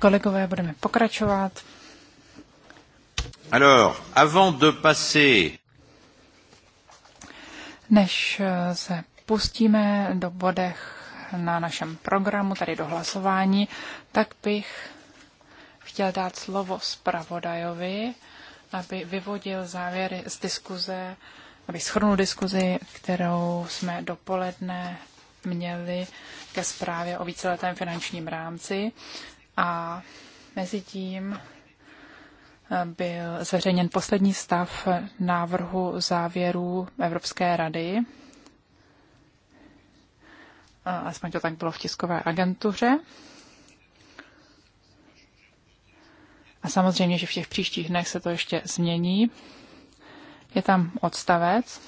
Kolegové, budeme pokračovat. Alors, avant de passer... Než eh, se pustíme do bodech na našem programu, tady do hlasování, tak bych chtěl dát slovo zpravodajovi, aby vyvodil závěry z diskuze, aby schrnul diskuzi, kterou jsme dopoledne měli ke zprávě o víceletém finančním rámci a mezi tím eh, byl zveřejněn poslední stav návrhu závěrů Evropské rady. Aspoň to tak bylo v tiskové agentuře. A samozřejmě, že v těch příštích dnech se to ještě změní. Je tam odstavec,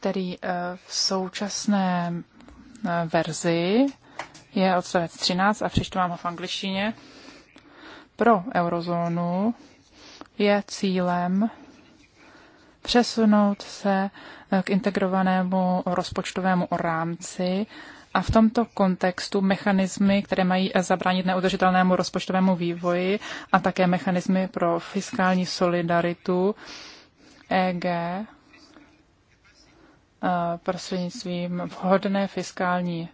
který eh, v současné eh, verzi je odstavec 13 a přečtu vám ho v angličtině. Pro eurozónu je cílem přesunout se eh, k integrovanému rozpočtovému rámci a v tomto kontextu mechanismy, které mají zabránit neudržitelnému rozpočtovému vývoji a také mechanismy pro fiskální solidaritu EG Eh, prostřednictvím vhodné fiskální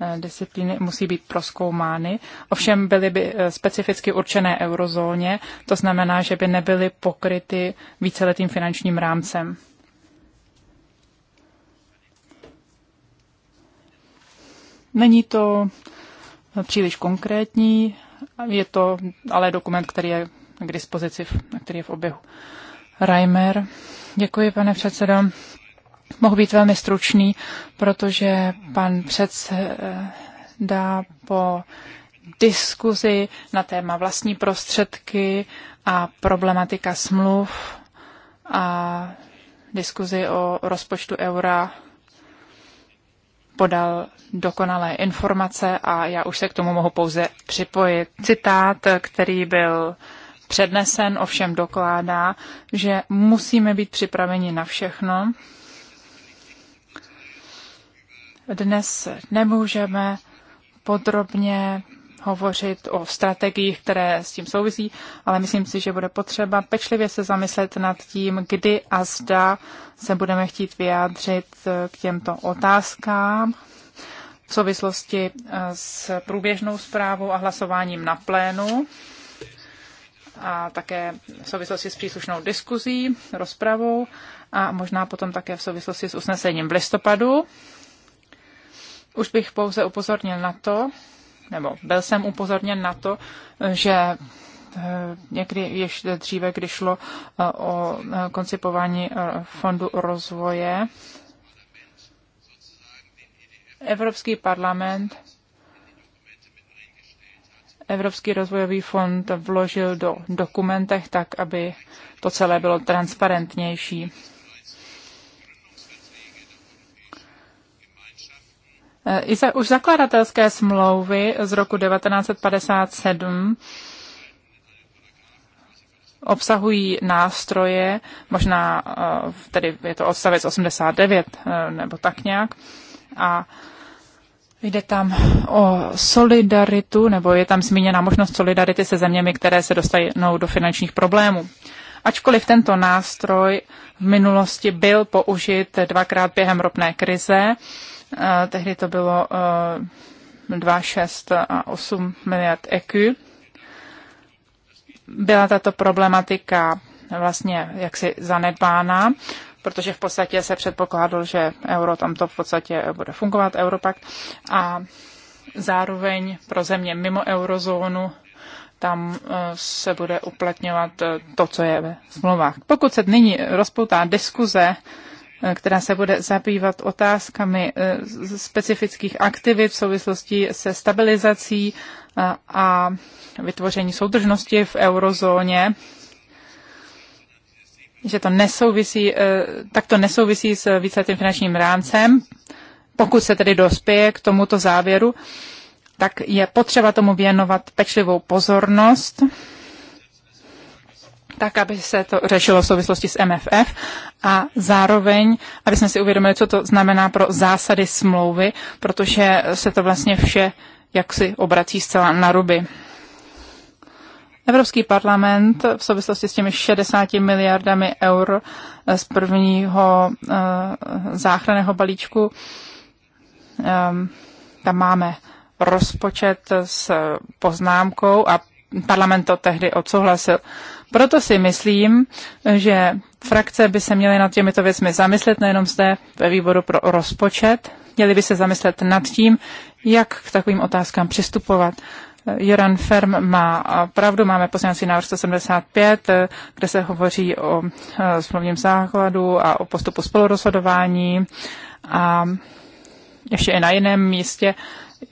eh, disciplíny musí být proskoumány. Ovšem byly by eh, specificky určené eurozóně, to znamená, že by nebyly pokryty víceletým finančním rámcem. Není to příliš konkrétní, je to ale dokument, který je k dispozici, který je v oběhu. Reimer. Děkuji, pane předsedo. Mohu být velmi stručný, protože pan předseda po diskuzi na téma vlastní prostředky a problematika smluv a diskuzi o rozpočtu eura podal dokonalé informace a já už se k tomu mohu pouze připojit. Citát, který byl přednesen, ovšem dokládá, že musíme být připraveni na všechno. Dnes nemůžeme podrobně hovořit o strategiích, které s tím souvisí, ale myslím si, že bude potřeba pečlivě se zamyslet nad tím, kdy a zda se budeme chtít vyjádřit eh, k těmto otázkám v souvislosti eh, s průběžnou zprávou a hlasováním na plénu a také v souvislosti s příslušnou diskuzí, rozpravou a možná potom také v souvislosti s usnesením v listopadu. Už bych pouze upozornil na to, nebo byl jsem upozorněn na to, že eh, někdy ještě dříve, když šlo eh, o eh, koncipování fondu rozvoje, Evropský parlament Evropský rozvojový fond vložil do dokumentech tak, aby to celé bylo transparentnější. Eh, I za, už zakladatelské smlouvy z roku 1957 obsahují nástroje, možná eh, tedy je to odstavec 89 eh, nebo tak nějak, a Jde tam o solidaritu, nebo je tam zmíněna možnost solidarity se zeměmi, které se dostanou do finančních problémů. Ačkoliv tento nástroj v minulosti byl použit dvakrát během ropné krize, eh, tehdy to bylo 2, eh, 6 a 8 miliard EQ, byla tato problematika vlastně jaksi zanedbána protože v podstatě se předpokládalo, že euro tamto v podstatě bude fungovat, Europakt. A zároveň pro země mimo eurozónu tam eh, se bude uplatňovat eh, to, co je ve smlouvách. Pokud se nyní rozpoutá diskuze, eh, která se bude zabývat otázkami specifických aktivit v souvislosti se stabilizací a vytvoření soudržnosti v eurozóně, že to nesouvisí, eh, tak to nesouvisí s víceletým finančním rámcem, pokud se tedy dospěje k tomuto závěru, tak je potřeba tomu věnovat pečlivou pozornost, tak, aby se to řešilo v souvislosti s MFF a zároveň, aby jsme si uvědomili, co to znamená pro zásady smlouvy, protože se to vlastně vše jaksi obrací zcela na ruby. Evropský parlament v souvislosti s těmi 60 miliardami eur eh, z prvního eh, záchranného balíčku, ehm, tam máme rozpočet s poznámkou a parlament to tehdy odsouhlasil. Proto si myslím, že frakce by se měly nad těmito věcmi zamyslet, nejenom zde ve výboru pro rozpočet, měly by se zamyslet nad tím, jak k takovým otázkám přistupovat. Joran Ferm má pravdu, máme poslanecí návrh 175, kde se hovoří o eh, smluvním základu a o postupu spolurozhodování a ještě i na jiném místě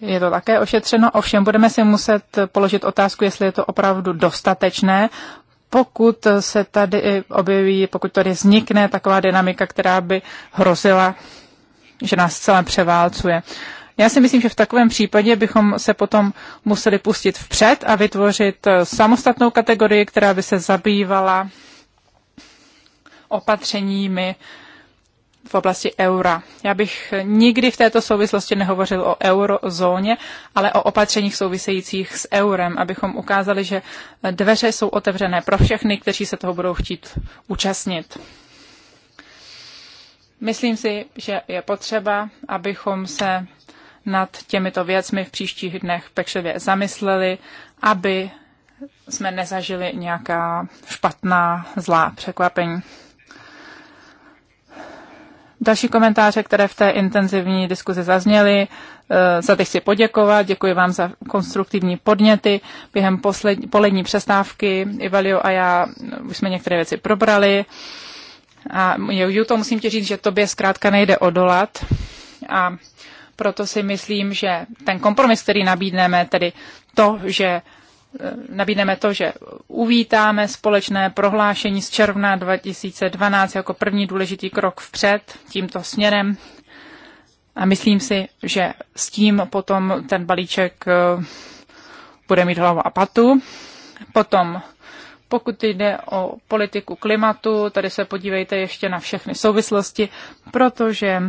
je to také ošetřeno, ovšem budeme si muset položit otázku, jestli je to opravdu dostatečné, pokud se tady objeví, pokud tady vznikne taková dynamika, která by hrozila, že nás celé převálcuje. Já si myslím, že v takovém případě bychom se potom museli pustit vpřed a vytvořit eh, samostatnou kategorii, která by se zabývala opatřeními v oblasti eura. Já bych nikdy v této souvislosti nehovořil o eurozóně, ale o opatřeních souvisejících s eurem, abychom ukázali, že dveře jsou otevřené pro všechny, kteří se toho budou chtít účastnit. Myslím si, že je potřeba, abychom se nad těmito věcmi v příštích dnech pečlivě zamysleli, aby jsme nezažili nějaká špatná, zlá překvapení. Další komentáře, které v té intenzivní diskuzi zazněly, eh, za ty chci poděkovat. Děkuji vám za konstruktivní podněty. Během poslední, polední přestávky Ivalio a já eh, už jsme některé věci probrali. A Juto, musím ti říct, že tobě zkrátka nejde odolat. A proto si myslím, že ten kompromis, který nabídneme, tedy to, že eh, nabídneme to, že uvítáme společné prohlášení z června 2012 jako první důležitý krok vpřed tímto směrem. A myslím si, že s tím potom ten balíček eh, bude mít hlavu a patu. Potom, pokud jde o politiku klimatu, tady se podívejte ještě na všechny souvislosti, protože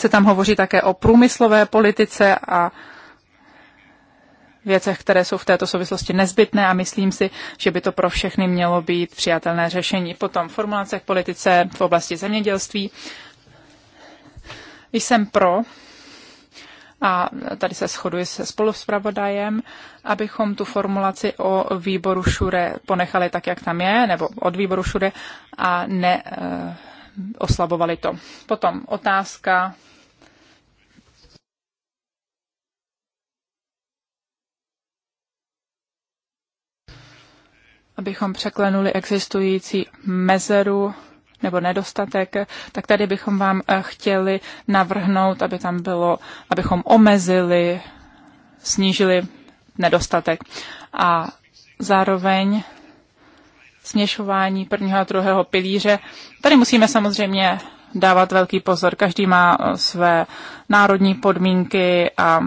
se tam hovoří také o průmyslové politice a věcech, které jsou v této souvislosti nezbytné a myslím si, že by to pro všechny mělo být přijatelné řešení. Potom formulace k politice v oblasti zemědělství. Jsem pro, a tady se shoduji se spoluspravodajem, abychom tu formulaci o výboru šure ponechali tak, jak tam je, nebo od výboru šure a ne eh, oslavovali to. Potom otázka abychom překlenuli existující mezeru nebo nedostatek, tak tady bychom vám eh, chtěli navrhnout, aby tam bylo, abychom omezili, snížili nedostatek. A zároveň směšování prvního a druhého pilíře. Tady musíme samozřejmě dávat velký pozor. Každý má eh, své národní podmínky a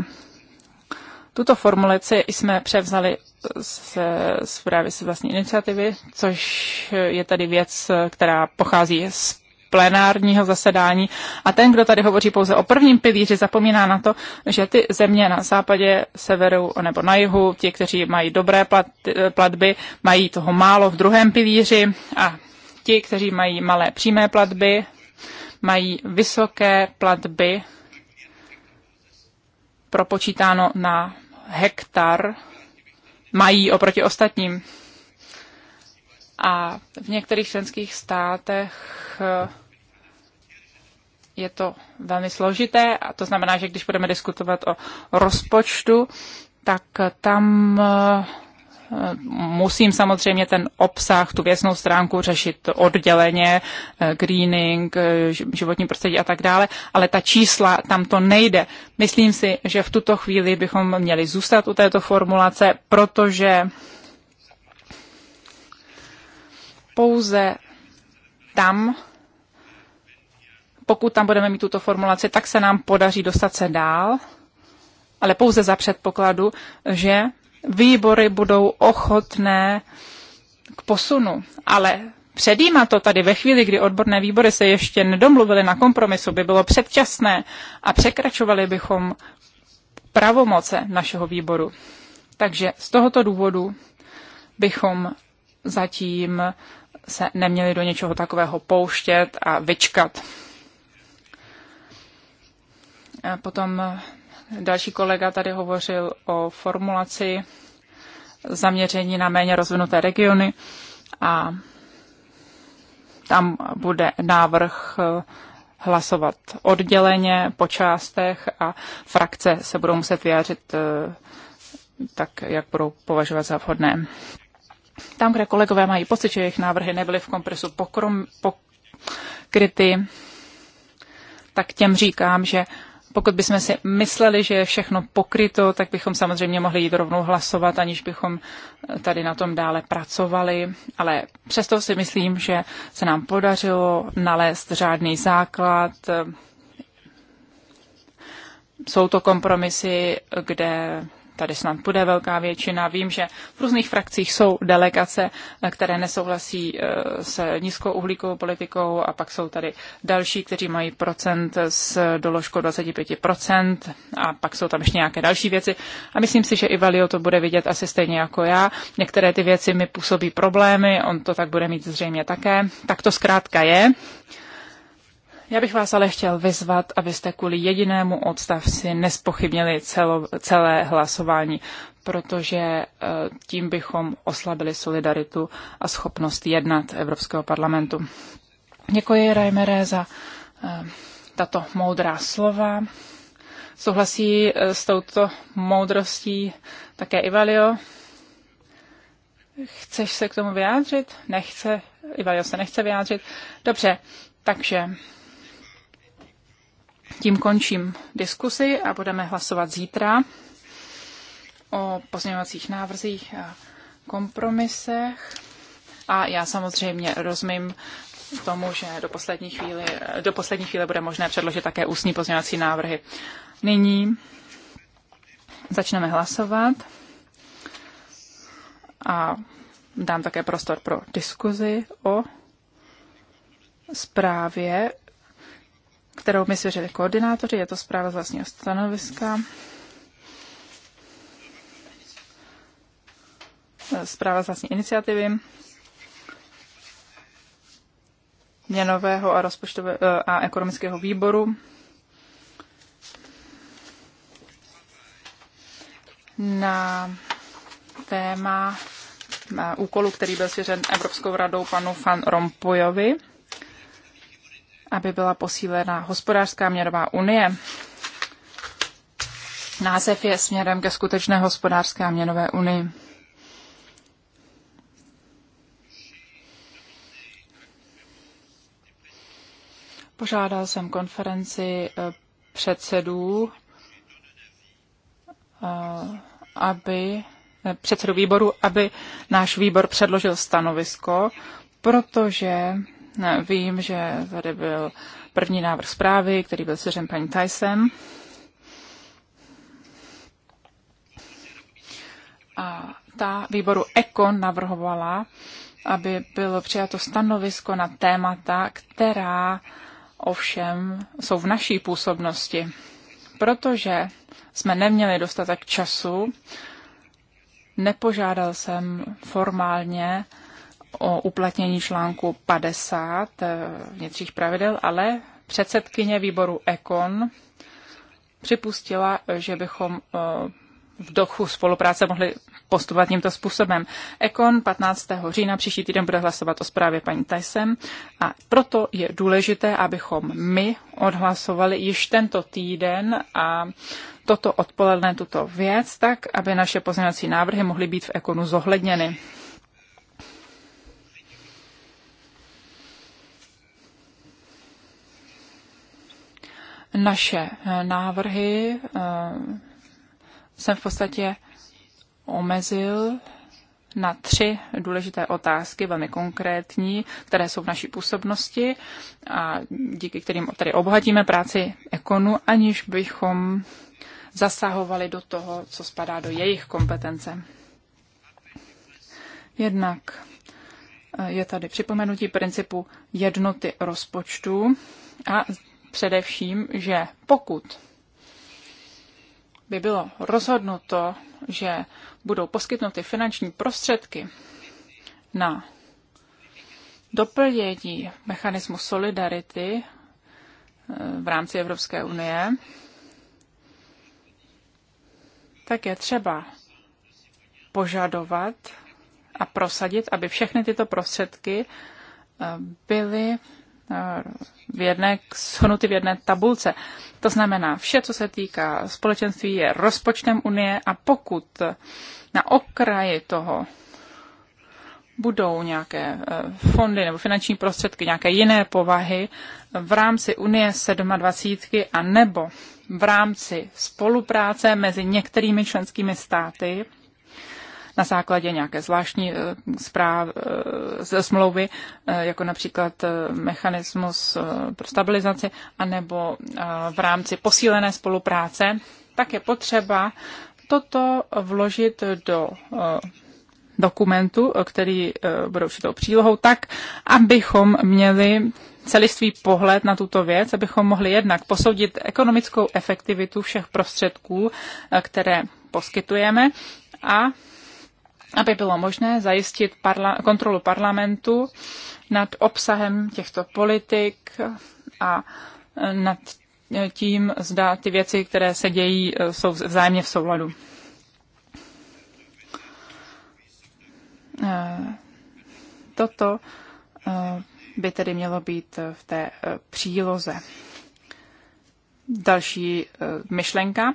tuto formulaci jsme převzali se zprávy se vlastní iniciativy, což je tady věc, eh, která pochází z plenárního zasedání. A ten, kdo tady hovoří pouze o prvním pilíři, zapomíná na to, že ty země na západě, severu nebo na jihu, ti, kteří mají dobré plat, platby, mají toho málo v druhém pilíři a ti, kteří mají malé přímé platby, mají vysoké platby propočítáno na hektar, mají oproti ostatním. A v některých členských státech je to velmi složité a to znamená, že když budeme diskutovat o rozpočtu, tak tam eh, musím samozřejmě ten obsah, tu věcnou stránku řešit odděleně, eh, greening, eh, životní prostředí a tak dále, ale ta čísla, tam to nejde. Myslím si, že v tuto chvíli bychom měli zůstat u této formulace, protože pouze tam, pokud tam budeme mít tuto formulaci, tak se nám podaří dostat se dál, ale pouze za předpokladu, že výbory budou ochotné k posunu. Ale předjímat to tady ve chvíli, kdy odborné výbory se ještě nedomluvily na kompromisu, by bylo předčasné a překračovali bychom pravomoce našeho výboru. Takže z tohoto důvodu bychom zatím se neměli do něčeho takového pouštět a vyčkat. Potom další kolega tady hovořil o formulaci zaměření na méně rozvinuté regiony a tam bude návrh eh, hlasovat odděleně po částech a frakce se budou muset vyjádřit eh, tak, jak budou považovat za vhodné. Tam, kde kolegové mají pocit, že jejich návrhy nebyly v kompresu pokrom, pokryty, tak těm říkám, že pokud bychom si mysleli, že je všechno pokryto, tak bychom samozřejmě mohli jít rovnou hlasovat, aniž bychom eh, tady na tom dále pracovali. Ale přesto si myslím, že se nám podařilo nalézt řádný základ. Jsou to kompromisy, kde tady snad bude velká většina. Vím, že v různých frakcích jsou delegace, které nesouhlasí eh, s nízkou uhlíkovou politikou a pak jsou tady další, kteří mají procent s doložkou 25% a pak jsou tam ještě nějaké další věci. A myslím si, že i Valio to bude vidět asi stejně jako já. Některé ty věci mi působí problémy, on to tak bude mít zřejmě také. Tak to zkrátka je. Já bych vás ale chtěl vyzvat, abyste kvůli jedinému odstavci nespochybnili celo, celé hlasování, protože eh, tím bychom oslabili solidaritu a schopnost jednat Evropského parlamentu. Děkuji, Reimere, za eh, tato moudrá slova. Souhlasí eh, s touto moudrostí také Ivalio? Chceš se k tomu vyjádřit? Nechce. Ivalio se nechce vyjádřit. Dobře, takže tím končím diskusi a budeme hlasovat zítra o pozměňovacích návrzích a kompromisech. A já samozřejmě rozumím tomu, že do poslední, chvíli, do poslední chvíle bude možné předložit také ústní pozměňovací návrhy. Nyní začneme hlasovat a dám také prostor pro diskuzi o zprávě kterou mi svěřili koordinátoři, je to zpráva z vlastního stanoviska. Zpráva z vlastní iniciativy měnového a, a ekonomického výboru. na téma na úkolu, který byl svěřen Evropskou radou panu Van Rompuyovi aby byla posílena hospodářská měnová unie. Název je směrem ke skutečné hospodářské a měnové unii. Požádal jsem konferenci eh, předsedů, eh, aby eh, předsedu výboru, aby náš výbor předložil stanovisko, protože Vím, že tady byl první návrh zprávy, který byl seřen paní Tyson. A ta výboru ECO navrhovala, aby bylo přijato stanovisko na témata, která ovšem jsou v naší působnosti. Protože jsme neměli dostatek času, nepožádal jsem formálně o uplatnění článku 50 eh, vnitřních pravidel, ale předsedkyně výboru ECON připustila, že bychom eh, v dochu spolupráce mohli postupovat tímto způsobem. Ekon 15. října příští týden bude hlasovat o zprávě paní Tyson a proto je důležité, abychom my odhlasovali již tento týden a toto odpoledne tuto věc, tak aby naše pozměňovací návrhy mohly být v Ekonu zohledněny. naše eh, návrhy eh, jsem v podstatě omezil na tři důležité otázky, velmi konkrétní, které jsou v naší působnosti a díky kterým tady obohatíme práci ekonu, aniž bychom zasahovali do toho, co spadá do jejich kompetence. Jednak eh, je tady připomenutí principu jednoty rozpočtu a především, že pokud by bylo rozhodnuto, že budou poskytnuty finanční prostředky na doplnění mechanismu solidarity eh, v rámci Evropské unie, tak je třeba požadovat a prosadit, aby všechny tyto prostředky eh, byly Eh, v jedné, shnuty v jedné tabulce. To znamená, vše, co se týká společenství, je rozpočtem Unie a pokud na okraji toho budou nějaké eh, fondy nebo finanční prostředky nějaké jiné povahy v rámci Unie 27 a nebo v rámci spolupráce mezi některými členskými státy, na základě nějaké zvláštní eh, zpráv, eh, smlouvy, eh, jako například mechanismus pro stabilizaci, anebo v rámci posílené spolupráce, tak je potřeba toto vložit do dokumentu, který bude určitou přílohou, tak, abychom měli celistvý pohled na tuto věc, abychom mohli jednak posoudit ekonomickou efektivitu všech prostředků, které poskytujeme a aby bylo možné zajistit parla- kontrolu parlamentu nad obsahem těchto politik a e, nad e, tím, zda ty věci, které se dějí, e, jsou vzájemně v souladu. Toto by tedy mělo být v té příloze. Další myšlenka.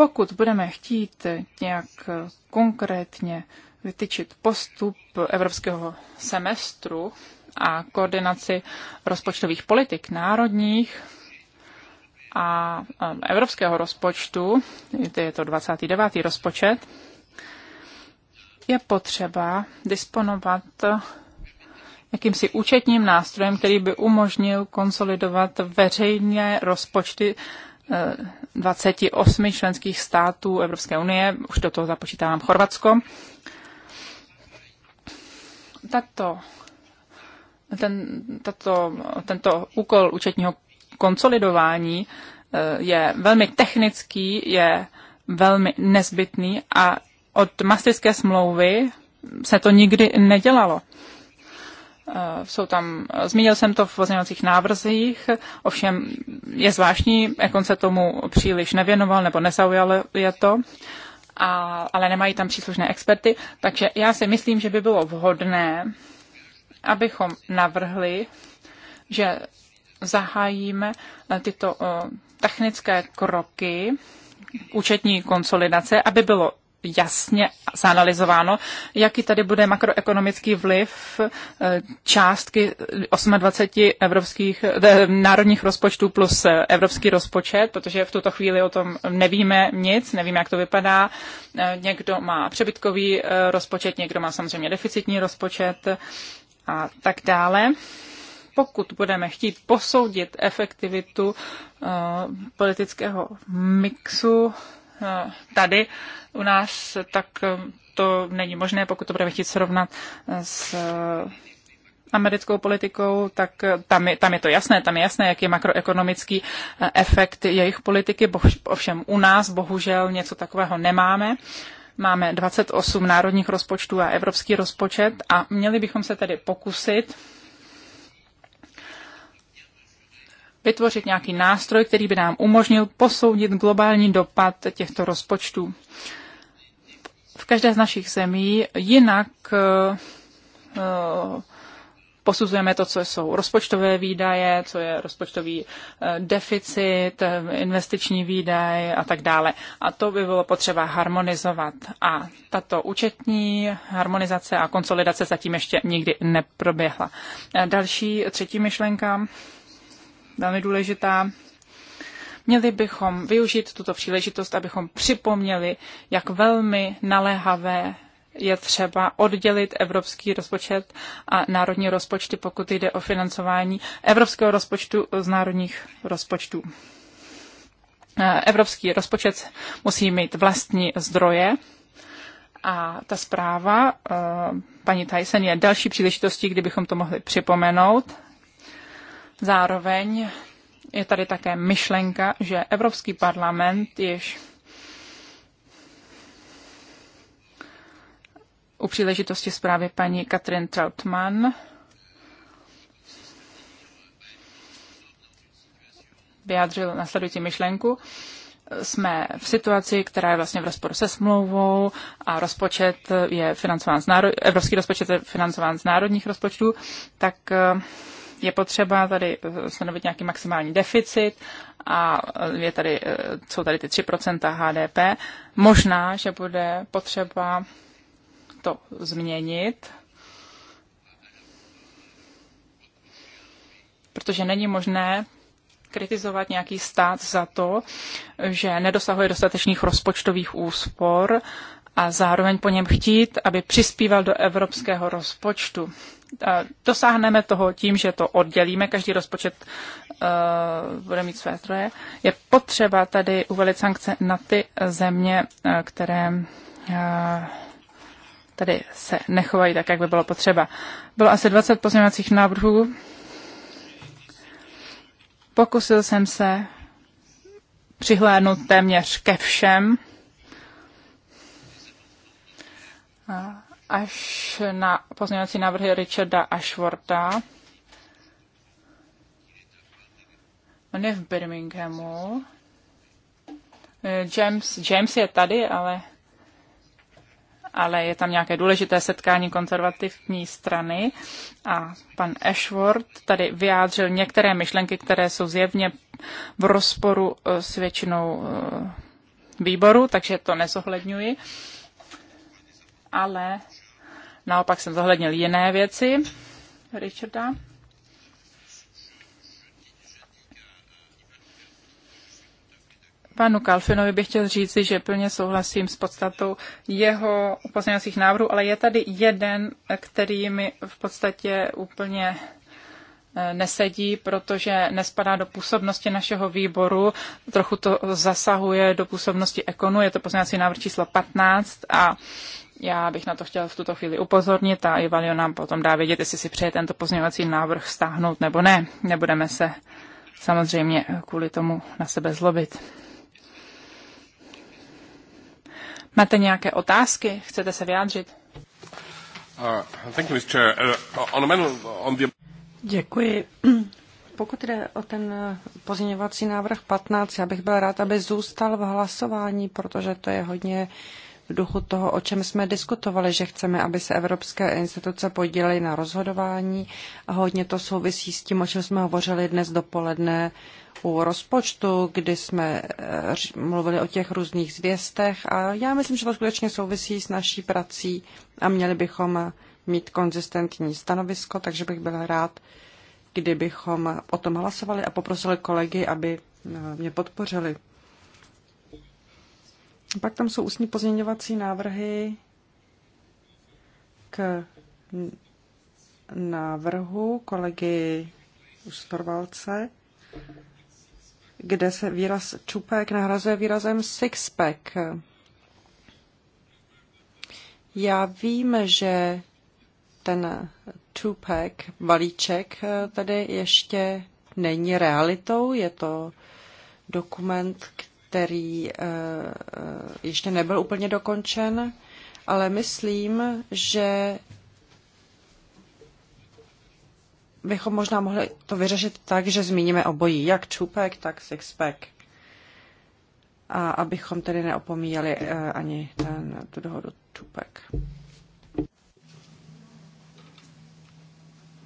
Pokud budeme chtít nějak konkrétně vytyčit postup evropského semestru a koordinaci rozpočtových politik národních a evropského rozpočtu, to je to 29. rozpočet, je potřeba disponovat jakýmsi účetním nástrojem, který by umožnil konsolidovat veřejné rozpočty 28 členských států Evropské unie, už do toho započítávám Chorvatsko. Tato, ten, tato, tento úkol účetního konsolidování eh, je velmi technický, je velmi nezbytný a od mastické smlouvy se to nikdy nedělalo. Eh, jsou tam, eh, zmínil jsem to v pozměňovacích návrzích, ovšem je zvláštní, on se tomu příliš nevěnoval nebo nezaujal je to, a, ale nemají tam příslušné experty, takže já si myslím, že by bylo vhodné, abychom navrhli, že zahájíme eh, tyto technické kroky účetní konsolidace, aby bylo jasně zanalizováno, jaký tady bude makroekonomický vliv eh, částky 28 evropských eh, národních rozpočtů plus eh, evropský rozpočet, protože v tuto chvíli o tom nevíme nic, nevíme, jak to vypadá. Někdo má přebytkový rozpočet, někdo má samozřejmě deficitní rozpočet a tak dále pokud budeme chtít posoudit efektivitu uh, politického mixu, tady u nás, tak um, to není možné, pokud to budeme chtít srovnat uh, s uh, americkou politikou, tak uh, tam je, tam je to jasné, tam je jasné, jaký je makroekonomický efekt jejich politiky. Bo, ovšem u nás bohužel něco takového nemáme. Máme 28 národních rozpočtů a evropský rozpočet a měli bychom se tedy pokusit vytvořit nějaký nástroj, který by nám umožnil posoudit globální dopad těchto rozpočtů. V každé z našich zemí jinak eh, eh, posuzujeme to, co jsou rozpočtové výdaje, co je rozpočtový eh, deficit, investiční výdaj a tak dále. A to by bylo potřeba harmonizovat. A tato účetní harmonizace a konsolidace zatím ještě nikdy neproběhla. Další, třetí myšlenka velmi důležitá. Měli bychom využít tuto příležitost, abychom připomněli, jak velmi naléhavé je třeba oddělit evropský rozpočet a národní rozpočty, pokud jde o financování evropského rozpočtu z národních rozpočtů. Eh, evropský rozpočet musí mít vlastní zdroje a ta zpráva eh, paní Tyson je další příležitostí, kdybychom to mohli připomenout Zároveň je tady také myšlenka, že Evropský parlament již u příležitosti zprávy paní Katrin Trautmann vyjádřil následující myšlenku. Jsme v situaci, která je vlastně v rozporu se smlouvou a rozpočet je financován z národ... evropský rozpočet je financován z národních rozpočtů, tak eh, je potřeba tady stanovit nějaký maximální deficit a je tady, eh, jsou tady ty 3% HDP. Možná, že bude potřeba to změnit, protože není možné kritizovat nějaký stát za to, že nedosahuje dostatečných rozpočtových úspor a zároveň po něm chtít, aby přispíval do evropského rozpočtu dosáhneme toho tím, že to oddělíme, každý rozpočet uh, bude mít své zdroje. Je potřeba tady uvalit sankce na ty země, eh, které uh, tady se nechovají tak, jak by bylo potřeba. Bylo asi 20 pozměňovacích návrhů. Pokusil jsem se přihlédnout téměř ke všem až na pozměňovací návrhy Richarda Ashworta. On je v Birminghamu. Eh, James, James je tady, ale, ale je tam nějaké důležité setkání konzervativní strany a pan Ashworth tady vyjádřil některé myšlenky, které jsou zjevně v rozporu eh, s většinou eh, výboru, takže to nezohledňuji. Ale naopak jsem zohlednil jiné věci Richarda. panu Kalfinovi bych chtěl říci, že plně souhlasím s podstatou jeho pozměňovacích návrhů, ale je tady jeden, který mi v podstatě úplně eh, nesedí, protože nespadá do působnosti našeho výboru. Trochu to zasahuje do působnosti ekonu. Je to pozměňovací návrh číslo 15 a já bych na to chtěla v tuto chvíli upozornit a Ivalio nám potom dá vědět, jestli si přeje tento pozměňovací návrh stáhnout nebo ne. Nebudeme se samozřejmě kvůli tomu na sebe zlobit. Máte nějaké otázky? Chcete se vyjádřit? Uh, uh, Děkuji. Pokud jde o ten uh, pozměňovací návrh 15, já bych byl rád, aby zůstal v hlasování, protože to je hodně uh, v duchu toho, o čem jsme diskutovali, že chceme, aby se evropské instituce podílely na rozhodování a hodně to souvisí s tím, o čem jsme hovořili dnes dopoledne u rozpočtu, kdy jsme eh, mluvili o těch různých zvěstech a já myslím, že to skutečně souvisí s naší prací a měli bychom mít konzistentní stanovisko, takže bych byl rád, kdybychom o tom hlasovali a poprosili kolegy, aby eh, mě podpořili. Pak tam jsou ústní pozměňovací návrhy k návrhu kolegy Ustorvalce, kde se výraz čupek nahrazuje výrazem sixpack. Já vím, že ten two-pack balíček tady ještě není realitou. Je to dokument, který který eh, eh, ještě nebyl úplně dokončen, ale myslím, že bychom možná mohli to vyřešit tak, že zmíníme obojí, jak čupek, tak sixpack. A abychom tedy neopomíjeli eh, ani ten, tu dohodu čupek.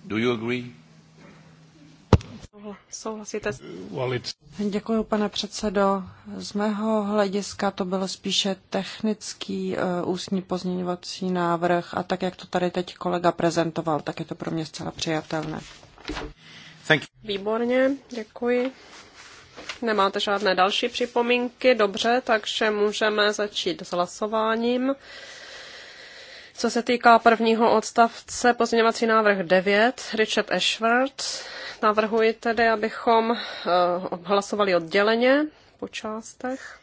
Do you agree? Děkuji, pane předsedo. Z mého hlediska to byl spíše technický eh, ústní pozměňovací návrh a tak, jak to tady teď kolega prezentoval, tak je to pro mě zcela přijatelné. Výborně, děkuji. Nemáte žádné další připomínky, dobře, takže můžeme začít s hlasováním. Co se týká prvního odstavce, pozměňovací návrh 9, Richard Ashworth, navrhuji tedy, abychom eh, hlasovali odděleně po částech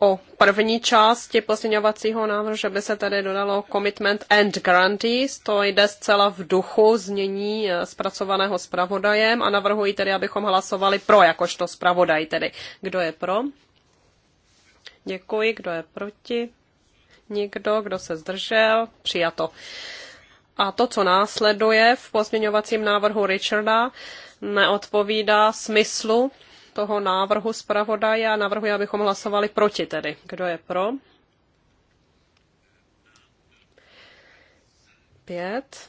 o první části pozměňovacího návrhu, že by se tady dodalo commitment and guarantees, To jde zcela v duchu znění eh, zpracovaného zpravodajem a navrhuji tedy, abychom hlasovali pro jakožto zpravodaj. Tedy kdo je pro? Děkuji. Kdo je proti? Nikdo, kdo se zdržel? Přijato. A to, co následuje v pozměňovacím návrhu Richarda, neodpovídá smyslu toho návrhu zpravodaje a navrhuji, abychom hlasovali proti tedy. Kdo je pro? Pět,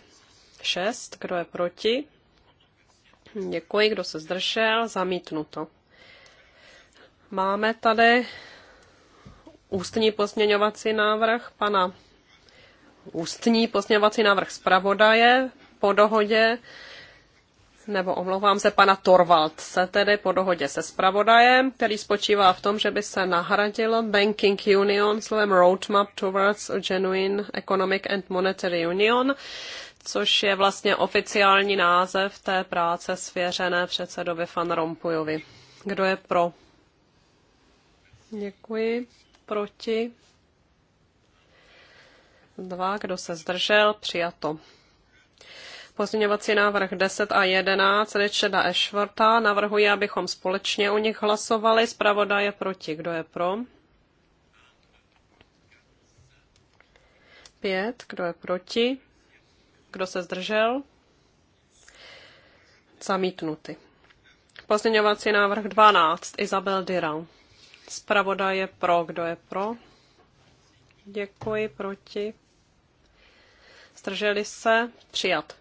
šest, kdo je proti? Děkuji, kdo se zdržel, zamítnuto. Máme tady ústní pozměňovací návrh pana ústní pozměňovací návrh zpravodaje po dohodě, nebo omlouvám se, pana Torvaldse, tedy po dohodě se zpravodajem, který spočívá v tom, že by se nahradilo Banking Union slovem Roadmap Towards a Genuine Economic and Monetary Union, což je vlastně oficiální název té práce svěřené předsedovi Fan Rompuyovi. Kdo je pro? Děkuji proti, dva, kdo se zdržel, přijato. Pozměňovací návrh 10 a 11 Richarda Ashworta. Navrhuji, abychom společně u nich hlasovali. Zpravoda je proti. Kdo je pro? Pět. Kdo je proti? Kdo se zdržel? Zamítnuty. Pozměňovací návrh 12 Isabel Dirau. Zpravodaje pro, kdo je pro? Děkuji, proti. Zdrželi se? Přijat.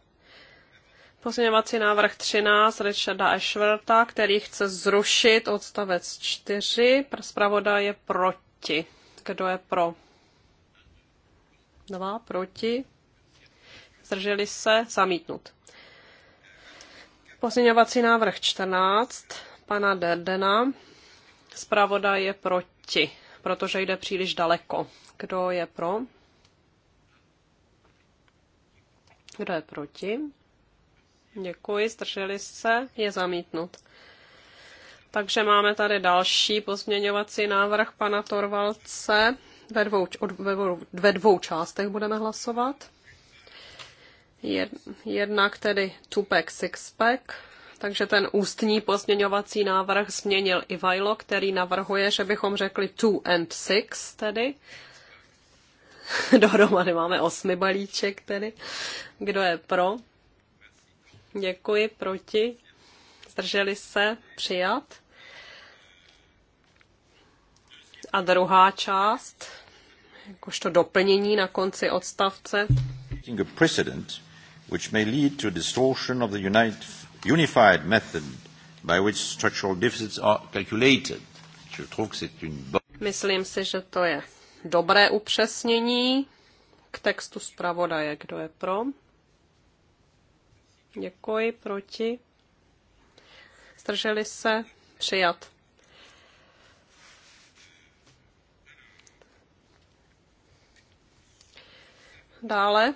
Pozměňovací návrh 13 Richarda Ashworta, který chce zrušit odstavec 4. Zpravodaj je proti. Kdo je pro? Dva proti. Zdrželi se? Zamítnut. Pozměňovací návrh 14 pana Derdena Zpravodaj je proti, protože jde příliš daleko. Kdo je pro? Kdo je proti? Děkuji, strželi se, je zamítnut. Takže máme tady další pozměňovací návrh pana Torvalce. Ve dvou, ve, ve dvou částech budeme hlasovat. Jednak tedy Tupac Sixpack takže ten ústní pozměňovací návrh změnil i Vajlo, který navrhuje, že bychom řekli two and six tedy. Dohromady máme osmi balíček tedy. Kdo je pro? Děkuji, proti. Zdrželi se, přijat. A druhá část, jakožto doplnění na konci odstavce. A precedent, which may lead to distortion of the United unified method by which structural deficits are calculated. Je trouve que c'est une bonne... Myslím si, že to je dobré upřesnění k textu zpravodaje. Kdo je pro? Děkuji. Proti? Zdrželi se? Přijat. Dále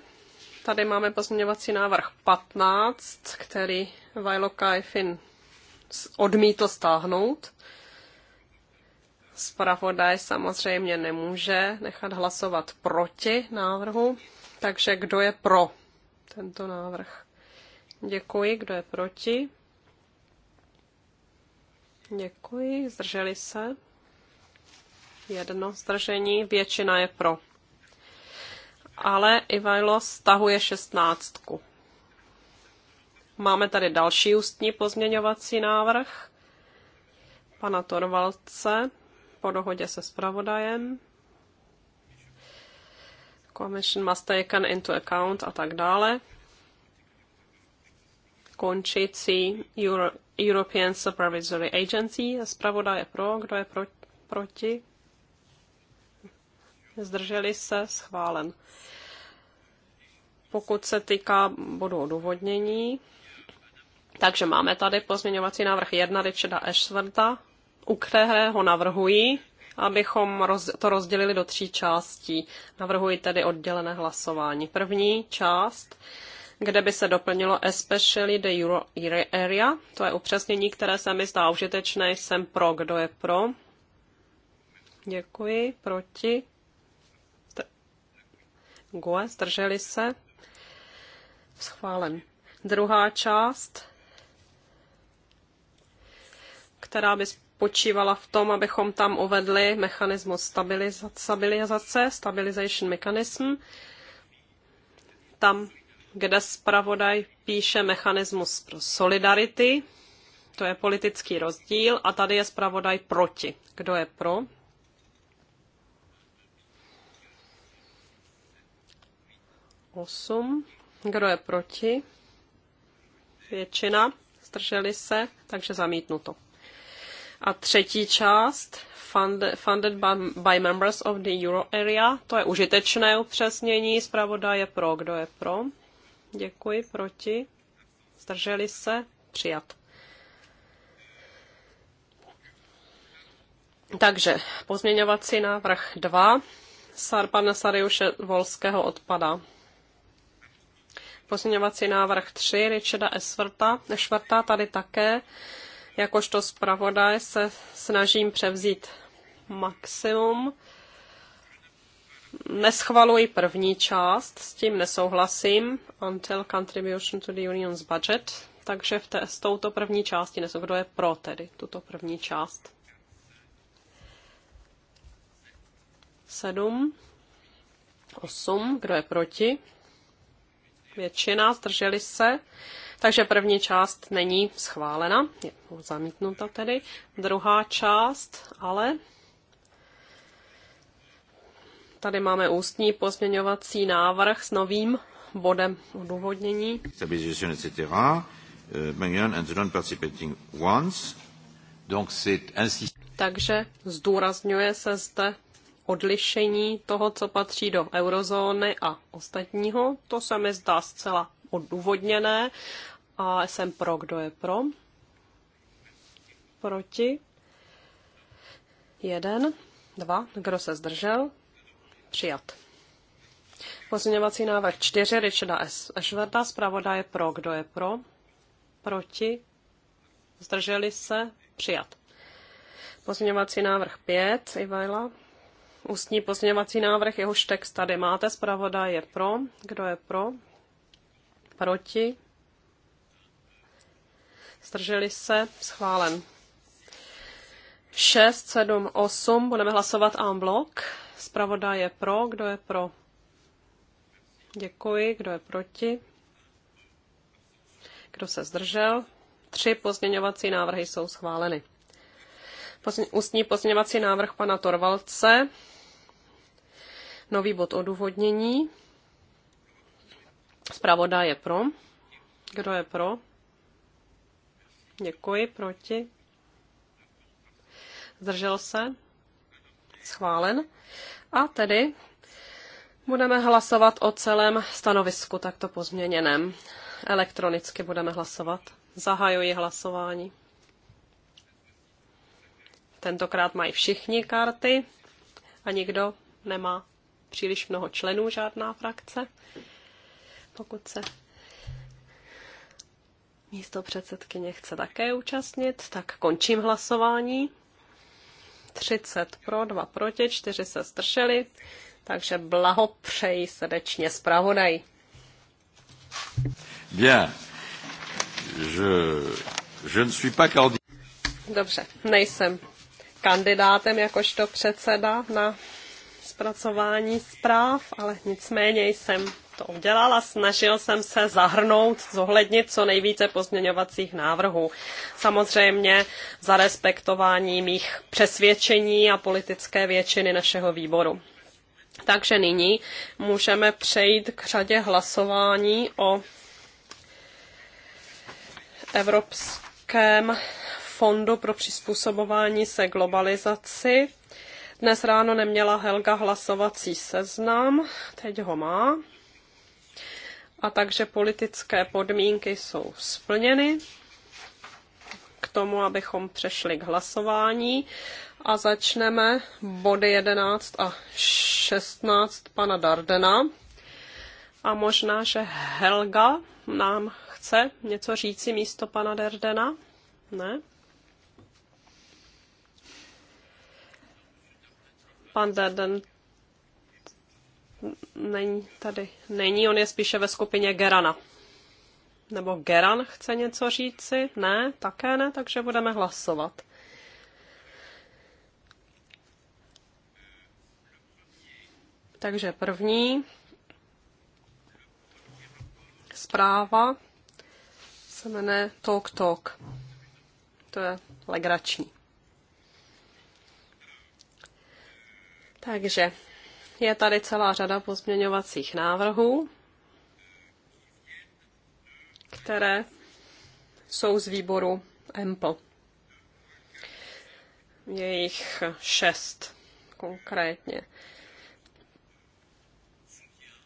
Tady máme pozměňovací návrh 15, který Vajlo Kajfin odmítl stáhnout. Spravodaj samozřejmě nemůže nechat hlasovat proti návrhu, takže kdo je pro tento návrh? Děkuji, kdo je proti? Děkuji, zdrželi se. Jedno zdržení, většina je pro ale Ivajlo stahuje šestnáctku. Máme tady další ústní pozměňovací návrh pana Torvalce po dohodě se spravodajem. Commission must taken into account a tak dále. Končící Euro, European Supervisory Agency. Zpravodaj je pro, kdo je pro, proti? zdrželi se, schválen. Pokud se týká bodu odůvodnění, takže máme tady pozměňovací návrh 1 Richarda Ashworta, u kterého navrhuji, abychom roz, to rozdělili do tří částí. Navrhuji tedy oddělené hlasování. První část, kde by se doplnilo especially the euro area, to je upřesnění, které se mi zdá užitečné, jsem pro, kdo je pro. Děkuji, proti. Goe, zdrželi se. Schválen. Druhá část, která by spočívala v tom, abychom tam uvedli mechanismus stabilizace, stabilization mechanism. Tam, kde zpravodaj píše mechanismus pro solidarity, to je politický rozdíl a tady je zpravodaj proti. Kdo je pro? 8. Kdo je proti? Většina. Zdrželi se, takže zamítnuto. A třetí část, funded, funded by, by members of the euro area, to je užitečné upřesnění. Zpravoda je pro. Kdo je pro? Děkuji. Proti? Zdrželi se? Přijat. Takže pozměňovací návrh 2 Sar pana Sariuše Volského odpada. Pozměňovací návrh 3 Richarda Esverta, Švarta tady také, jakožto zpravodaj se snažím převzít maximum. Neschvaluji první část, s tím nesouhlasím, until contribution to the union's budget, takže v té, s touto první části nesou, kdo je pro tedy tuto první část. Sedm, osm, kdo je proti? většina, zdrželi se. Takže první část není schválena, je zamítnuta tedy. Druhá část ale. Tady máme ústní pozměňovací návrh s novým bodem odůvodnění. Euh, Takže zdůrazňuje se zde odlišení toho, co patří do eurozóny a ostatního. To se mi zdá zcela odůvodněné a jsem pro, kdo je pro. Proti. Jeden, dva, kdo se zdržel? Přijat. Pozměňovací návrh 4 Richarda S. Šverda, zpravodaj je pro, kdo je pro? Proti. Zdrželi se? Přijat. Pozměňovací návrh 5 Ivajla, ústní pozměňovací návrh, jehož text tady máte, zpravodaj je pro. Kdo je pro? Proti? Zdrželi se? Schválen. 6, 7, 8, budeme hlasovat en bloc. Zpravodaj je pro, kdo je pro? Děkuji, kdo je proti? Kdo se zdržel? Tři pozměňovací návrhy jsou schváleny. Ústní pozměňovací návrh pana Torvalce. Nový bod odůvodnění. Zpravodaj je pro. Kdo je pro? Děkuji. Proti? Zdržel se? Schválen. A tedy budeme hlasovat o celém stanovisku takto pozměněném. Elektronicky budeme hlasovat. Zahajuji hlasování. Tentokrát mají všichni karty a nikdo nemá příliš mnoho členů žádná frakce. Pokud se místo předsedkyně chce také účastnit, tak končím hlasování. 30 pro, 2 proti, 4 se stršeli, takže blahopřeji srdečně zpravodaj. Bien. Je, je ne suis pas Dobře, nejsem kandidátem jakožto předseda na zpracování zpráv, ale nicméně jsem to udělala. Snažil jsem se zahrnout, zohlednit co nejvíce pozměňovacích návrhů. Samozřejmě za respektování mých přesvědčení a politické většiny našeho výboru. Takže nyní můžeme přejít k řadě hlasování o Evropském fondu pro přizpůsobování se globalizaci. Dnes ráno neměla Helga hlasovací seznam, teď ho má. A takže politické podmínky jsou splněny k tomu, abychom přešli k hlasování. A začneme body 11 a 16 pana Dardena. A možná, že Helga nám chce něco říci místo pana Dardena? Ne? Pan Darden není, tady není, on je spíše ve skupině Gerana. Nebo Geran chce něco říci? Ne, také ne, takže budeme hlasovat. Takže první zpráva se jmenuje Talk Talk. To je legrační. Takže je tady celá řada pozměňovacích návrhů, které jsou z výboru EMPL. Je jich šest konkrétně,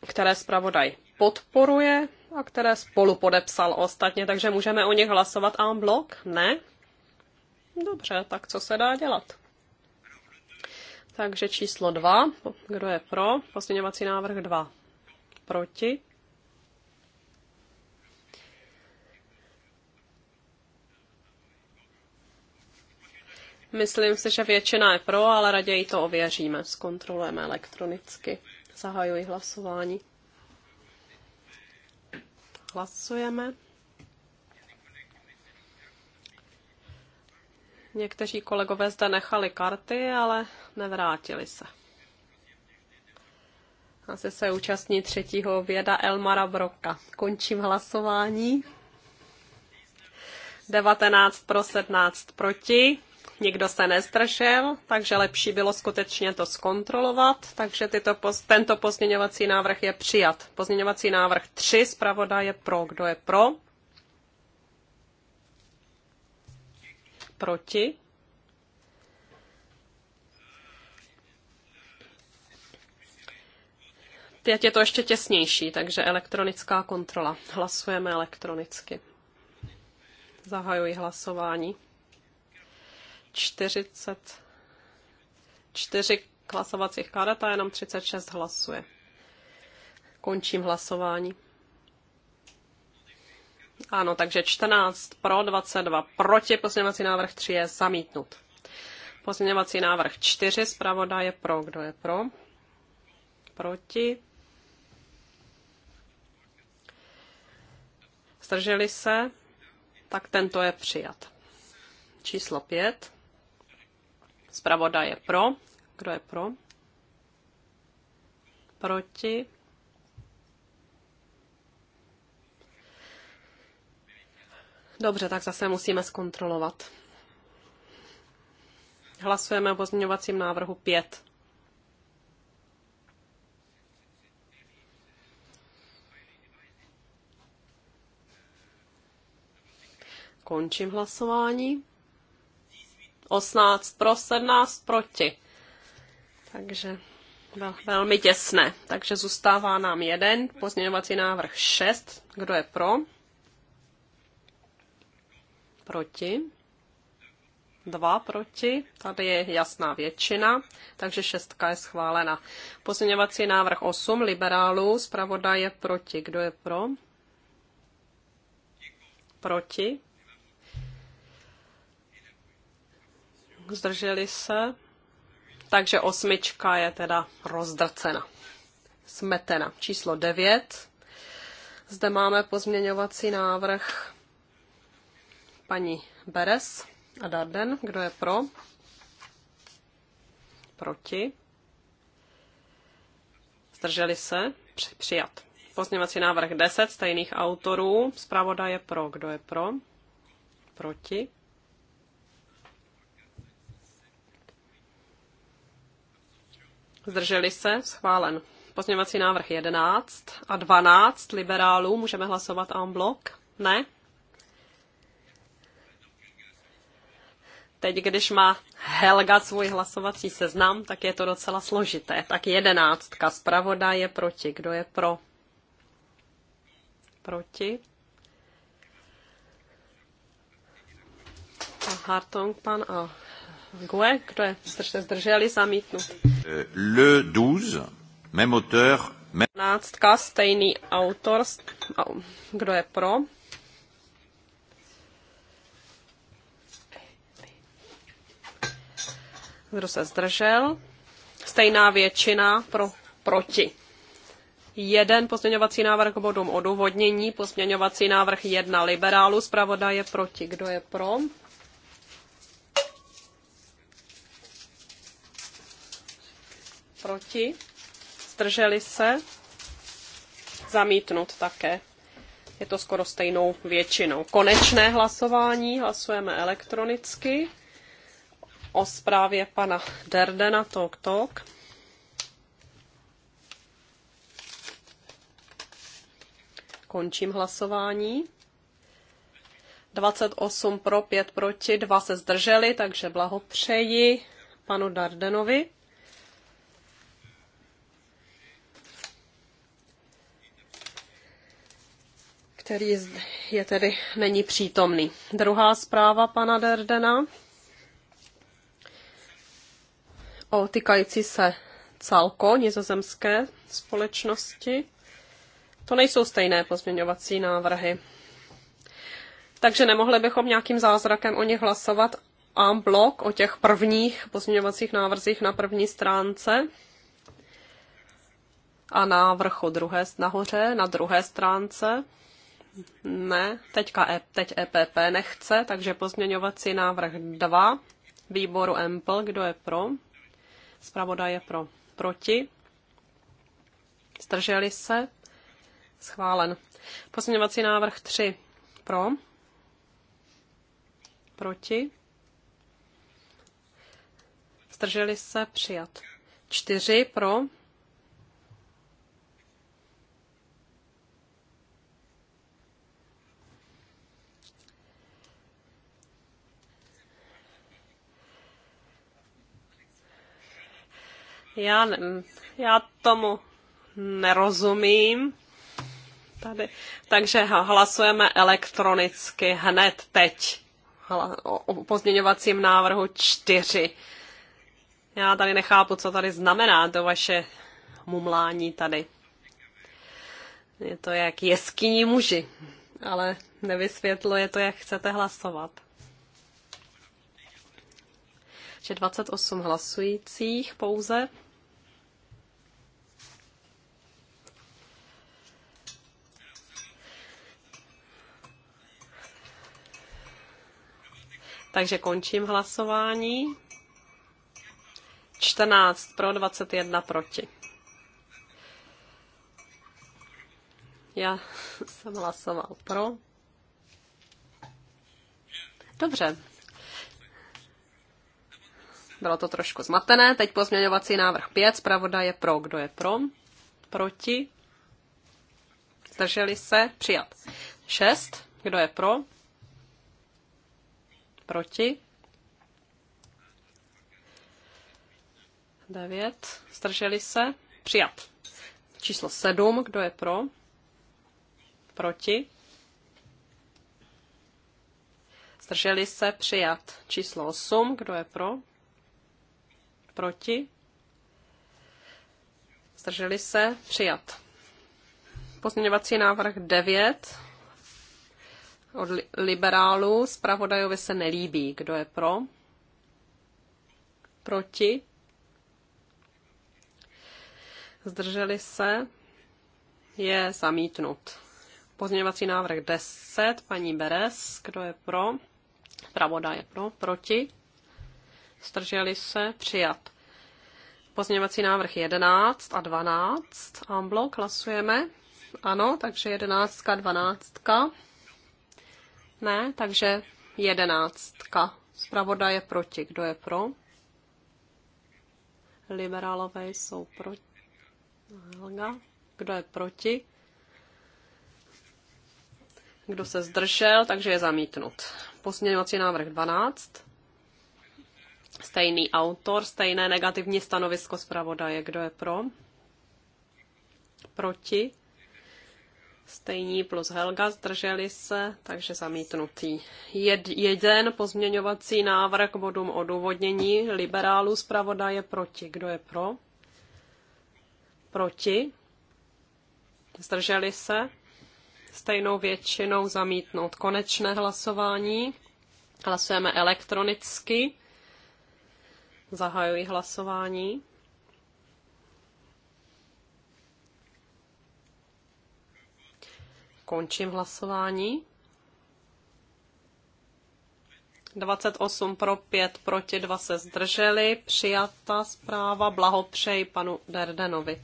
které zpravodaj podporuje a které spolu podepsal ostatně, takže můžeme o nich hlasovat en blok? Ne? Dobře, tak co se dá dělat? Takže číslo 2. Kdo je pro? Pozměňovací návrh 2. Proti? Myslím si, že většina je pro, ale raději to ověříme. Zkontrolujeme elektronicky. Zahajuji hlasování. Hlasujeme. Někteří kolegové zde nechali karty, ale nevrátili se. Asi se účastní třetího věda Elmara Broka. Končím hlasování. 19 pro 17 proti. Nikdo se nestrašel, takže lepší bylo skutečně to zkontrolovat. Takže tyto, tento pozměňovací návrh je přijat. Pozměňovací návrh 3 je pro. Kdo je pro? Proti? Teď je to ještě těsnější, takže elektronická kontrola. Hlasujeme elektronicky. Zahajuji hlasování. 44 hlasovacích karet a jenom 36 hlasuje. Končím hlasování. Ano, takže 14 pro, 22 proti, pozměňovací návrh 3 je zamítnut. Pozměňovací návrh 4, zpravodaje pro, kdo je pro? Proti, Zdrželi se? Tak tento je přijat. Číslo 5. Zpravoda je pro. Kdo je pro? Proti. Dobře, tak zase musíme zkontrolovat. Hlasujeme o pozměňovacím návrhu 5. Končím hlasování. 18 pro, 17 proti. Takže vel, velmi těsné. Takže zůstává nám jeden pozměňovací návrh 6. Kdo je pro? Proti. Dva proti. Tady je jasná většina, takže šestka je schválena. Pozměňovací návrh 8 liberálů. Zpravodaj je proti. Kdo je pro? Proti. zdrželi se. Takže osmička je teda rozdrcena, smetena. Číslo 9. Zde máme pozměňovací návrh paní Beres a Darden. Kdo je pro? Proti? Zdrželi se? Přijat. Pozměňovací návrh 10 stejných autorů. Zpravoda je pro. Kdo je pro? Proti? Zdrželi se? Schválen. Pozměňovací návrh 11 a 12 liberálů. Můžeme hlasovat en bloc? Ne? Teď, když má Helga svůj hlasovací seznam, tak je to docela složité. Tak jedenáctka. Zpravoda je proti. Kdo je pro? Proti. A Hartong pan a Gue, kdo je? zdrželi zamítnut. Le 12, même auteur, même... 12, stejný autor, kdo je pro? Kdo se zdržel? Stejná většina pro proti. Jeden pozměňovací návrh k bodům odůvodnění, pozměňovací návrh jedna liberálu, zpravodaje proti. Kdo je pro? proti, zdrželi se, zamítnut také. Je to skoro stejnou většinou. Konečné hlasování hlasujeme elektronicky o zprávě pana Derdena Tok Tok. Končím hlasování. 28 pro, 5 proti, 2 se zdrželi, takže blahopřeji panu Dardenovi. který je tedy není přítomný. Druhá zpráva pana Derdena o týkající se Calko, nizozemské společnosti. To nejsou stejné pozměňovací návrhy. Takže nemohli bychom nějakým zázrakem o nich hlasovat en blok o těch prvních pozměňovacích návrzích na první stránce a návrh o druhé, nahoře na druhé stránce. Ne, teďka e, teď EPP nechce, takže pozměňovací návrh 2 výboru EMPL, kdo je pro? Zpravodaj je pro. Proti? Zdrželi se? Schválen. Pozměňovací návrh 3 pro? Proti? Zdrželi se? Přijat. 4 pro? Já, já tomu nerozumím. Tady. Takže hlasujeme elektronicky hned teď o pozměňovacím návrhu 4. Já tady nechápu, co tady znamená to vaše mumlání tady. Je to jak jeskyní muži, ale nevysvětluje to, jak chcete hlasovat. Že 28 hlasujících pouze. Takže končím hlasování. 14 pro, 21 proti. Já jsem hlasoval pro. Dobře. Bylo to trošku zmatené. Teď pozměňovací návrh 5. Zpravoda je pro. Kdo je pro? Proti? Zdrželi se? Přijat. 6. Kdo je pro? proti. 9, zdrželi se, přijat. Číslo 7, kdo je pro, proti. Zdrželi se, přijat. Číslo 8, kdo je pro, proti. Zdrželi se, přijat. Pozměňovací návrh 9, od liberálů. Spravodajovi se nelíbí. Kdo je pro? Proti? Zdrželi se? Je zamítnut. Pozměňovací návrh 10, paní Beres. Kdo je pro? Pravoda je pro. Proti? Zdrželi se? Přijat. Pozměňovací návrh 11 a 12. Amblok hlasujeme. Ano, takže 11, 12. Ne, takže jedenáctka. Zpravoda je proti. Kdo je pro? Liberálové jsou proti. Kdo je proti? Kdo se zdržel, takže je zamítnut. Pozměňovací návrh 12. Stejný autor, stejné negativní stanovisko zpravodaje. Kdo je pro? Proti? Stejní plus Helga, zdrželi se, takže zamítnutý. Jed, jeden pozměňovací návrh k bodům odůvodnění liberálů zpravodaje proti. Kdo je pro? Proti. Zdrželi se. Stejnou většinou zamítnout konečné hlasování. Hlasujeme elektronicky. Zahajuji hlasování. Končím hlasování. 28 pro 5, proti 2 se zdrželi. Přijata zpráva. Blahopřeji panu Derdenovi.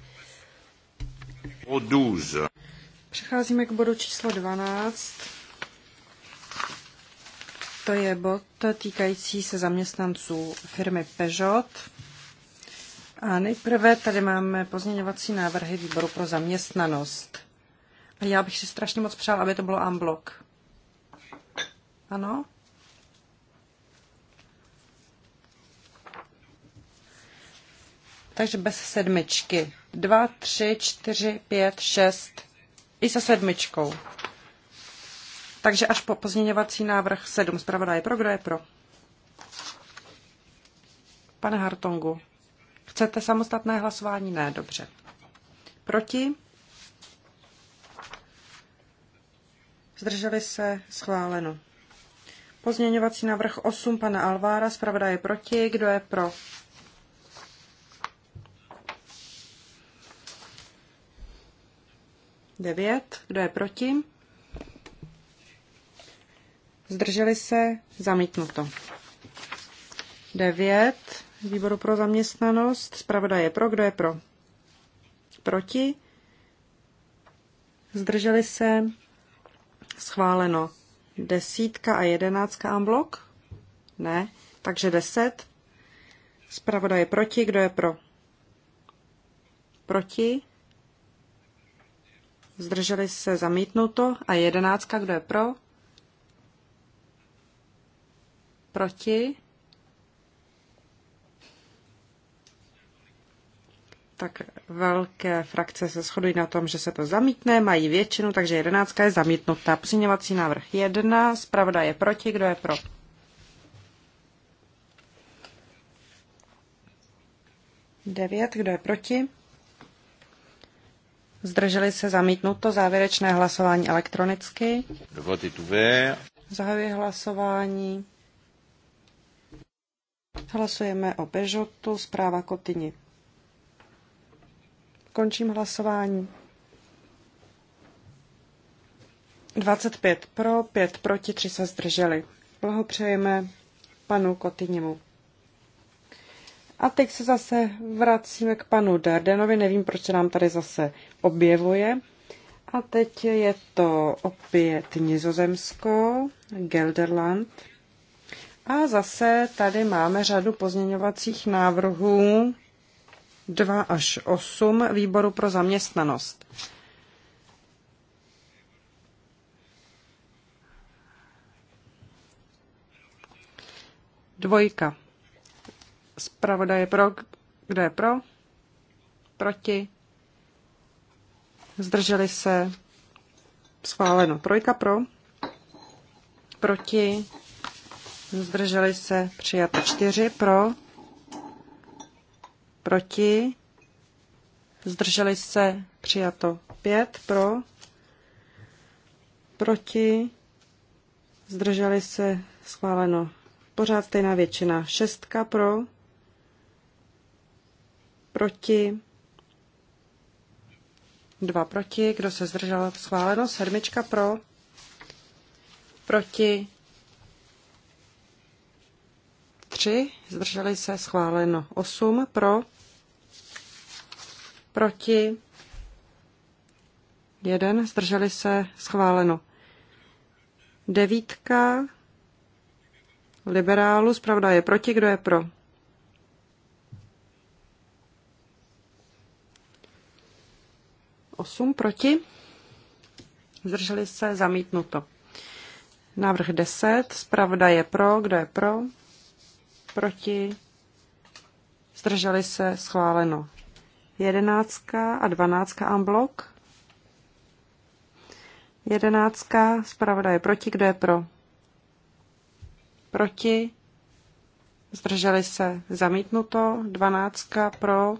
Přecházíme k bodu číslo 12. To je bod týkající se zaměstnanců firmy Peugeot. A nejprve tady máme pozměňovací návrhy výboru pro zaměstnanost. Já bych si strašně moc přál, aby to bylo unblock. Ano? Takže bez sedmičky. Dva, tři, čtyři, pět, šest. I se sedmičkou. Takže až po pozměňovací návrh sedm. Zpravodaj pro, kdo je pro? Pane Hartongu, chcete samostatné hlasování? Ne, dobře. Proti? zdrželi se, schváleno. Pozměňovací návrh 8 pana Alvára, zpravda je proti, kdo je pro? Devět, kdo je proti? Zdrželi se, zamítnuto. Devět, výboru pro zaměstnanost, zpravda je pro, kdo je pro? Proti? Zdrželi se, Schváleno. Desítka a jedenáctka amblok, Ne. Takže deset. Zpravodaj je proti. Kdo je pro? Proti. Zdrželi se zamítnuto. A jedenáctka, kdo je pro? Proti. tak velké frakce se shodují na tom, že se to zamítne, mají většinu, takže jedenáctka je zamítnutá. Pozměňovací návrh Jedna. zpravda je proti, kdo je pro? Devět, kdo je proti? Zdrželi se zamítnuto závěrečné hlasování elektronicky. Zahajuji hlasování. Hlasujeme o Peugeotu, zpráva Kotyni. Končím hlasování. 25 pro, 5 proti, 3 se zdrželi. Blahopřejeme panu Kotyněmu. A teď se zase vracíme k panu Dardenovi, nevím, proč se nám tady zase objevuje. A teď je to opět Nizozemsko, Gelderland. A zase tady máme řadu pozměňovacích návrhů 2 až 8 výboru pro zaměstnanost. Dvojka. Zpravodaj je pro. Kdo je pro? Proti? Zdrželi se? Schváleno. Trojka pro? Proti? Zdrželi se? Přijato. Čtyři pro? proti, zdrželi se, přijato 5 pro, proti, zdrželi se, schváleno pořád stejná většina, 6 pro, proti, dva proti, kdo se zdržel, schváleno, sedmička pro, proti, 3, zdrželi se, schváleno 8 pro, proti 1, zdrželi se, schváleno. Devítka liberálu, zpravda je proti, kdo je pro? Osm proti, zdrželi se, zamítnuto. Návrh 10, Spravda je pro, kdo je pro? proti, zdrželi se, schváleno. Jedenáctka a dvanáctka amblok. Jedenáctka, je proti, kdo je pro? Proti, zdrželi se, zamítnuto. Dvanáctka pro,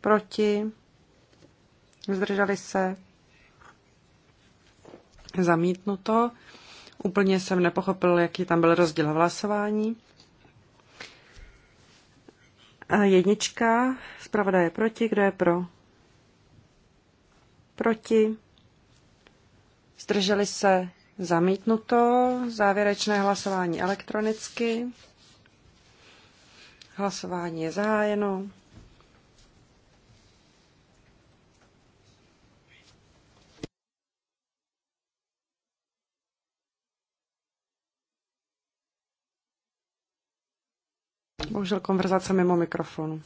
proti, zdrželi se, zamítnuto. Úplně jsem nepochopil, jaký tam byl rozdíl hlasování. A jednička, zpravodaj je proti, kdo je pro? Proti. Zdrželi se zamítnuto, závěrečné hlasování elektronicky. Hlasování je zahájeno. Bohužel konverzace mimo mikrofonu.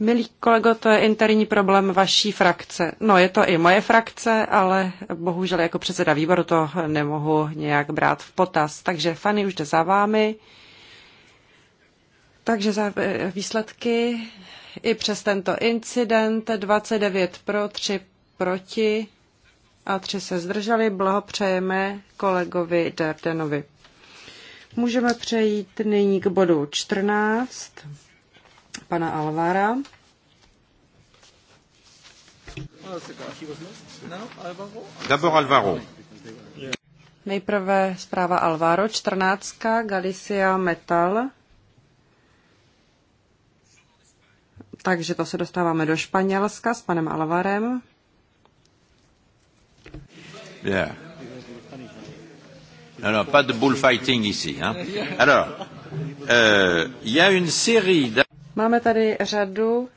Milí kolego, to je interní problém vaší frakce. No, je to i moje frakce, ale bohužel jako předseda výboru to nemohu nějak brát v potaz. Takže Fanny už jde za vámi. Takže za eh, výsledky i přes tento incident 29 pro, 3 proti a tři se zdrželi. Blahopřejeme kolegovi Dardenovi. Můžeme přejít nyní k bodu 14 pana Alvara. D'abord Alvaro. Nejprve zpráva Alvaro, 14. Galicia Metal. Takže to se dostáváme do Španělska s panem Alvarem. Bien. Non, non, pas de bullfighting ici. Hein. Alors, euh, il euh, y a une série de... Máme tady řadu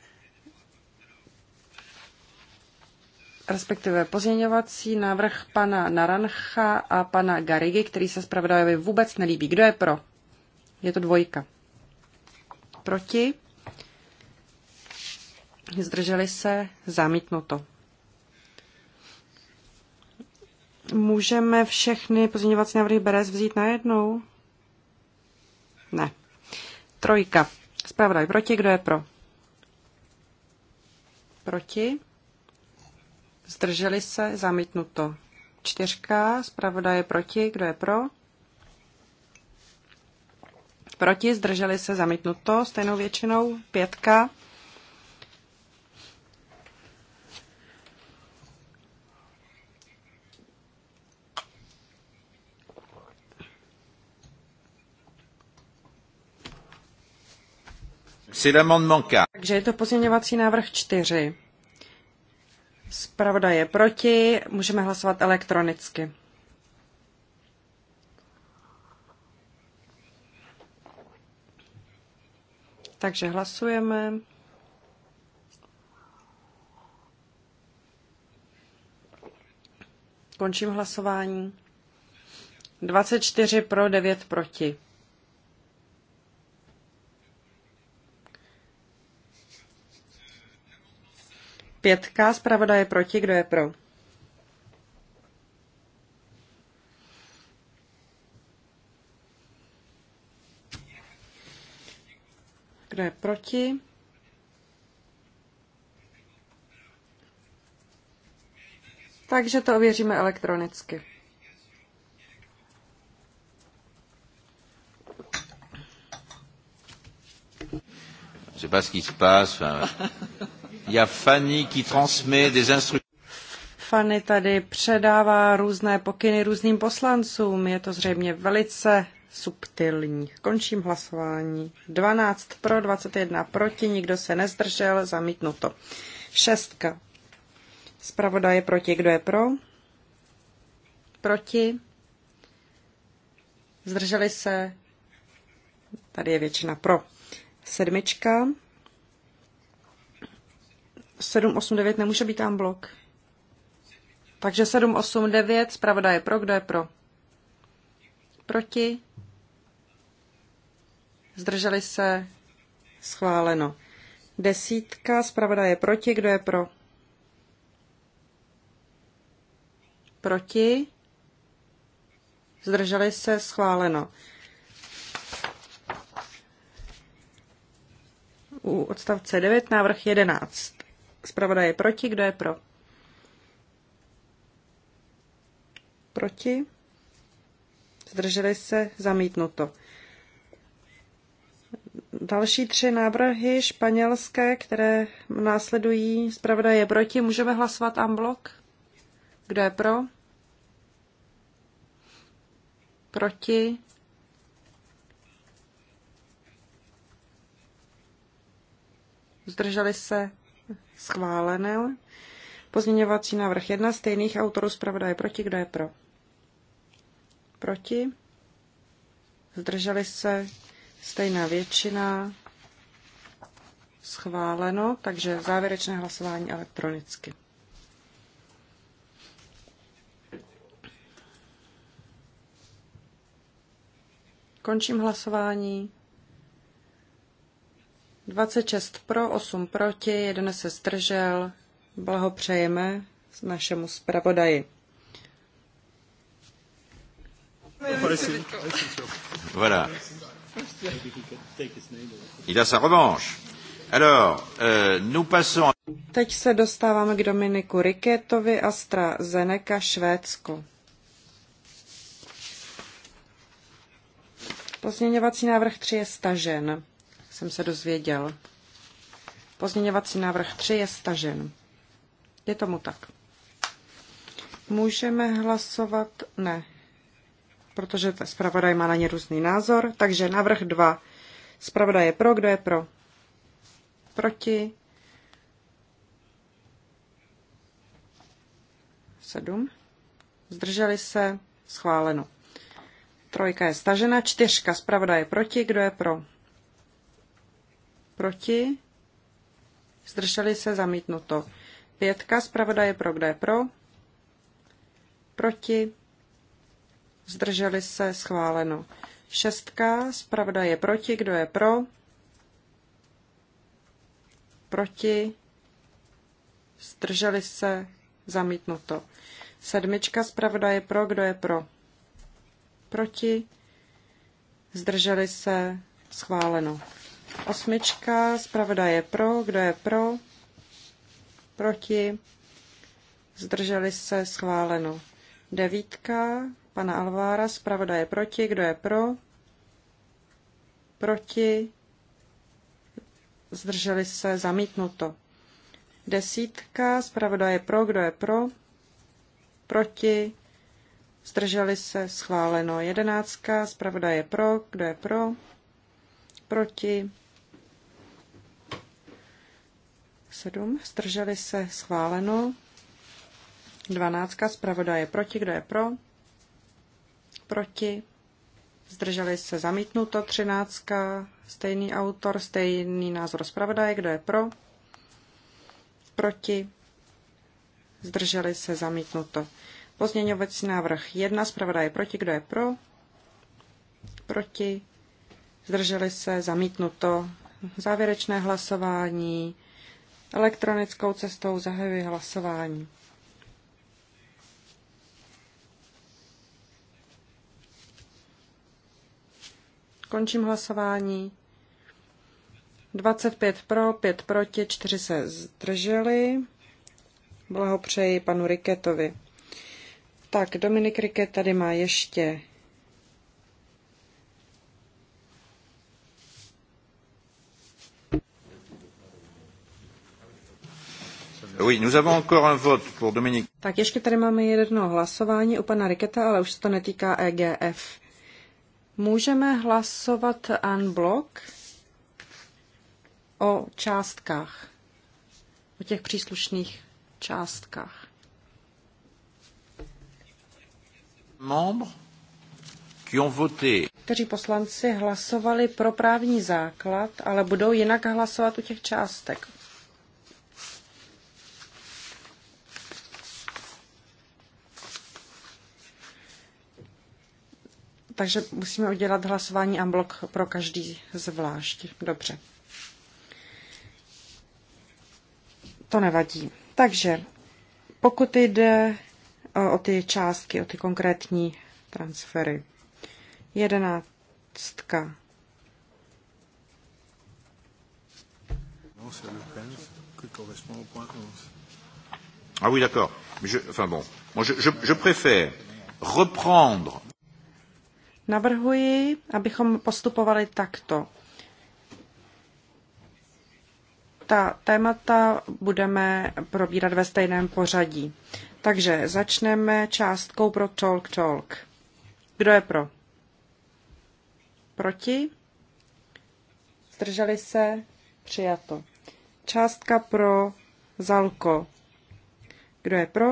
respektive pozměňovací návrh pana Narancha a pana Garigy, který se zpravodajovi vůbec nelíbí. Kdo je pro? Je to dvojka. Proti? Zdrželi se? Zamítnuto. Můžeme všechny pozměňovací návrhy Beres vzít najednou? Ne. Trojka. Zpravodaj proti, kdo je pro? Proti. Zdrželi se, zamítnuto. Čtyřka, zpravodaj proti, kdo je pro? Proti, zdrželi se, zamítnuto, stejnou většinou. Pětka, Takže je to pozměňovací návrh 4. Zpravodaj je proti, můžeme hlasovat elektronicky. Takže hlasujeme. Končím hlasování. 24 pro, 9 proti. Pětka, zpravodaj je proti, kdo je pro? Kdo je proti? Takže to ověříme elektronicky. Je sais pas ce qui se passe. Enfin, Fanny qui transmet des instructions. Fanny tady předává různé pokyny různým poslancům. Je to zřejmě velice subtilní. Končím hlasování. 12 pro, 21 proti, nikdo se nezdržel, zamítnuto. Šestka. Zpravodaje je proti, kdo je pro? Proti. Zdrželi se. Tady je většina pro. Sedmička. 7, 8, 9 nemůže být tam blok. Takže 7, 8, 9, zpravoda je pro, kdo je pro? Proti? Zdrželi se? Schváleno. Desítka, zpravoda je proti, kdo je pro? Proti? Zdrželi se? Schváleno. U odstavce 9 návrh 11. Zpravodaj je proti, kdo je pro? Proti? Zdrželi se? Zamítnuto. Další tři návrhy španělské, které následují, zpravodaj je proti. Můžeme hlasovat unblock? Kdo je pro? Proti? Zdrželi se? schválen. Pozměňovací návrh jedna stejných autorů zpravodaje proti, kdo je pro? Proti. Zdrželi se stejná většina. Schváleno, takže závěrečné hlasování elektronicky. Končím hlasování. 26 pro, 8 proti, jeden se zdržel. Blahopřejeme našemu zpravodaji. Voilà. Il a sa revanche. Alors, euh, nous passons... Teď se dostáváme k Dominiku Riketovi Astra Zeneka Švédsko. Pozměňovací návrh 3 je stažen jsem se dozvěděl. Pozměňovací návrh 3 je stažen. Je tomu tak. Můžeme hlasovat? Ne. Protože zpravodaj má na ně různý názor. Takže návrh 2. Zpravodaj je pro, kdo je pro? Proti? 7. Zdrželi se? Schváleno. Trojka je stažena, čtyřka je proti, kdo je pro? proti, zdrželi se zamítnuto. Pětka, zpravodaje pro, kdo je pro, proti, zdrželi se schváleno. Šestka, zpravodaje proti, kdo je pro, proti, zdrželi se zamítnuto. Sedmička, zpravodaje pro, kdo je pro, proti, zdrželi se schváleno. Osmička, zpravda je pro, kdo je pro, proti, zdrželi se, schváleno. Devítka, pana Alvára, zpravda je proti, kdo je pro, proti, zdrželi se, zamítnuto. Desítka, zpravda je pro, kdo je pro, proti, zdrželi se, schváleno. Jedenáctka, zpravda je pro, kdo je pro, proti, 7. Zdrželi se schváleno. 12. je proti. Kdo je pro? Proti. Zdrželi se zamítnuto. 13. Stejný autor, stejný názor zpravodaje. Kdo je pro? Proti. Zdrželi se zamítnuto. Pozměňovací návrh 1. je proti. Kdo je pro? Proti. Zdrželi se zamítnuto. Závěrečné hlasování Elektronickou cestou zahajuji hlasování. Končím hlasování. 25 pro, 5 proti, 4 se zdrželi. Blahopřeji panu Riketovi. Tak, Dominik Riket tady má ještě Tak ještě tady máme jedno hlasování u pana Riketa, ale už se to netýká EGF. Můžeme hlasovat unblock o částkách, o těch příslušných částkách. Membre Kteří poslanci hlasovali pro právní základ, ale budou jinak hlasovat u těch částek. Takže musíme udělat hlasování a blok pro každý zvlášť. Dobře. To nevadí. Takže pokud jde e, o ty částky, o ty konkrétní transfery. Jedenáctka. Ah oui, d'accord. enfin bon, moi je, je, je préfère reprendre Navrhuji, abychom postupovali takto. Ta témata budeme probírat ve stejném pořadí. Takže začneme částkou pro Talk Talk. Kdo je pro? Proti? Zdrželi se? Přijato. Částka pro Zalko. Kdo je pro?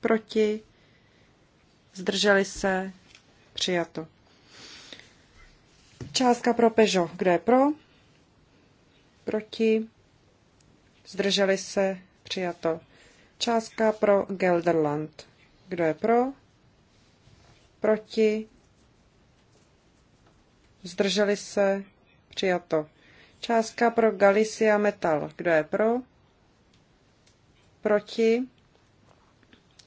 Proti? Zdrželi se? Přijato. Částka pro Peugeot. Kdo je pro? Proti? Zdrželi se? Přijato. Částka pro Gelderland. Kdo je pro? Proti? Zdrželi se? Přijato. Částka pro Galicia Metal. Kdo je pro? Proti?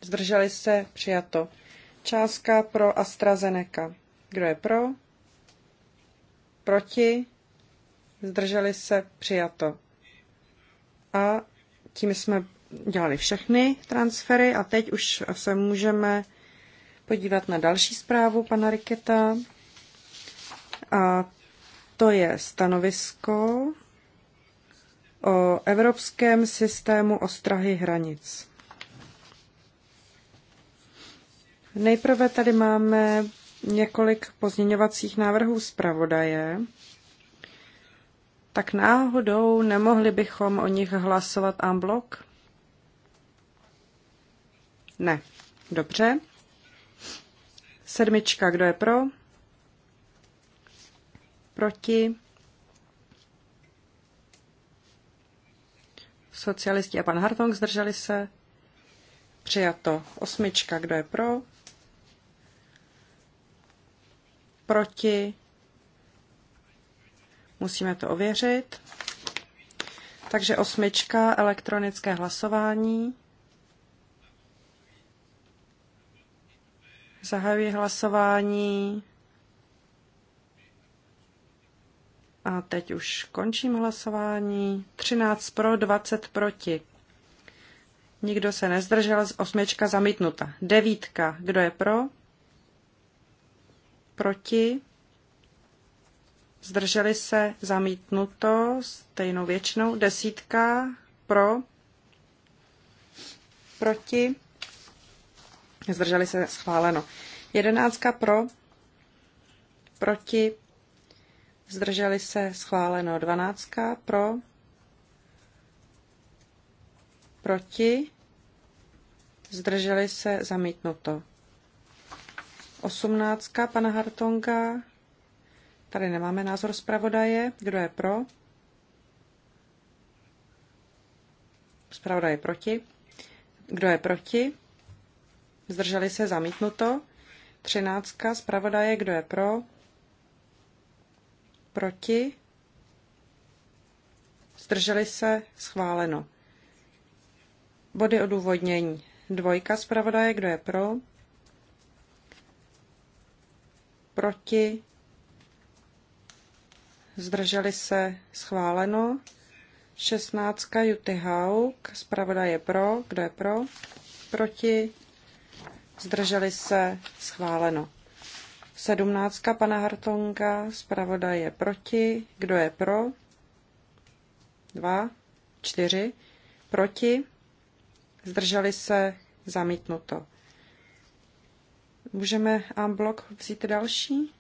Zdrželi se? Přijato částka pro AstraZeneca. Kdo je pro? Proti? Zdrželi se? Přijato. A tím jsme dělali všechny transfery a teď už se můžeme podívat na další zprávu pana Riketa. A to je stanovisko o evropském systému ostrahy hranic. Nejprve tady máme několik pozměňovacích návrhů zpravodaje. Tak náhodou nemohli bychom o nich hlasovat en bloc? Ne. Dobře. Sedmička, kdo je pro? Proti? Socialisti a pan Hartong zdrželi se. Přijato. Osmička, kdo je pro? proti, musíme to ověřit. Takže osmička, elektronické hlasování. Zahajuji hlasování. A teď už končím hlasování. 13 pro, 20 proti. Nikdo se nezdržel, osmička zamítnuta. Devítka, kdo je pro? proti, zdrželi se zamítnuto stejnou většinou, desítka pro, proti, zdrželi se schváleno. Jedenáctka pro, proti, zdrželi se schváleno. Dvanáctka pro, proti, zdrželi se zamítnuto. Osmnáctka pana Hartonga. Tady nemáme názor zpravodaje. Kdo je pro? Zpravodaj je proti. Kdo je proti? Zdrželi se zamítnuto. Třináctka zpravodaje. Kdo je pro? Proti? Zdrželi se schváleno. Body odůvodnění. Dvojka zpravodaje. Kdo je pro? proti, zdrželi se, schváleno. 16. Juty Hauk, zpravodaj je pro, kdo je pro, proti, zdrželi se, schváleno. 17. Pana Hartonga, zpravodaj je proti, kdo je pro, dva, čtyři, proti, zdrželi se, zamítnuto. Můžeme blok vzít další?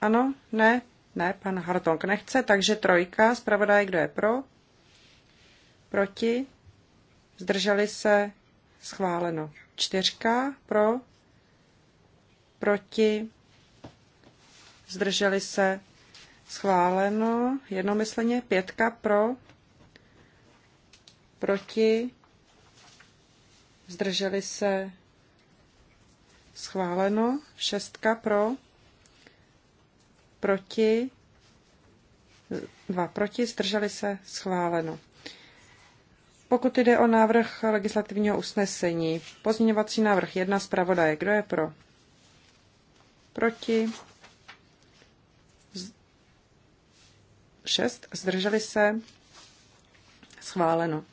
Ano? Ne? Ne, pan Hartong nechce, takže trojka, zpravodaj, kdo je pro? Proti? Zdrželi se? Schváleno. Čtyřka, pro? Proti? Zdrželi se? Schváleno. Jednomyslně. Pětka, pro? Proti? Zdrželi se? schváleno, šestka pro, proti, dva proti, zdrželi se, schváleno. Pokud jde o návrh legislativního usnesení, pozměňovací návrh jedna zpravodaje, kdo je pro? Proti? Z... Zdrželi se? Schváleno.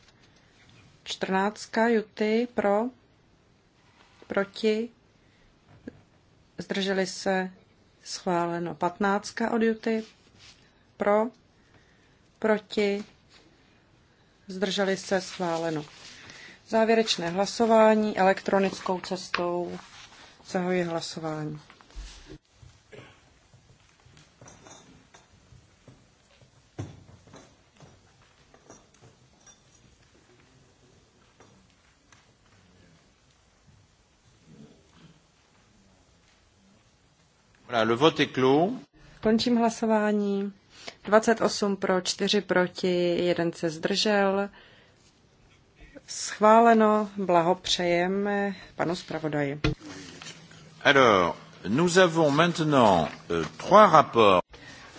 čtrnáctka Juty pro? Proti? zdrželi se, schváleno 15 od Juty, pro, proti, zdrželi se, schváleno. Závěrečné hlasování elektronickou cestou zahojí hlasování. Euh, le vote est clos. Končím hlasování. 28 pro, 4 proti, jeden se zdržel. Schváleno, blahopřejeme panu zpravodaji. Alors, nous avons maintenant euh, trois rapports.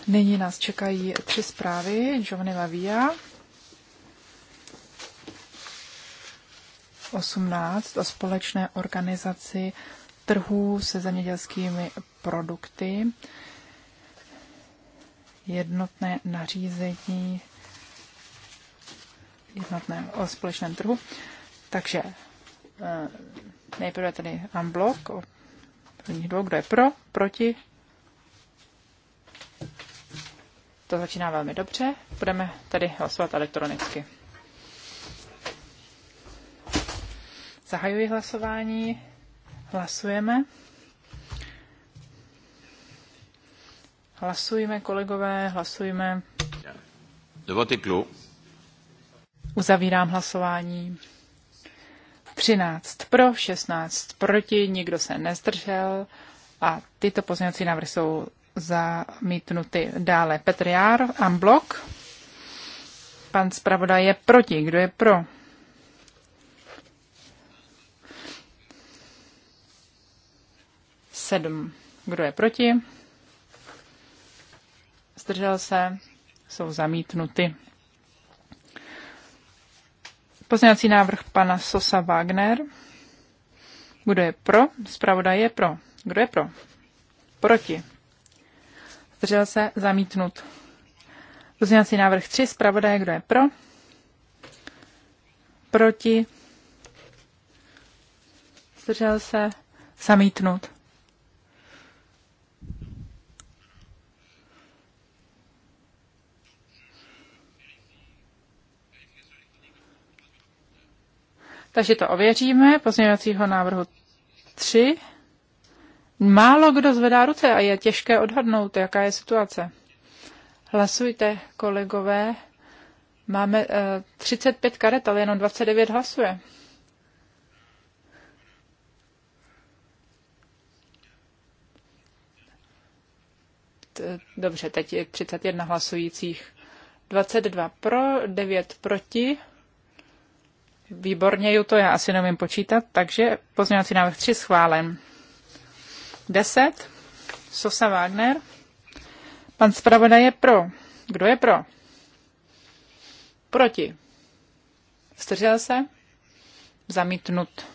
Nyní nás čekají tři zprávy Giovanni Lavia. 18 o společné organizaci trhů se zemědělskými produkty. Jednotné nařízení jednotné o společném trhu. Takže eh, nejprve tady unblock o prvních dvou, kdo je pro, proti. To začíná velmi dobře. Budeme tady hlasovat elektronicky. Zahajuji hlasování. Hlasujeme. hlasujeme, kolegové, hlasujeme. Uzavírám hlasování. 13 pro, 16 proti, nikdo se nezdržel a tyto pozměňovací návrhy jsou zamítnuty. Dále Petr Jár, Amblok. Pan zpravodaj je proti. Kdo je pro? 7. Kdo je proti? Zdržel se? Jsou zamítnuty. Pozněvací návrh pana Sosa Wagner. Kdo je pro? Zpravodaj je pro. Kdo je pro? Proti. Zdržel se? Zamítnut. Pozněvací návrh 3. Zpravodaj, kdo je pro? Proti. Zdržel se? Zamítnut. Takže to ověříme. Pozměňovacího návrhu 3. Málo kdo zvedá ruce a je těžké odhadnout, jaká je situace. Hlasujte, kolegové. Máme uh, eh, 35 karet, ale jenom 29 hlasuje. Dobře, teď je 31 hlasujících. 22 pro, 9 proti. Výborně, ju to já asi nevím počítat, takže pozměňovací návrh 3 schválen. 10. Sosa Wagner. Pan zpravodaj je pro. Kdo je pro? Proti. Zdržel se? Zamítnut.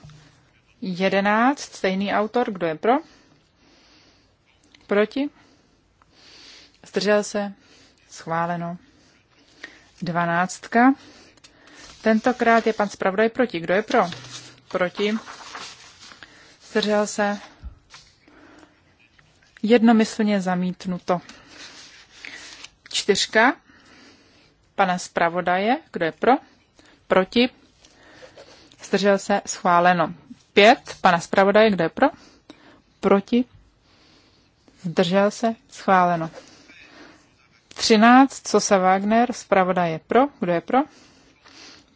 11. Stejný autor. Kdo je pro? Proti? Zdržel se? Schváleno. Dvanáctka. Tentokrát je pan zpravodaj proti. Kdo je pro? Proti. Zdržel se. Jednomyslně zamítnuto. Čtyřka. Pana zpravodaje. Kdo je pro? Proti. Zdržel se. Schváleno. Pět. Pana zpravodaje. Kdo je pro? Proti. Zdržel se. Schváleno. 13. Sosa Wagner, zpravodaj je pro. Kdo je pro?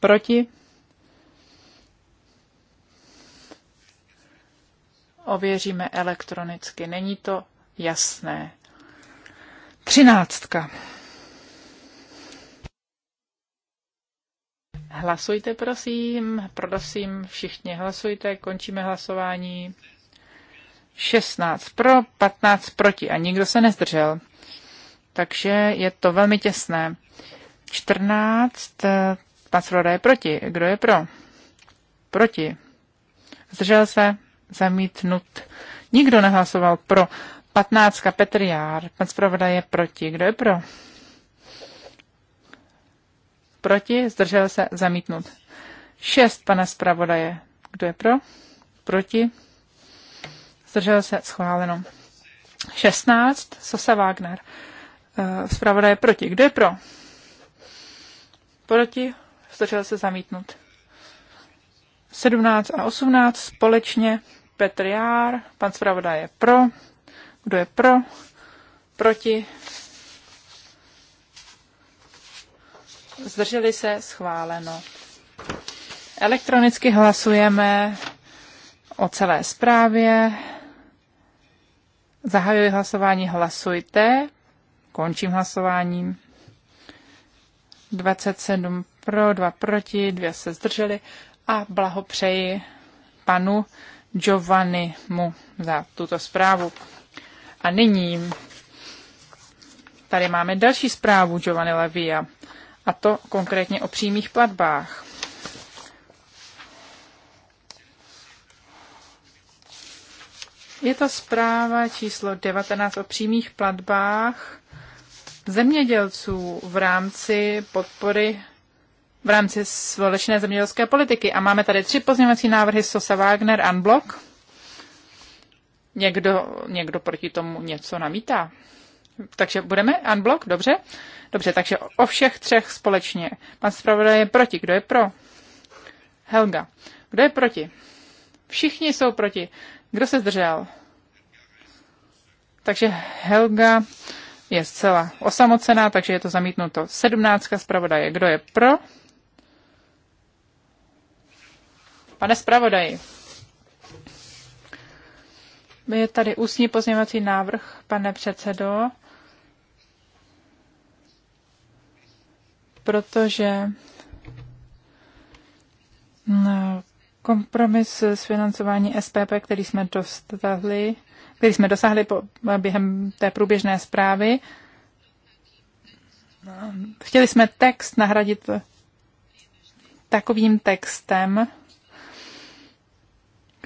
Proti? Ověříme elektronicky. Není to jasné. Třináctka. Hlasujte, prosím. Prosím, všichni hlasujte. Končíme hlasování. 16 pro, 15 proti a nikdo se nezdržel. Takže je to velmi těsné. 14, Pan Svoboda je proti. Kdo je pro? Proti. Zdržel se? Zamítnut. Nikdo nehlasoval pro. 15. Petr Jár. Pan Svoboda je proti. Kdo je pro? Proti. Zdržel se? Zamítnut. 6. Pana zpravodaje. Kdo je pro? Proti. Zdržel se? Schváleno. 16. Sosa Wagner. Zpravodaj eh, je proti. Kdo je pro? Proti zdržel se zamítnut. 17 a 18 společně Petr Jár, pan zpravodaj je pro. Kdo je pro? Proti? Zdrželi se schváleno. Elektronicky hlasujeme o celé zprávě. Zahajuji hlasování, hlasujte. Končím hlasováním. 27 pro, dva proti, dvě se zdrželi a blahopřeji panu Giovanni mu za tuto zprávu. A nyní tady máme další zprávu Giovanni Lavia a to konkrétně o přímých platbách. Je to zpráva číslo 19 o přímých platbách zemědělců v rámci podpory v rámci společné zemědělské politiky. A máme tady tři pozměňovací návrhy Sosa Wagner Unblock. Někdo, někdo proti tomu něco namítá. Takže budeme unblock, dobře? Dobře, takže o všech třech společně. Pan zpravodaj je proti. Kdo je pro? Helga. Kdo je proti? Všichni jsou proti. Kdo se zdržel? Takže Helga je zcela osamocená, takže je to zamítnuto. Sedmnáctka zpravodaje. Kdo je pro? Pane zpravodaji, je tady ústní pozměňovací návrh, pane předsedo, protože mm, kompromis s financování SPP, který jsme dostali, který jsme dosáhli po, během té průběžné zprávy, chtěli jsme text nahradit takovým textem,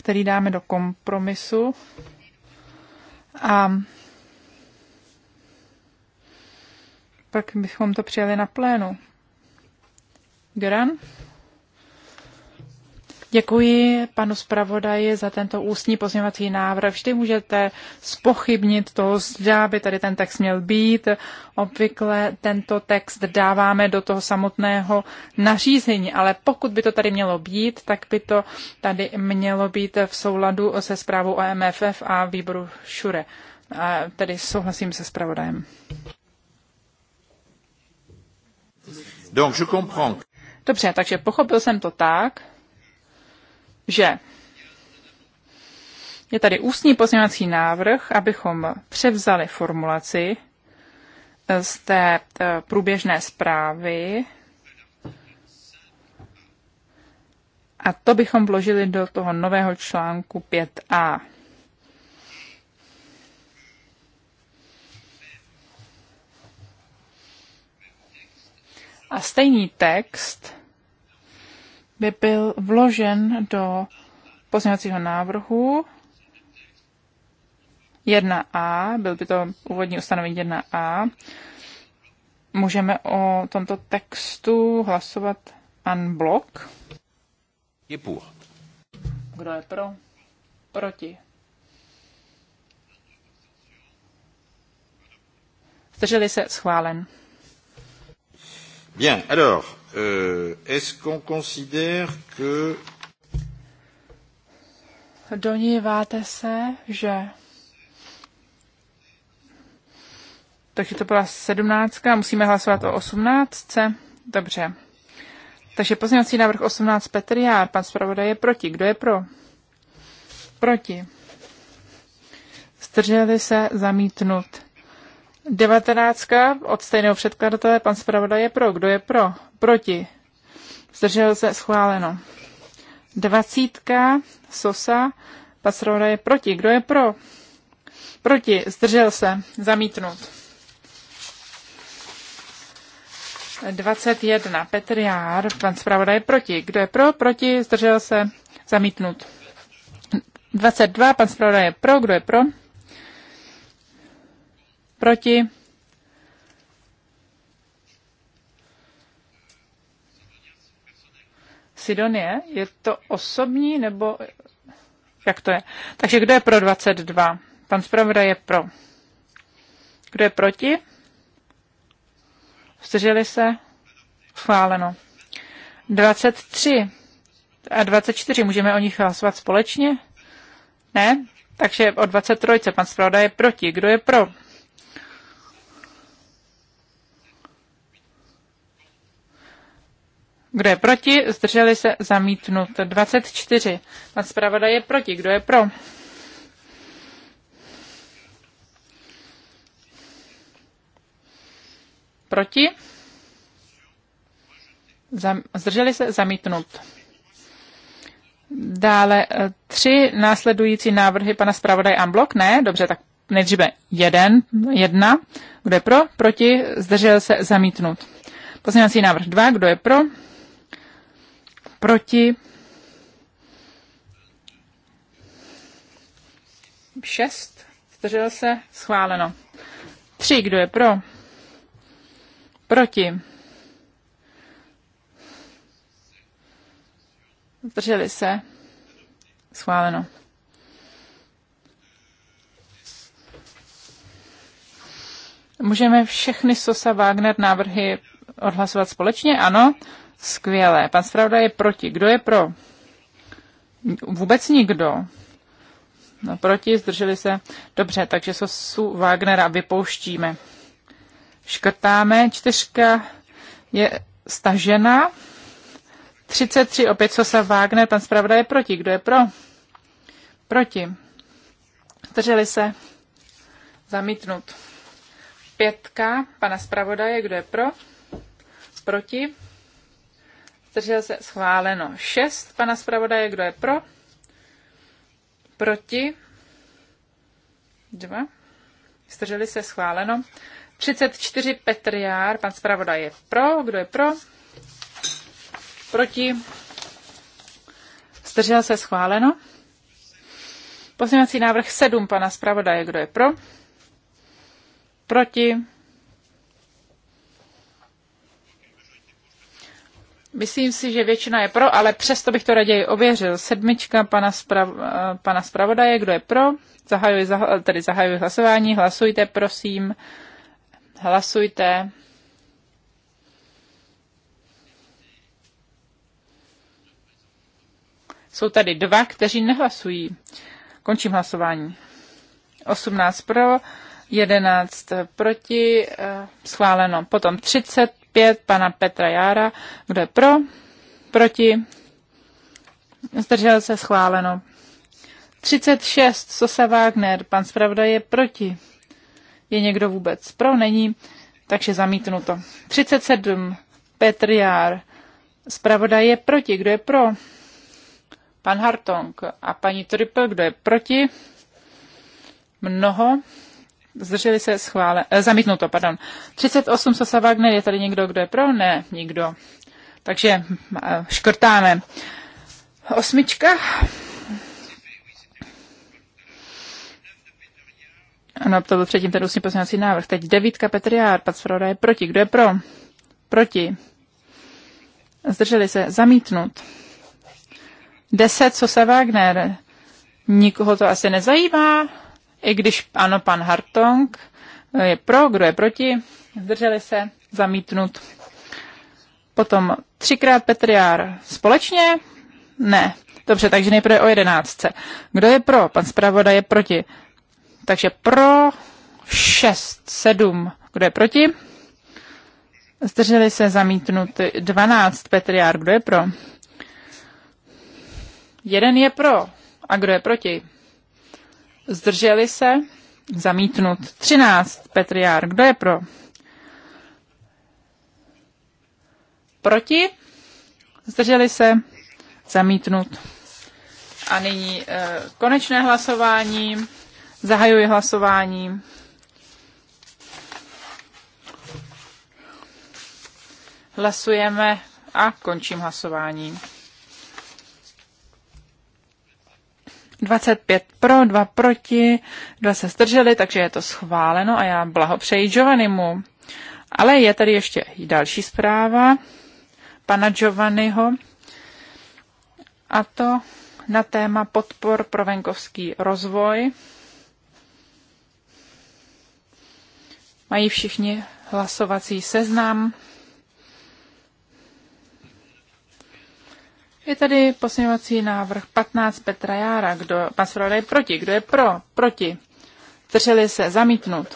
který dáme do kompromisu. A pak bychom to přijeli na plénu. Gran. Děkuji panu zpravodaji za tento ústní pozměňovací návrh. Vždy můžete spochybnit to, zda by tady ten text měl být. Obvykle tento text dáváme do toho samotného nařízení, ale pokud by to tady mělo být, tak by to tady mělo být v souladu se zprávou o MFF a výboru ŠURE. A tedy souhlasím se zpravodajem. Dobře, takže pochopil jsem to tak, že je tady ústní pozměňovací návrh, abychom převzali formulaci eh, z té eh, průběžné zprávy a to bychom vložili do toho nového článku 5a. A stejný text by byl vložen do pozměňovacího návrhu 1a, byl by to úvodní ustanovení 1a. Můžeme o tomto textu hlasovat unblock. Je půl. Kdo je pro? Proti. Zdrželi se schválen. Bien, alors, euh, est-ce qu'on considère que Doníváte se, že takže to byla sedmnáctka, musíme hlasovat o osmnáctce. Dobře. Takže pozměňovací návrh 18 Petr Jár, pan zpravodaj je proti. Kdo je pro? Proti. Zdrželi se zamítnut. Devatenáctka od stejného předkladatele, pan zpravodaj je pro. Kdo je pro? Proti. Zdržel se schváleno. Dvacítka, Sosa, pan zpravodaj je proti. Kdo je pro? Proti. Zdržel se. Zamítnut. 21. Petr Jár, pan zpravodaj je proti. Kdo je pro? Proti. Zdržel se. Zamítnut. 22. Pan zpravodaj je pro. Kdo je pro? Proti? Sidonie, je to osobní nebo jak to je? Takže kdo je pro 22? Pan zpravodaj je pro. Kdo je proti? Vzdrželi se? Schváleno. 23 a 24, můžeme o nich hlasovat společně? Ne? Takže o 23. Pan zpravodaj je proti. Kdo je pro? Kdo je proti? Zdrželi se zamítnut. 24. Pan zpravodaj je proti. Kdo je pro? Proti? Zam, zdrželi se zamítnut. Dále eh, tři následující návrhy pana zpravodaje Amblok. Ne, dobře, tak nejdříve jeden, jedna. Kdo je pro? Proti? Zdržel se zamítnut. Poslední návrh dva. Kdo je pro? proti, šest, zdržel se, schváleno. Tři, kdo je pro, proti, zdrželi se, schváleno. Můžeme všechny Sosa Wagner návrhy odhlasovat společně? Ano. Skvělé. Pan Spravda je proti. Kdo je pro? Vůbec nikdo. No, proti, zdrželi se. Dobře, takže sosu Wagnera vypouštíme. Škrtáme. Čtyřka je stažena. 33, opět Sosa Wagner, pan zpravda je proti. Kdo je pro? Proti. Zdrželi se. Zamítnut. Pětka, pana zpravodaje, kdo je pro? Proti zdržel se, schváleno. 6 pana zpravodaje, kdo je pro? Proti? 2. Zdrželi se, schváleno. 34 Petr Jár, pan zpravodaj je pro, kdo je pro? Proti? Zdržel se, schváleno. Pozměňovací návrh 7 pana zpravodaje, kdo je pro? Proti? Myslím si, že většina je pro, ale přesto bych to raději ověřil. Sedmička pana, sprav, pana zpravodaje, kdo je pro? Zahajuji, tedy zahajuji hlasování, hlasujte, prosím. Hlasujte. Jsou tady dva, kteří nehlasují. Končím hlasování. 18 pro, 11 proti, eh, schváleno. Potom 30 5 pana Petra Jára. Kdo je pro? Proti? Zdržel se schváleno. 36 Sosa Wagner. Pan Spravda je proti. Je někdo vůbec pro? Není. Takže zamítnuto. 37 Petr Jár. Zpravodaj je proti. Kdo je pro? Pan Hartong a paní Trippel, kdo je proti? Mnoho zdrželi se schvále, eh, zamítnuto, pardon. 38 Sosa Wagner, je tady někdo, kdo je pro? Ne, nikdo. Takže eh, škrtáme. Osmička. Ano, to byl předtím ten ústní pozměňovací návrh. Teď devítka Petr Pacfroda je proti. Kdo je pro? Proti. Zdrželi se. Zamítnut. Deset Sosa Wagner. Nikoho to asi nezajímá. I když ano, pan Hartong je pro, kdo je proti, zdrželi se, zamítnut. Potom třikrát Petr Jár společně? Ne. Dobře, takže nejprve o jedenáctce. Kdo je pro? Pan zpravodaj je proti. Takže pro šest sedm. Kdo je proti? Zdrželi se zamítnut Dvanáct Petr Jár. Kdo je pro? Jeden je pro. A kdo je proti? zdrželi se, zamítnut. 13, Petr Jár, kdo je pro? Proti, zdrželi se, zamítnut. A nyní e, konečné hlasování. Zahajuji hlasování. Hlasujeme a končím hlasování. 25 pro, 2 proti, 2 se zdrželi, takže je to schváleno a já blahopřeji Giovannimu. Ale je tady ještě další zpráva pana Giovanniho a to na téma podpor pro venkovský rozvoj. Mají všichni hlasovací seznam. Je tady poslňovací návrh 15 Petra Jára. Kdo, pan je proti. Kdo je pro? Proti. Drželi se. Zamítnut.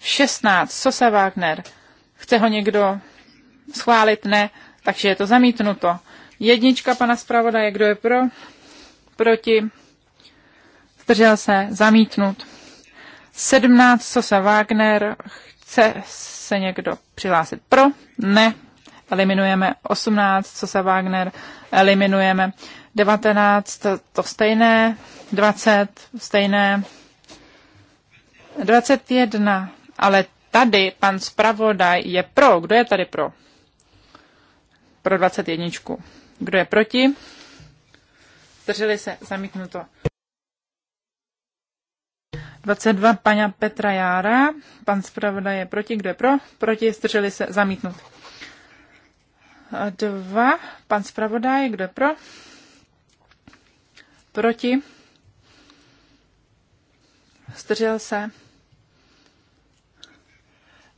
16 Sosa Wagner. Chce ho někdo schválit? Ne. Takže je to zamítnuto. Jednička pana zpravodaje. Kdo je pro? Proti. Zdržel se. Zamítnut. 17 Sosa Wagner. Chce se někdo přihlásit pro? Ne eliminujeme 18, co se Wagner eliminujeme 19, to stejné, 20, stejné, 21, ale tady pan zpravodaj je pro. Kdo je tady pro? Pro 21. Kdo je proti? Zdrželi se, zamítnuto. 22 paňa Petra Jára. Pan zpravodaj je proti, kdo je pro? Proti, zdrželi se, zamítnuto. 2. Pan zpravodaj, kdo pro? Proti? Zdržel se?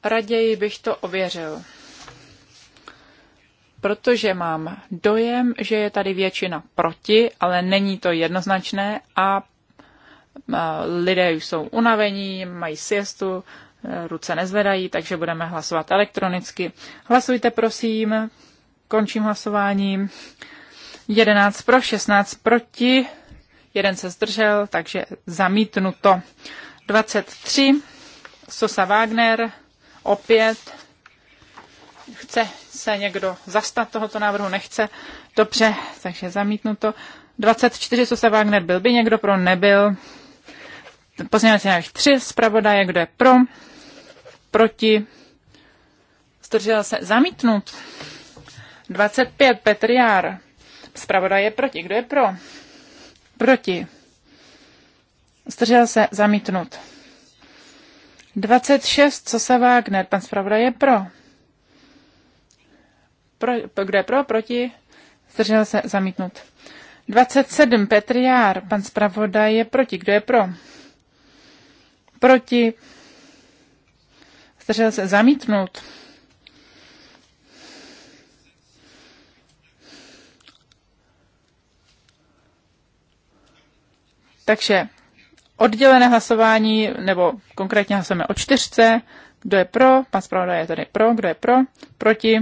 Raději bych to ověřil, protože mám dojem, že je tady většina proti, ale není to jednoznačné a lidé už jsou unavení, mají siestu, e, ruce nezvedají, takže budeme hlasovat elektronicky. Hlasujte prosím, Končím hlasování. 11 pro, 16 proti, jeden se zdržel, takže zamítnuto. 23. Sosa Wagner opět. Chce se někdo zastat tohoto návrhu? Nechce. Dobře, takže zamítnuto. 24. Sosa Wagner byl by někdo pro? Nebyl. Pozměňovací návrh 3. Zpravodaje, kdo je pro? Proti? Zdržel se. Zamítnut. 25. Petr Jár. Zpravodaj je proti. Kdo je pro? Proti. Zdržel se zamítnut. 26. Co se Wagner? Pan zpravodaj je pro. pro. Kdo je pro? Proti. Zdržel se zamítnut. 27. Petr Jár. Pan zpravodaj je proti. Kdo je pro? Proti. Zdržel se zamítnout. Takže oddělené hlasování, nebo konkrétně hlasujeme o čtyřce. Kdo je pro? Pan zpravodaj je tady pro. Kdo je pro? Proti?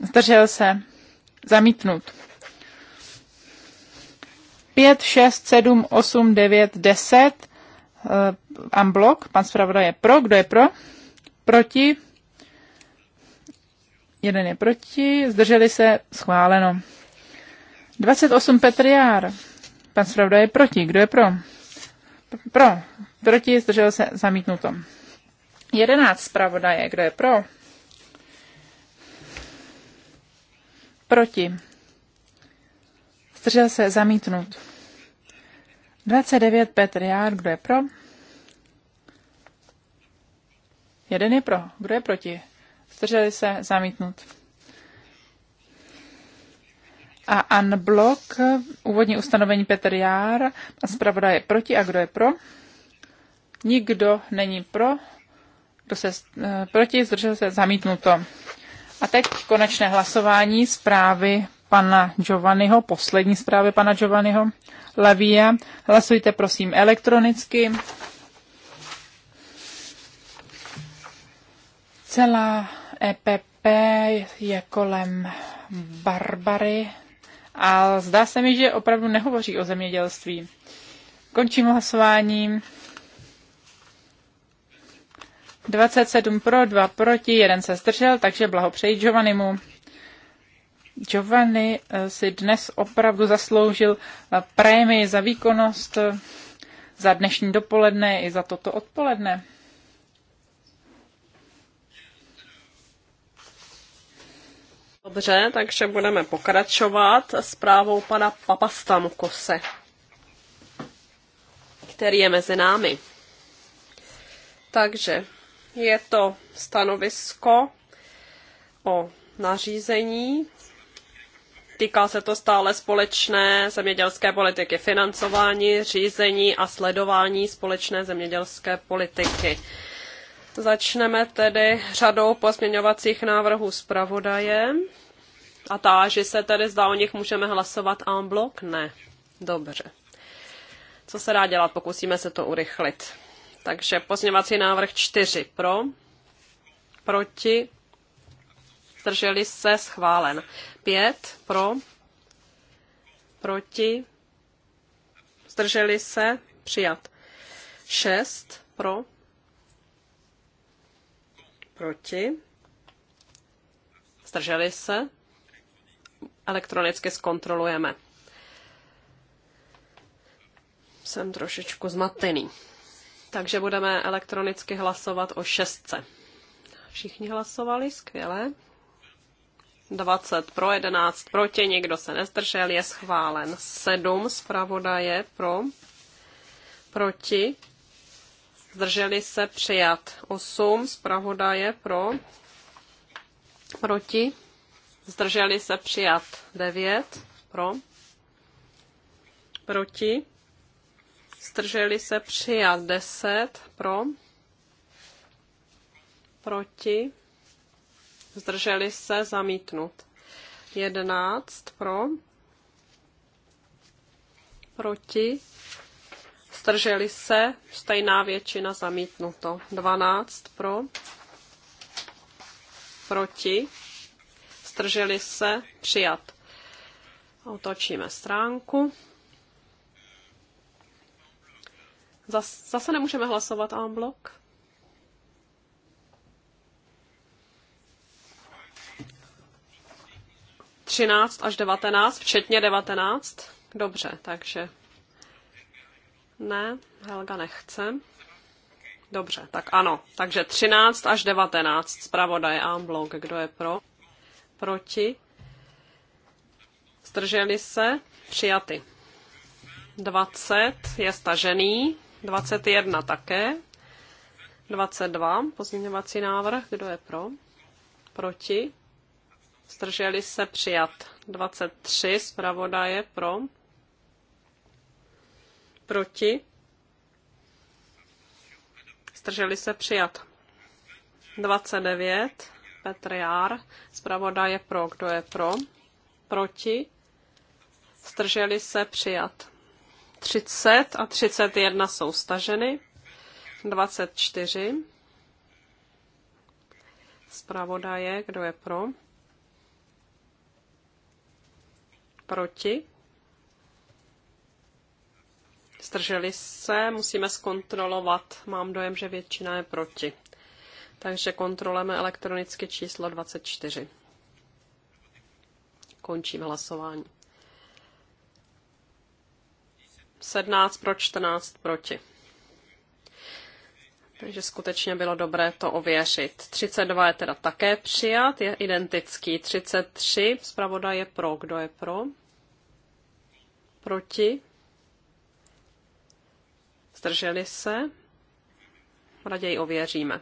Zdržel se? Zamítnut. 5, 6, 7, 8, 9, 10. Amblok. Pan zpravodaj je pro. Kdo je pro? Proti? Jeden je proti. Zdrželi se? Schváleno. 28 Petriár. Pan Svravda je proti. Kdo je pro? Pro. Proti, zdržel se, zamítnuto. Jedenáct zpravodaje. Kdo je pro? Proti. Zdržel se, zamítnut. 29 Petr Jár. Kdo je pro? Jeden je pro. Kdo je proti? Zdrželi se, zamítnut. A unblock, úvodní ustanovení Petr Jár a zpravodaj je proti. A kdo je pro? Nikdo není pro. Kdo se eh, proti, zdržel se, zamítnuto. A teď konečné hlasování zprávy pana Giovanniho, poslední zprávy pana Giovanniho Lavia. Hlasujte prosím elektronicky. Celá EPP je kolem Barbary, a zdá se mi, že opravdu nehovoří o zemědělství. Končím hlasováním. 27 pro, 2 proti, jeden se zdržel, takže blahopřeji Giovannimu. Giovanni eh, si dnes opravdu zasloužil eh, prémii za výkonnost, eh, za dnešní dopoledne i za toto odpoledne. Dobře, takže budeme pokračovat s právou pana Papastamkose, který je mezi námi. Takže je to stanovisko o nařízení. Týká se to stále společné zemědělské politiky, financování, řízení a sledování společné zemědělské politiky. Začneme tedy řadou pozměňovacích návrhů zpravodaje. A táži se tedy, zda o nich můžeme hlasovat en blok? Ne. Dobře. Co se dá dělat? Pokusíme se to urychlit. Takže pozměňovací návrh 4 pro, proti, zdrželi se, schválen. 5 pro, proti, zdrželi se, přijat. 6 pro, Proti? Zdrželi se? Elektronicky zkontrolujeme. Jsem trošičku zmatený. Takže budeme elektronicky hlasovat o šestce. Všichni hlasovali, skvěle. 20 pro, 11 proti, nikdo se nezdržel, je schválen. 7 zpravodaje pro, proti, zdrželi se přijat. 8 zpravodaje pro, proti, zdrželi se přijat. 9 pro, proti, zdrželi se přijat. 10 pro, proti, zdrželi se zamítnut. 11 pro, proti, zdrželi se, stejná většina zamítnuto. 12 pro, proti, zdrželi se, přijat. Otočíme stránku. Zas, zase nemůžeme hlasovat en blok. Třináct až devatenáct, včetně devatenáct. Dobře, takže ne, Helga nechce. Dobře, tak ano. Takže 13 až 19, zpravodaj Amblok, kdo je pro? Proti? Zdrželi se? Přijaty. 20 je stažený, 21 také, 22 pozměňovací návrh, kdo je pro? Proti? Zdrželi se přijat. 23 zpravodaje pro, Proti? Zdrželi se přijat. 29. Petr Jár. Zpravoda je pro. Kdo je pro? Proti? Zdrželi se přijat. 30 a 31 jsou staženy. 24. je. kdo je pro? Proti? Zdrželi se, musíme zkontrolovat. Mám dojem, že většina je proti. Takže kontrolujeme elektronicky číslo 24. Končím hlasování. 17 pro 14 proti. Takže skutečně bylo dobré to ověřit. 32 je teda také přijat, je identický. 33, zpravodaj je pro. Kdo je pro? Proti? Zdrželi se? Raději ověříme.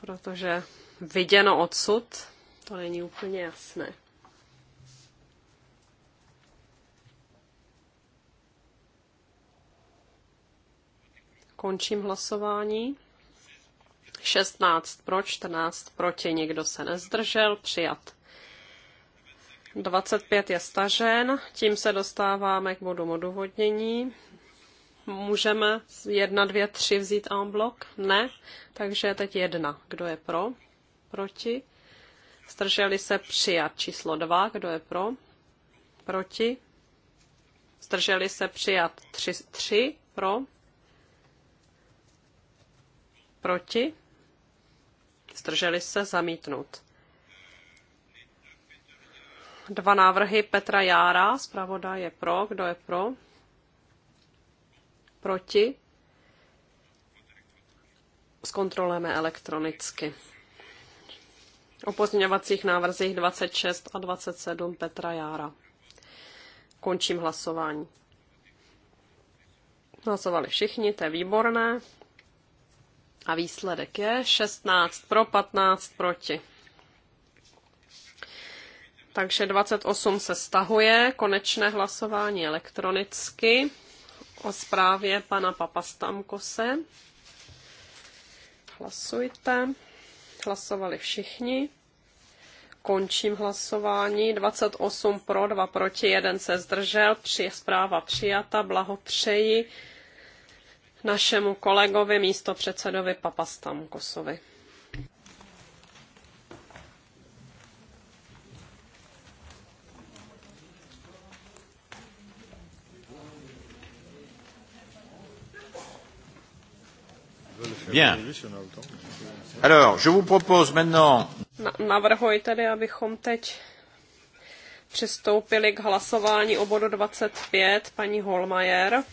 Protože viděno odsud, to není úplně jasné. Končím hlasování. 16 pro, 14 proti, nikdo se nezdržel, přijat. 25 je stažen, tím se dostáváme k bodu odůvodnění. Můžeme jedna, dvě, tři vzít en blok? Ne. Takže teď jedna. Kdo je pro? Proti? Zdrželi se přijat číslo dva. Kdo je pro? Proti? Zdrželi se přijat tři, tři pro? Proti? Zdrželi se zamítnout. Dva návrhy Petra Jára, zpravodaj je pro, kdo je pro? Proti? Zkontrolujeme elektronicky. O pozměňovacích návrzích 26 a 27 Petra Jára. Končím hlasování. Hlasovali všichni, to je výborné. A výsledek je 16 pro, 15 proti. Takže 28 se stahuje, konečné hlasování elektronicky o zprávě pana Papastamkose. Hlasujte. Hlasovali všichni. Končím hlasování. 28 pro, 2 proti, 1 se zdržel. Při, zpráva přijata. Blahopřeji našemu kolegovi místo předsedovi Papastamkosovi. je navrhuji tedy, abychom teď přistoupili k hlasování o bodu 25, paní Holmajer.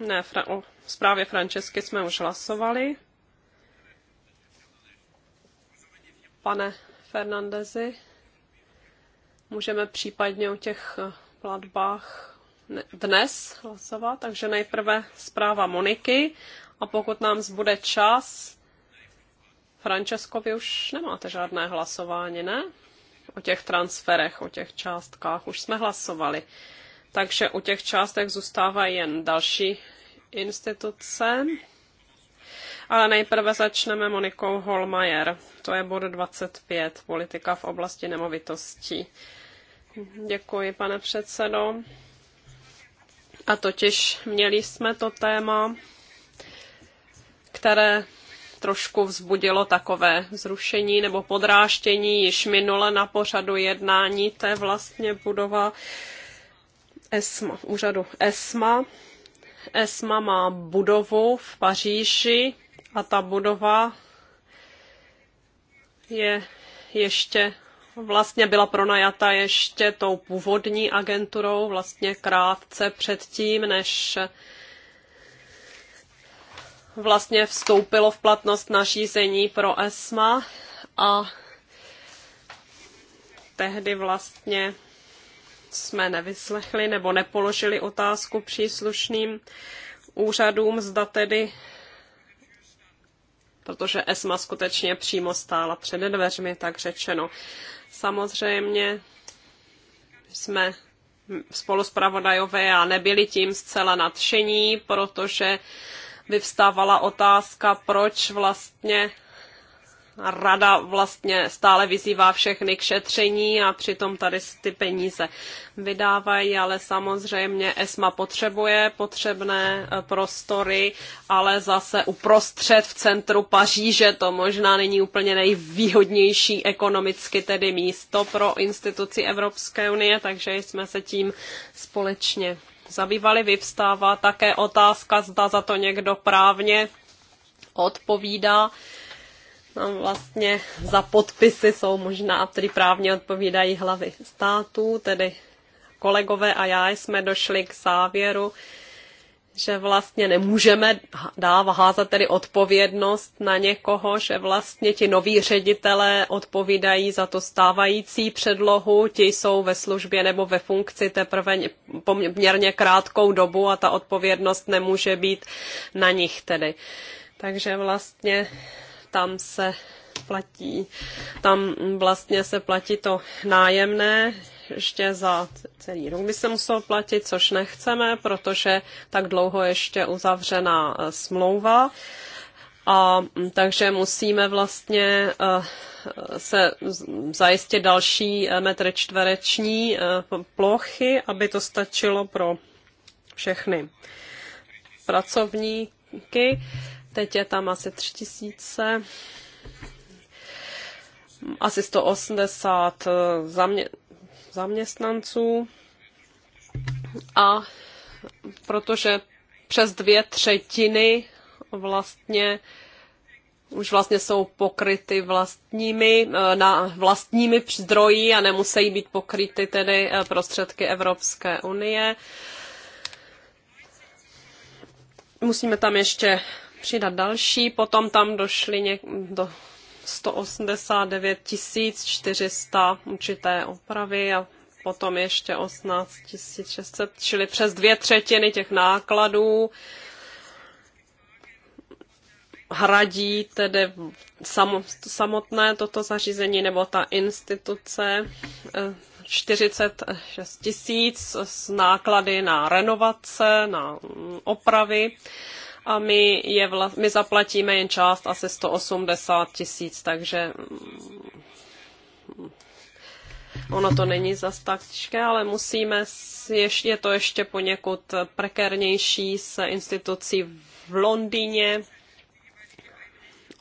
Ne, fra- o zprávě Francesky jsme už hlasovali. Pane Fernandezi, můžeme případně o těch platbách dnes hlasovat, takže nejprve zpráva Moniky a pokud nám zbude čas, Francesco, vy už nemáte žádné hlasování, ne? O těch transferech, o těch částkách už jsme hlasovali. Takže u těch částek zůstávají jen další instituce. Ale nejprve začneme Monikou Holmajer. To je bod 25, politika v oblasti nemovitostí. Děkuji, pane předsedo. A totiž měli jsme to téma, které trošku vzbudilo takové zrušení nebo podráštění již minule na pořadu jednání. To je vlastně budova ESMA, úřadu ESMA. ESMA má budovu v Paříži a ta budova je ještě vlastně byla pronajata ještě tou původní agenturou vlastně krátce předtím, než vlastně vstoupilo v platnost nařízení pro ESMA a tehdy vlastně jsme nevyslechli nebo nepoložili otázku příslušným úřadům, zda tedy, protože ESMA skutečně přímo stála před dveřmi, tak řečeno. Samozřejmě jsme spoluspravodajové a nebyli tím zcela nadšení, protože vyvstávala otázka, proč vlastně rada vlastně stále vyzývá všechny k šetření a přitom tady ty peníze vydávají, ale samozřejmě ESMA potřebuje potřebné eh, prostory, ale zase uprostřed v centru Paříže to možná není úplně nejvýhodnější ekonomicky tedy místo pro instituci Evropské unie, takže jsme se tím společně zabývali. Vyvstává také otázka, zda za to někdo právně odpovídá. No, vlastně za podpisy jsou možná, tedy právně odpovídají hlavy států, tedy kolegové a já jsme došli k závěru, že vlastně nemůžeme dávat házat tedy odpovědnost na někoho, že vlastně ti noví ředitelé odpovídají za to stávající předlohu, ti jsou ve službě nebo ve funkci teprve poměrně krátkou dobu a ta odpovědnost nemůže být na nich tedy. Takže vlastně tam se platí, tam vlastně se platí to nájemné ještě za celý rok by se musel platit, což nechceme, protože tak dlouho ještě uzavřená eh, smlouva. A mm, takže musíme vlastně eh, se zajistit další eh, metr čtvereční plochy, aby to stačilo pro všechny pracovníky. Teď je tam asi tři tisíce, asi 180 eh, zamě, zaměstnanců a protože přes dvě třetiny vlastně už vlastně jsou pokryty vlastními, eh, na vlastními zdroji a nemusí být pokryty tedy eh, prostředky Evropské unie. Musíme tam ještě přidat další, potom tam došly něk- do 189 400 určité opravy a potom ještě 18 600, čili přes dvě třetiny těch nákladů hradí tedy samotné toto zařízení nebo ta instituce 46 eh, tisíc s náklady na renovace, na opravy a my, je vla, my zaplatíme jen část asi 180 tisíc, takže mm, ono to není zas tak těžké, ale musíme, ještě, je to ještě poněkud prekérnější s institucí v Londýně,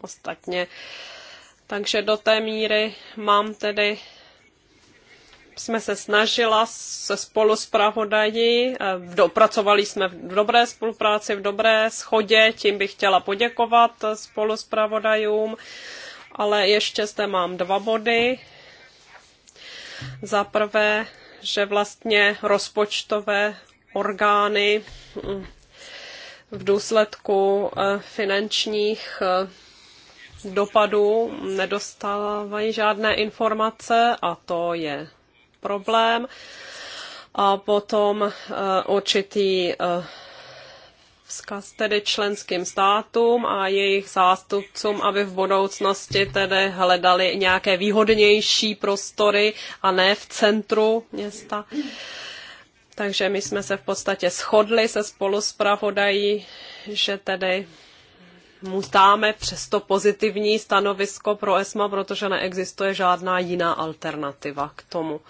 ostatně. Takže do té míry mám tedy jsme se snažila se spolu s eh, dopracovali jsme v dobré spolupráci, v dobré schodě, tím bych chtěla poděkovat eh, spolu s ale ještě zde mám dva body. Za prvé, že vlastně rozpočtové orgány hm, v důsledku eh, finančních dopadů nedostávají žádné informace a to je problém a potom eh, určitý eh, vzkaz tedy členským státům a jejich zástupcům, aby v budoucnosti tedy hledali nějaké výhodnější prostory a ne v centru města. Takže my jsme se v podstatě shodli se spoluspravodají, že tedy mu dáme přesto pozitivní stanovisko pro ESMA, protože neexistuje žádná jiná alternativa k tomu.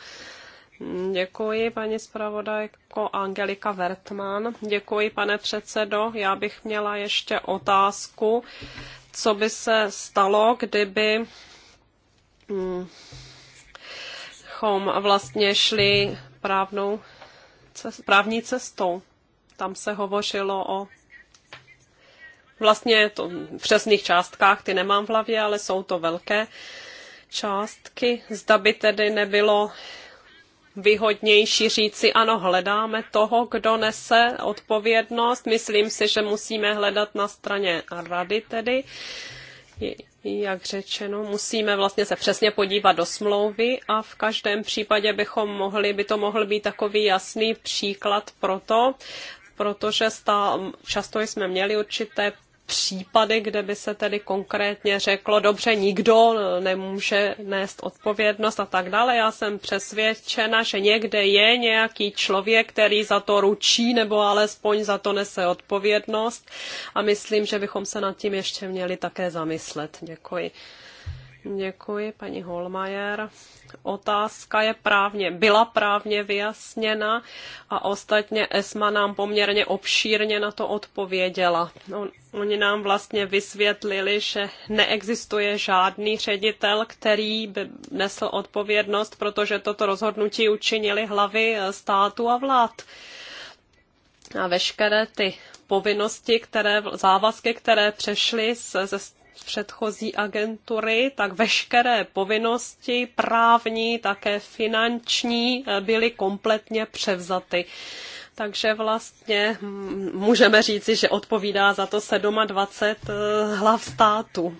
Děkuji, paní zpravodajko Angelika Vertman. Děkuji, pane předsedo. Já bych měla ještě otázku, co by se stalo, kdyby hm, chom vlastně šli právnou, právní cestou. Tam se hovořilo o Vlastně to v přesných částkách ty nemám v hlavě, ale jsou to velké částky. Zda by tedy nebylo výhodnější říci, ano, hledáme toho, kdo nese odpovědnost. Myslím si, že musíme hledat na straně rady tedy. Jak řečeno, musíme vlastně se přesně podívat do smlouvy a v každém případě bychom mohli, by to mohl být takový jasný příklad pro to, protože stá, často jsme měli určité případy, kde by se tedy konkrétně řeklo, dobře, nikdo nemůže nést odpovědnost a tak dále. Já jsem přesvědčena, že někde je nějaký člověk, který za to ručí nebo alespoň za to nese odpovědnost a myslím, že bychom se nad tím ještě měli také zamyslet. Děkuji. Děkuji, paní Holmajer. Otázka je právně, byla právně vyjasněna a ostatně ESMA nám poměrně obšírně na to odpověděla. On, no, oni nám vlastně vysvětlili, že neexistuje žádný ředitel, který by nesl odpovědnost, protože toto rozhodnutí učinili hlavy státu a vlád. A veškeré ty povinnosti, které, závazky, které přešly ze z předchozí agentury, tak veškeré povinnosti právní, také finanční eh, byly kompletně převzaty. Takže vlastně hm, můžeme říci, že odpovídá za to 27 eh, hlav státu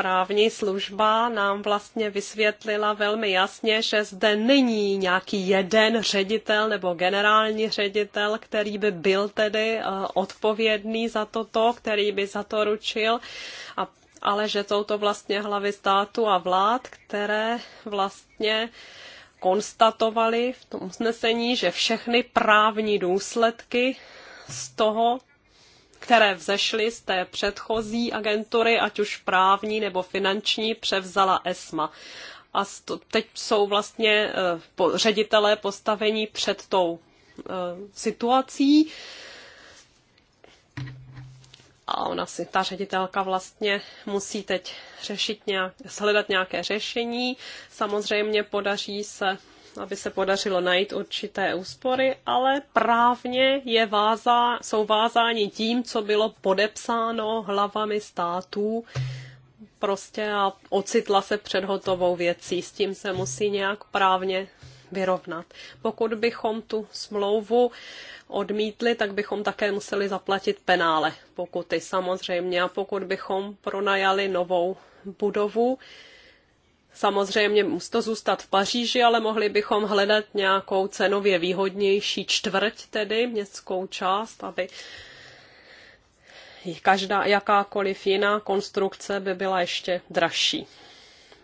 právní služba nám vlastně vysvětlila velmi jasně, že zde není nějaký jeden ředitel nebo generální ředitel, který by byl tedy eh, odpovědný za toto, který by za to ručil, a, ale že jsou to vlastně hlavy státu a vlád, které vlastně konstatovali v tom usnesení, že všechny právní důsledky z toho, které vzešly z té předchozí agentury, ať už právní nebo finanční, převzala ESMA. A teď jsou vlastně eh, ředitelé postavení před tou eh, situací. A ona si, ta ředitelka vlastně musí teď řešit nějak, shledat nějaké řešení. Samozřejmě podaří se aby se podařilo najít určité úspory, ale právně je váza, jsou vázáni tím, co bylo podepsáno hlavami států prostě a ocitla se před hotovou věcí. S tím se musí nějak právně vyrovnat. Pokud bychom tu smlouvu odmítli, tak bychom také museli zaplatit penále, pokuty samozřejmě. A pokud bychom pronajali novou budovu, Samozřejmě musí to zůstat v Paříži, ale mohli bychom hledat nějakou cenově výhodnější čtvrť, tedy městskou část, aby každá jakákoliv jiná konstrukce by byla ještě dražší.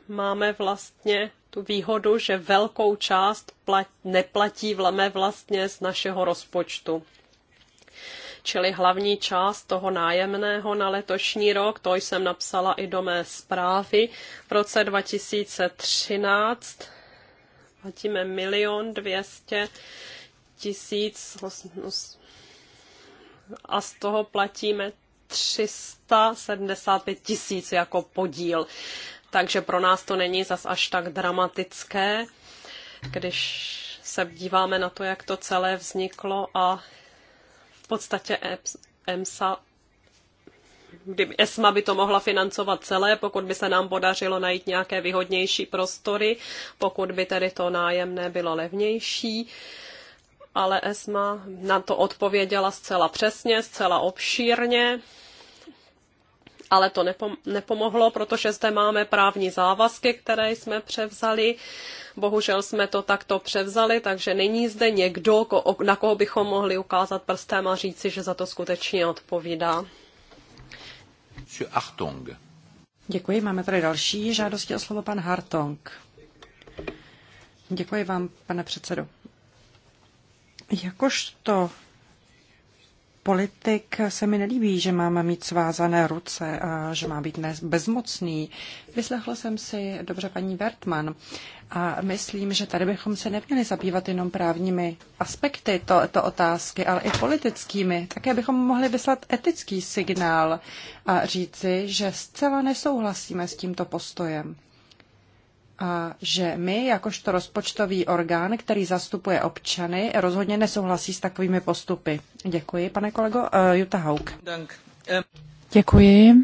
Máme vlastně tu výhodu, že velkou část plat, neplatí vlame vlastně z našeho rozpočtu čili hlavní část toho nájemného na letošní rok, to jsem napsala i do mé zprávy v roce 2013. Platíme milion dvěstě tisíc a z toho platíme 375 tisíc jako podíl. Takže pro nás to není zas až tak dramatické, když se díváme na to, jak to celé vzniklo a v podstatě EMSA e kdyby ESMA by to mohla financovat celé, pokud by se nám podařilo najít nějaké výhodnější prostory, pokud by tedy to nájemné bylo levnější. Ale ESMA na to odpověděla zcela přesně, zcela obšírně ale to nepom- nepomohlo, protože zde máme právní závazky, které jsme převzali. Bohužel jsme to takto převzali, takže není zde někdo, na koho bychom mohli ukázat prstem a říci, že za to skutečně odpovídá. Děkuji, máme tady další žádosti o slovo pan Hartong. Děkuji vám, pane předsedo. Jakožto politik se mi nelíbí, že máme mít svázané ruce a že má být bezmocný. Vyslechl jsem si dobře paní Wertmann a myslím, že tady bychom se neměli zabývat jenom právními aspekty to otázky, ale i politickými. Také bychom mohli vyslat etický signál a říci, že zcela nesouhlasíme s tímto postojem a že my, jakožto rozpočtový orgán, který zastupuje občany, rozhodně nesouhlasí s takovými postupy. Děkuji, pane kolego. Uh, Jutta Haug. Děkuji.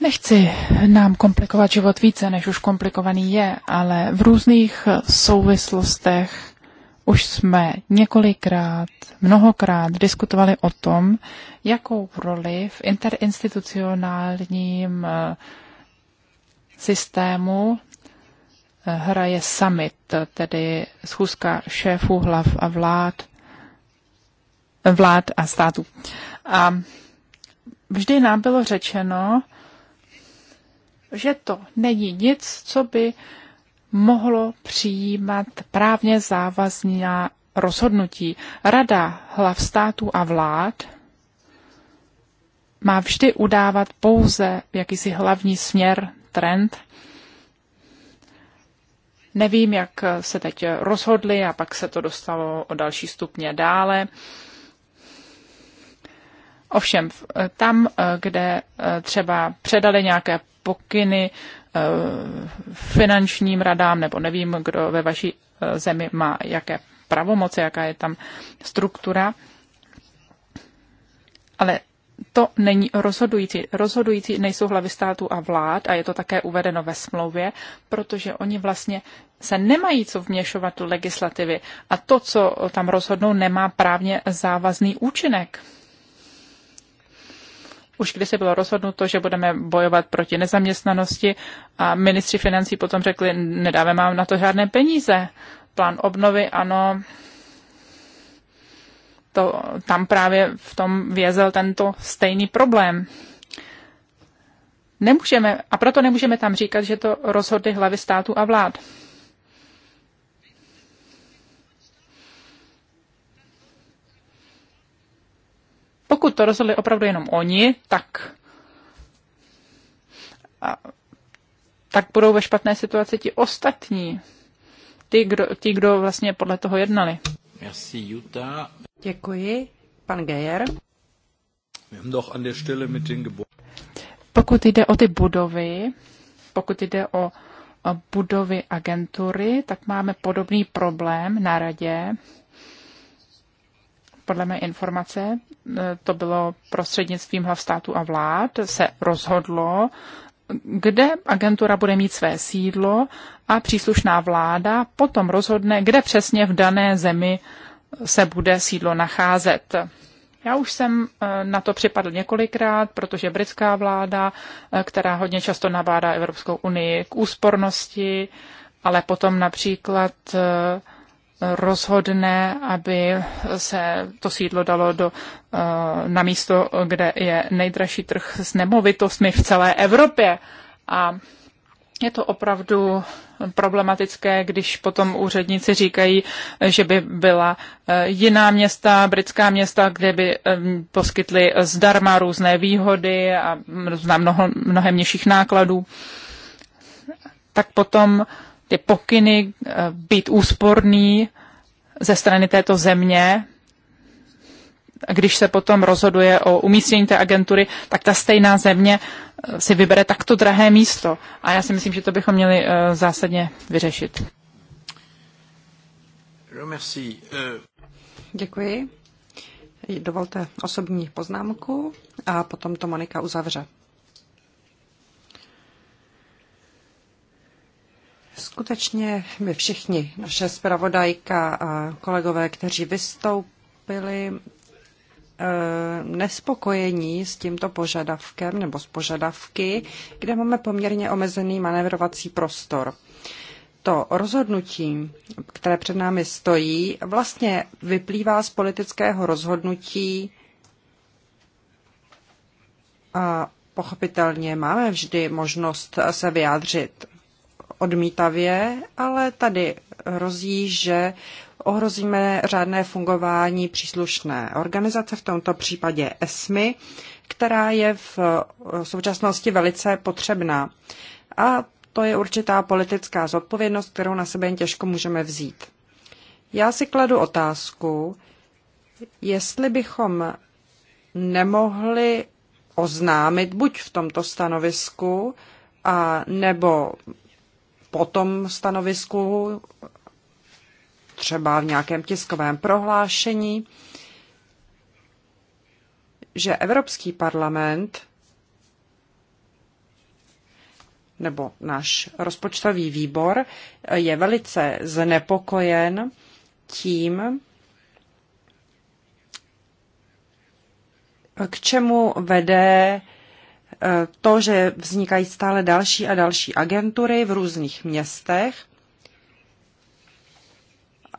Nechci nám komplikovat život více, než už komplikovaný je, ale v různých souvislostech už jsme několikrát, mnohokrát diskutovali o tom, jakou roli v interinstitucionálním uh, systému eh, hraje summit, tedy schůzka šéfů hlav a vlád, vlád a států. A vždy nám bylo řečeno, že to není nic, co by mohlo přijímat právně závazná rozhodnutí. Rada hlav států a vlád má vždy udávat pouze jakýsi hlavní směr trend. Nevím, jak se teď rozhodli a pak se to dostalo o další stupně dále. Ovšem, tam, kde eh, třeba předali nějaké pokyny eh, finančním radám, nebo nevím, kdo ve vaší eh, zemi má jaké pravomoce, jaká je tam struktura, ale to není rozhodující. Rozhodující nejsou hlavy států a vlád a je to také uvedeno ve smlouvě, protože oni vlastně se nemají co vměšovat do legislativy a to, co tam rozhodnou, nemá právně závazný účinek. Už když se bylo rozhodnuto, že budeme bojovat proti nezaměstnanosti a ministři financí potom řekli, nedáme vám na to žádné peníze. Plán obnovy, ano, to, tam právě v tom vězel tento stejný problém. Nemůžeme, a proto nemůžeme tam říkat, že to rozhodly hlavy států a vlád. Pokud to rozhodli opravdu jenom oni, tak, a, tak budou ve špatné situaci ti ostatní, ti kdo, ti, kdo vlastně podle toho jednali. Merci, Jutta. Děkuji. Pan Geyer. Pokud jde o ty budovy, pokud jde o budovy agentury, tak máme podobný problém na radě. Podle mé informace, e, to bylo prostřednictvím hlav států a vlád, se rozhodlo, kde agentura bude mít své sídlo a příslušná vláda potom rozhodne, kde přesně v dané zemi se bude sídlo nacházet. Já už jsem eh, na to připadl několikrát, protože britská vláda, eh, která hodně často nabádá Evropskou unii k úspornosti, ale potom například eh, rozhodne, aby se to sídlo dalo do, eh, na místo, kde je nejdražší trh s nemovitostmi v celé Evropě. A je to opravdu problematické, když potom úředníci říkají, že by byla eh, jiná města, britská města, kde by eh, poskytly zdarma různé výhody a mnoho, mnohem nižších nákladů. Tak potom ty pokyny eh, být úsporný ze strany této země, když se potom rozhoduje o umístění té agentury, tak ta stejná země eh, si vybere takto drahé místo. A já si myslím, že to bychom měli eh, zásadně vyřešit. Děkuji. Dovolte osobní poznámku a potom to Monika uzavře. Skutečně my všichni, naše zpravodajka a kolegové, kteří vystoupili, eh, nespokojení s tímto požadavkem nebo s požadavky, kde máme poměrně omezený manevrovací prostor. To rozhodnutí, které před námi stojí, vlastně vyplývá z politického rozhodnutí a pochopitelně máme vždy možnost se vyjádřit odmítavě, ale tady hrozí, že ohrozíme řádné fungování příslušné organizace, v tomto případě ESMI, která je v současnosti velice potřebná. A to je určitá politická zodpovědnost, kterou na sebe jen těžko můžeme vzít. Já si kladu otázku, jestli bychom nemohli oznámit buď v tomto stanovisku, a nebo po tom stanovisku, třeba v nějakém tiskovém prohlášení, že Evropský parlament nebo náš rozpočtový výbor je velice znepokojen tím, k čemu vede to, že vznikají stále další a další agentury v různých městech,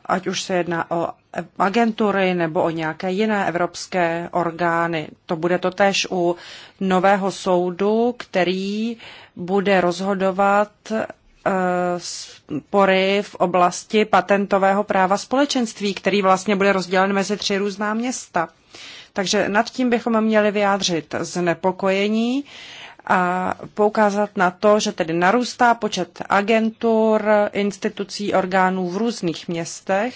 ať už se jedná o agentury nebo o nějaké jiné evropské orgány. To bude to tež u nového soudu, který bude rozhodovat eh, spory v oblasti patentového práva společenství, který vlastně bude rozdělen mezi tři různá města. Takže nad tím bychom měli vyjádřit znepokojení a poukázat na to, že tedy narůstá počet agentur, institucí, orgánů v různých městech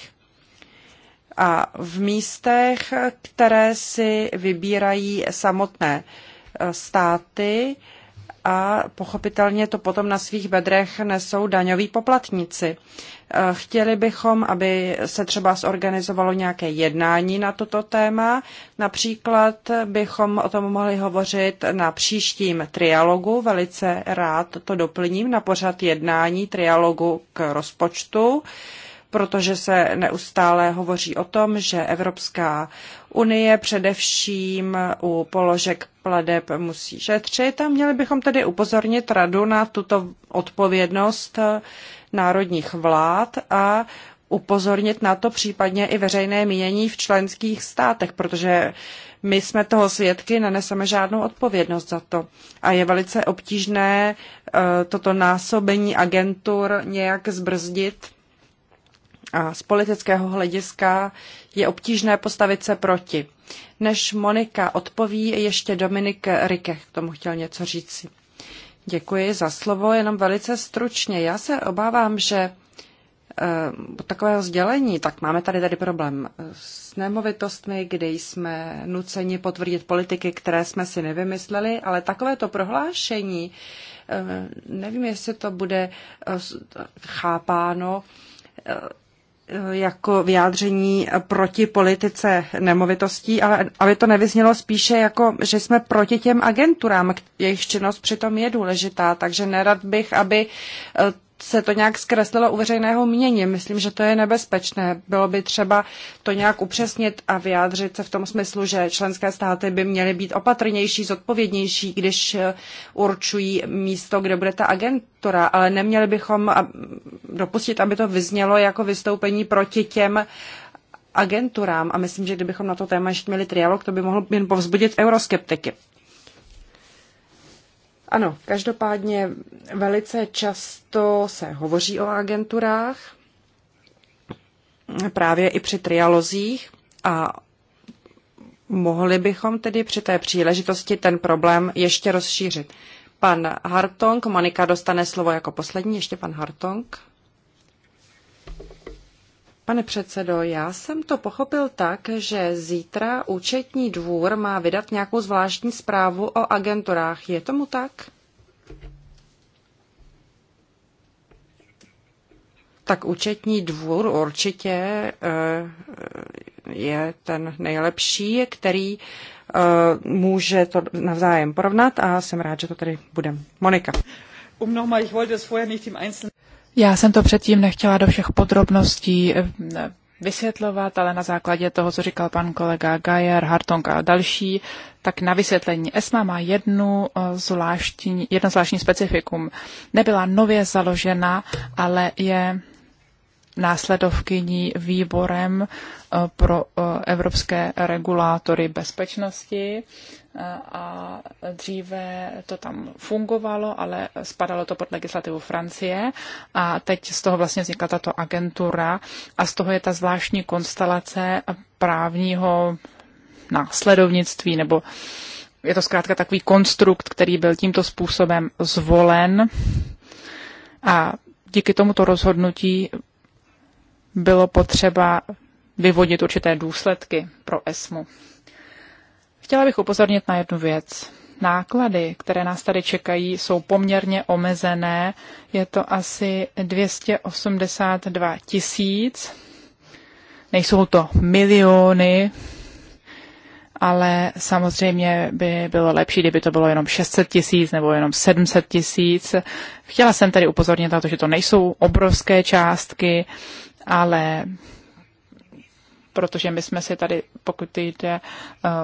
a v místech, které si vybírají samotné eh, státy a pochopitelně to potom na svých bedrech nesou daňoví poplatníci. Eh, chtěli bychom, aby se třeba zorganizovalo nějaké jednání na toto téma. Například bychom o tom mohli hovořit na příštím trialogu. Velice rád to doplním na pořad jednání trialogu k rozpočtu protože se neustále hovoří o tom, že Evropská unie především u položek pladeb musí šetřit a měli bychom tedy upozornit radu na tuto odpovědnost národních vlád a upozornit na to případně i veřejné mínění v členských státech, protože my jsme toho svědky, neneseme žádnou odpovědnost za to. A je velice obtížné eh, toto násobení agentur nějak zbrzdit. A z politického hlediska je obtížné postavit se proti. Než Monika odpoví, ještě Dominik Rike k tomu chtěl něco říci. Děkuji za slovo, jenom velice stručně. Já se obávám, že eh, takového sdělení, tak máme tady tady problém eh, s nemovitostmi, kde jsme nuceni potvrdit politiky, které jsme si nevymysleli, ale takovéto prohlášení, eh, nevím, jestli to bude chápáno jako vyjádření proti politice nemovitostí, ale aby to nevyznělo spíše jako, že jsme proti těm agenturám, jejich činnost přitom je důležitá, takže nerad bych, aby eh, se to nějak zkreslilo u veřejného mínění. Myslím, že to je nebezpečné. Bylo by třeba to nějak upřesnit a vyjádřit se v tom smyslu, že členské státy by měly být opatrnější, zodpovědnější, když eh, určují místo, kde bude ta agentura, ale neměli bychom dopustit, aby to vyznělo jako vystoupení proti těm agenturám. A myslím, že kdybychom na to téma ještě měli trialog, to by mohlo jen povzbudit euroskeptiky. Ano, každopádně velice často se hovoří o agenturách, právě i při trialozích a mohli bychom tedy při té příležitosti ten problém ještě rozšířit. Pan Hartong, Monika dostane slovo jako poslední, ještě pan Hartong. Pane předsedo, já jsem to pochopil tak, že zítra účetní dvůr má vydat nějakou zvláštní zprávu o agenturách. Je tomu tak? Tak účetní dvůr určitě eh, je ten nejlepší, který eh, může to navzájem porovnat a jsem rád, že to tady bude. Monika. Um nochmal, ich wollte es vorher nicht im Einzelnen. Já jsem to předtím nechtěla do všech podrobností eh, vysvětlovat, ale na základě toho, co říkal pan kolega Gajer, Hartong a další, tak na vysvětlení ESMA má jednu eh, zvláštní, jedno zvláštní specifikum. Nebyla nově založena, ale je následovkyní výborem eh, pro evropské regulátory bezpečnosti a dříve to tam fungovalo, ale spadalo to pod legislativu Francie a teď z toho vlastně vznikla tato agentura a z toho je ta zvláštní konstelace právního následovnictví nebo je to zkrátka takový konstrukt, který byl tímto způsobem zvolen a díky tomuto rozhodnutí bylo potřeba vyvodit určité důsledky pro ESMU. Chtěla bych upozornit na jednu věc. Náklady, které nás tady čekají, jsou poměrně omezené. Je to asi 282 tisíc. Nejsou to miliony, ale samozřejmě by bylo lepší, kdyby to bylo jenom 600 tisíc nebo jenom 700 tisíc. Chtěla jsem tady upozornit na to, že to nejsou obrovské částky, ale protože my jsme si tady, pokud jde eh,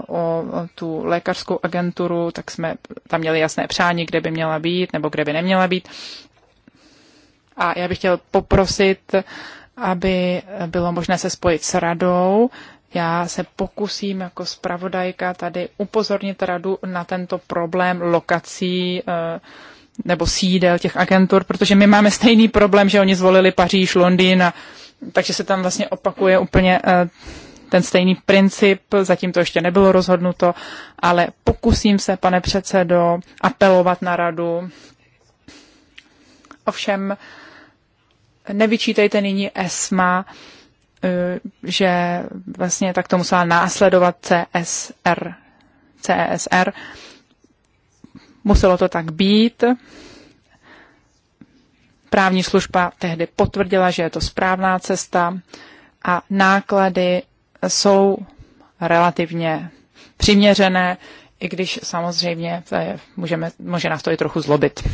o tu lékařskou agenturu, tak jsme tam měli jasné přání, kde by měla být nebo kde by neměla být. A já bych chtěl poprosit, aby bylo možné se spojit s radou. Já se pokusím jako zpravodajka tady upozornit radu na tento problém lokací eh, nebo sídel těch agentur, protože my máme stejný problém, že oni zvolili Paříž, Londýn a takže se tam vlastně opakuje úplně eh, ten stejný princip, zatím to ještě nebylo rozhodnuto, ale pokusím se, pane předsedo, apelovat na radu. Ovšem, nevyčítejte nyní ESMA, eh, že vlastně tak to musela následovat CSR, CSR. Muselo to tak být, Právní služba tehdy potvrdila, že je to správná cesta a náklady jsou relativně přiměřené, i když samozřejmě je, můžeme, může nás to i trochu zlobit.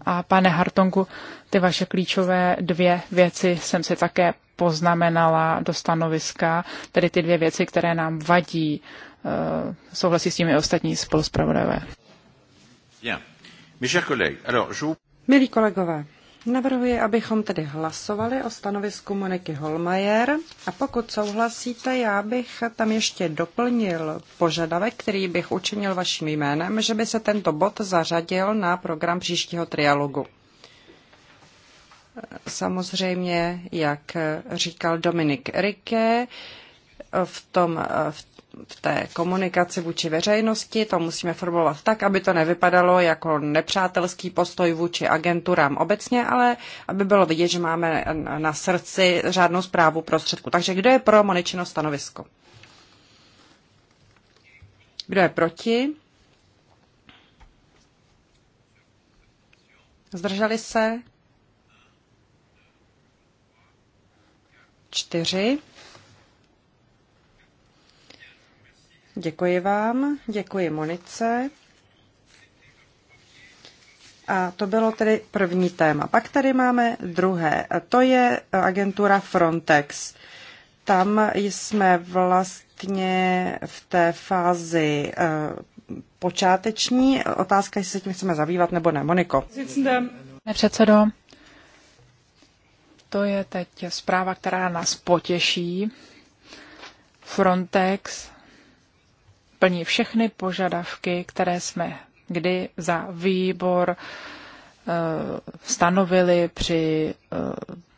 A pane Hartongu, ty vaše klíčové dvě věci jsem si také poznamenala do stanoviska, tedy ty dvě věci, které nám vadí. Eh, souhlasí s tím i ostatní spoluspravodajové. Yeah. Milí kolegové, navrhuji, abychom tedy hlasovali o stanovisku Moniky Holmajer a pokud souhlasíte, já bych tam ještě doplnil požadavek, který bych učinil vaším jménem, že by se tento bod zařadil na program příštího trialogu. Samozřejmě, jak říkal Dominik Rike, v tom v v té komunikaci vůči veřejnosti. To musíme formulovat tak, aby to nevypadalo jako nepřátelský postoj vůči agenturám obecně, ale aby bylo vidět, že máme na srdci řádnou zprávu prostředku. Takže kdo je pro Moničino stanovisko? Kdo je proti? Zdrželi se? Čtyři. Děkuji vám, děkuji Monice. A to bylo tedy první téma. Pak tady máme druhé. To je agentura Frontex. Tam jsme vlastně v té fázi eh, počáteční. Otázka, jestli se tím chceme zabývat nebo ne. Moniko. Ne předsedo, to je teď zpráva, která nás potěší. Frontex plní všechny požadavky, které jsme kdy za výbor eh, stanovili při eh,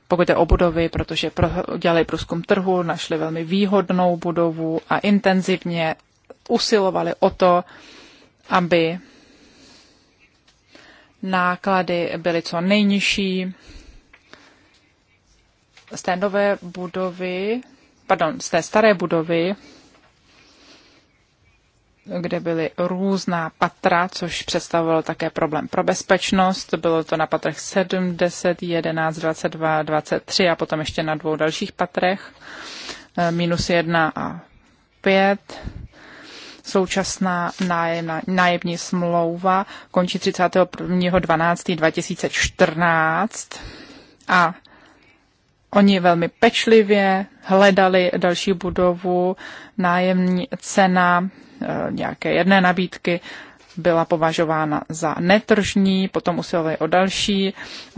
pokud je o budovy, protože dělali průzkum trhu, našli velmi výhodnou budovu a intenzivně usilovali o to, aby náklady byly co nejnižší. Z té nové budovy, pardon, z té staré budovy kde byly různá patra, což představovalo také problém pro bezpečnost. Bylo to na patrech 7, 10, 11, 22, 23 a potom ještě na dvou dalších patrech, e, minus 1 a 5. Současná nájemna, nájemní smlouva končí 31.12.2014 a Oni velmi pečlivě hledali další budovu, nájemní cena Eh, nějaké jedné nabídky, byla považována za netržní, potom usilovali o další.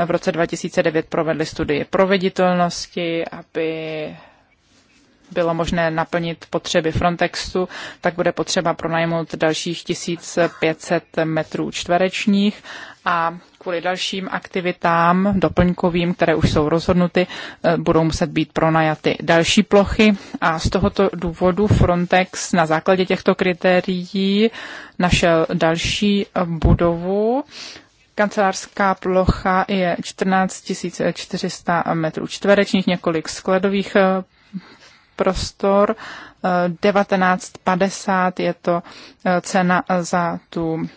V roce 2009 provedli studii proveditelnosti, aby bylo možné naplnit potřeby Frontexu, tak bude potřeba pronajmout dalších 1500 metrů čtverečních a kvůli dalším aktivitám doplňkovým, které už jsou rozhodnuty, eh, budou muset být pronajaty další plochy a z tohoto důvodu Frontex na základě těchto kritérií našel další budovu. Kancelářská plocha je 14 400 metrů čtverečních, několik skladových eh, prostor. 1950 eh, je to eh, cena za tu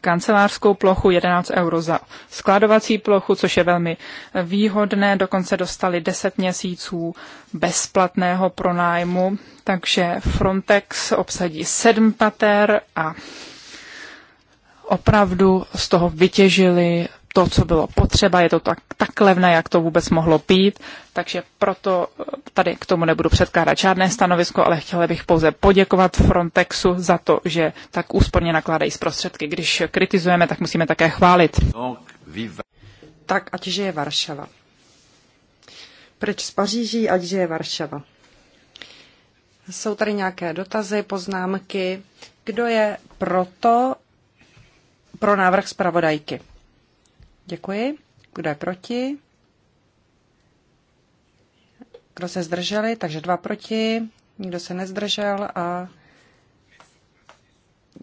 kancelářskou plochu, 11 euro za skladovací plochu, což je velmi výhodné. Dokonce dostali 10 měsíců bezplatného pronájmu, takže Frontex obsadí 7 pater a opravdu z toho vytěžili to, co bylo potřeba, je to tak, tak levné, jak to vůbec mohlo být, takže proto eh, tady k tomu nebudu předkládat žádné stanovisko, ale chtěla bych pouze poděkovat Frontexu za to, že tak úsporně nakládají zprostředky. prostředky. Když kritizujeme, tak musíme také chválit. Tak ať žije Varšava. Proč z Paříží, ať žije Varšava. Jsou tady nějaké dotazy, poznámky. Kdo je proto pro návrh zpravodajky? Děkuji. Kdo je proti? Kdo se zdrželi? Takže dva proti, nikdo se nezdržel a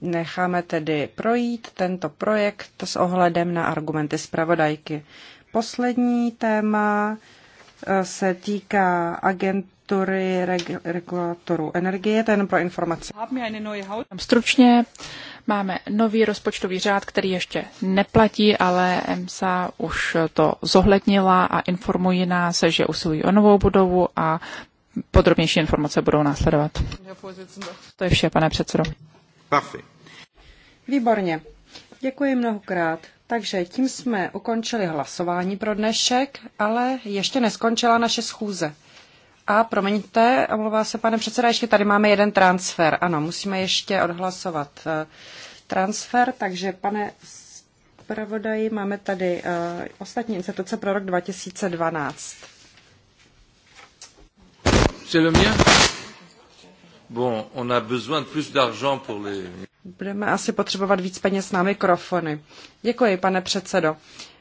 necháme tedy projít tento projekt s ohledem na argumenty zpravodajky. Poslední téma eh, se týká agentury regulatorů energie, ten pro informace. Stručně Máme nový rozpočtový řád, který ještě neplatí, ale EMSA už to zohlednila a informují nás, že usilují o novou budovu a podrobnější informace budou následovat. To je vše, pane předsedo. Výborně. Děkuji mnohokrát. Takže tím jsme ukončili hlasování pro dnešek, ale ještě neskončila naše schůze. A promiňte, omlouvá se pane předseda, ještě tady máme jeden transfer. Ano, musíme ještě odhlasovat eh, transfer, takže pane zpravodaji, máme tady uh, ostatní instituce pro rok 2012. C'est le mien? Bon, on a besoin de plus d'argent pour les... Budeme asi potřebovat víc peněz na mikrofony. Děkuji, pane předsedo. Uh,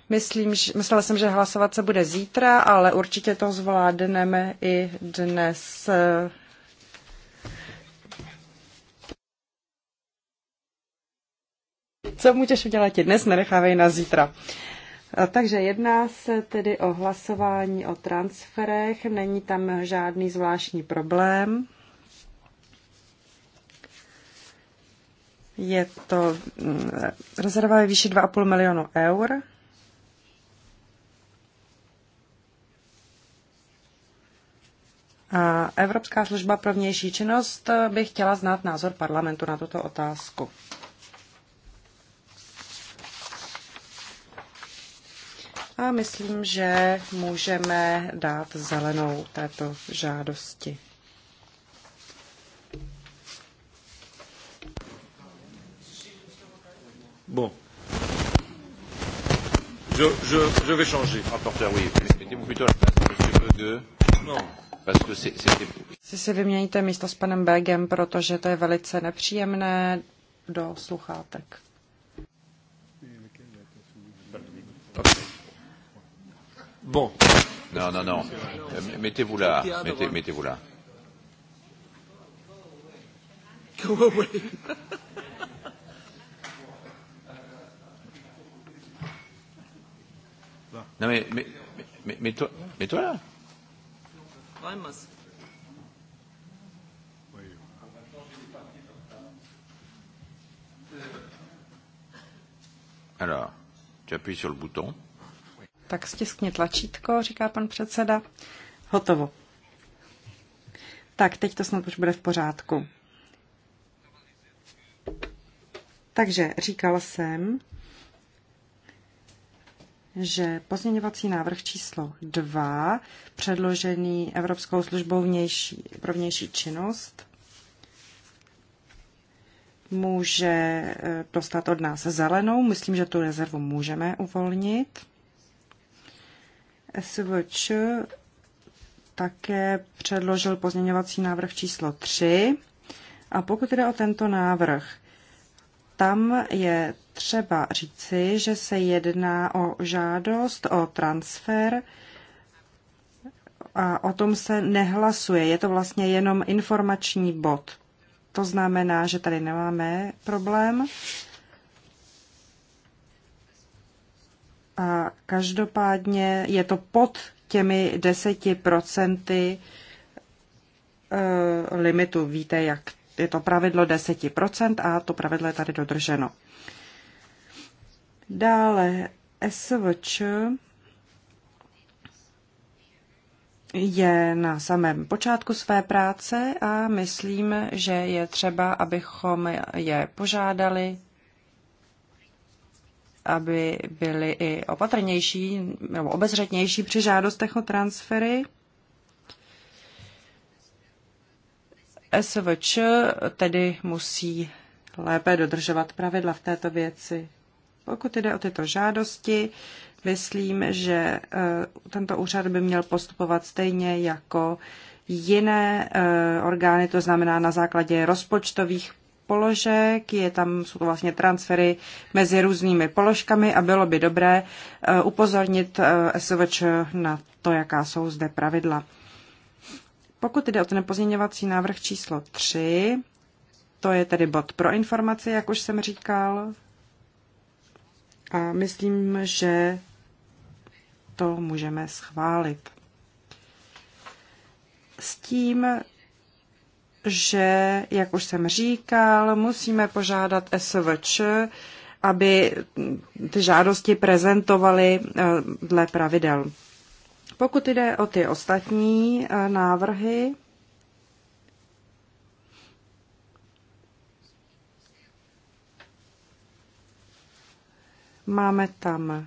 Myslím, že, myslela jsem, že hlasovat se bude zítra, ale určitě to zvládneme i dnes. Co můžeš udělat i dnes, nenechávej na zítra. Takže jedná se tedy o hlasování o transferech, není tam žádný zvláštní problém. Je to mm, rezerva ve výši 2,5 milionu eur. Evropská služba pro vnější činnost by chtěla znát názor parlamentu na tuto otázku. A myslím, že můžeme dát zelenou této žádosti. Bon. Je, je, je vais changer. Rapporteur, oui. mettez vous plutôt la place de Non. Chci si vyměníte místo s panem Begem, protože to je velice nepříjemné do sluchátek. Bon. Non, non, non. Mettez-vous là. Mettez, mettez là. Go away. mais, mais, mais, mais, toi, mais toi là. Palmas. Alors, tu appuies sur le bouton. Tak stiskni tlačítko, říká pan předseda. Hotovo. Tak, teď to snad už bude v pořádku. Takže říkal jsem, že pozměňovací návrh číslo 2, předložený Evropskou službou vnější, pro vnější činnost, může eh, dostat od nás zelenou. Myslím, že tu rezervu můžeme uvolnit. SVČ také předložil pozměňovací návrh číslo 3. A pokud jde o tento návrh, tam je třeba říci, že se jedná o žádost o transfer a o tom se nehlasuje. Je to vlastně jenom informační bod. To znamená, že tady nemáme problém. A každopádně je to pod těmi deseti procenty eh, limitu. Víte, jak je to pravidlo 10% a to pravidlo je tady dodrženo. Dále SVČ je na samém počátku své práce a myslím, že je třeba, abychom je požádali, aby byli i opatrnější nebo obezřetnější při žádostech o transfery. SVČ tedy musí lépe dodržovat pravidla v této věci. Pokud jde o tyto žádosti, myslím, že e, tento úřad by měl postupovat stejně jako jiné e, orgány, to znamená na základě rozpočtových položek, je tam, jsou to vlastně transfery mezi různými položkami a bylo by dobré e, upozornit SVČ na to, jaká jsou zde pravidla. Pokud jde o ten pozměňovací návrh číslo 3, to je tedy bod pro informace, jak už jsem říkal, a myslím, že to můžeme schválit. S tím, že, jak už jsem říkal, musíme požádat SVČ, aby ty žádosti prezentovaly eh, dle pravidel. Pokud jde o ty ostatní eh, návrhy, Máme tam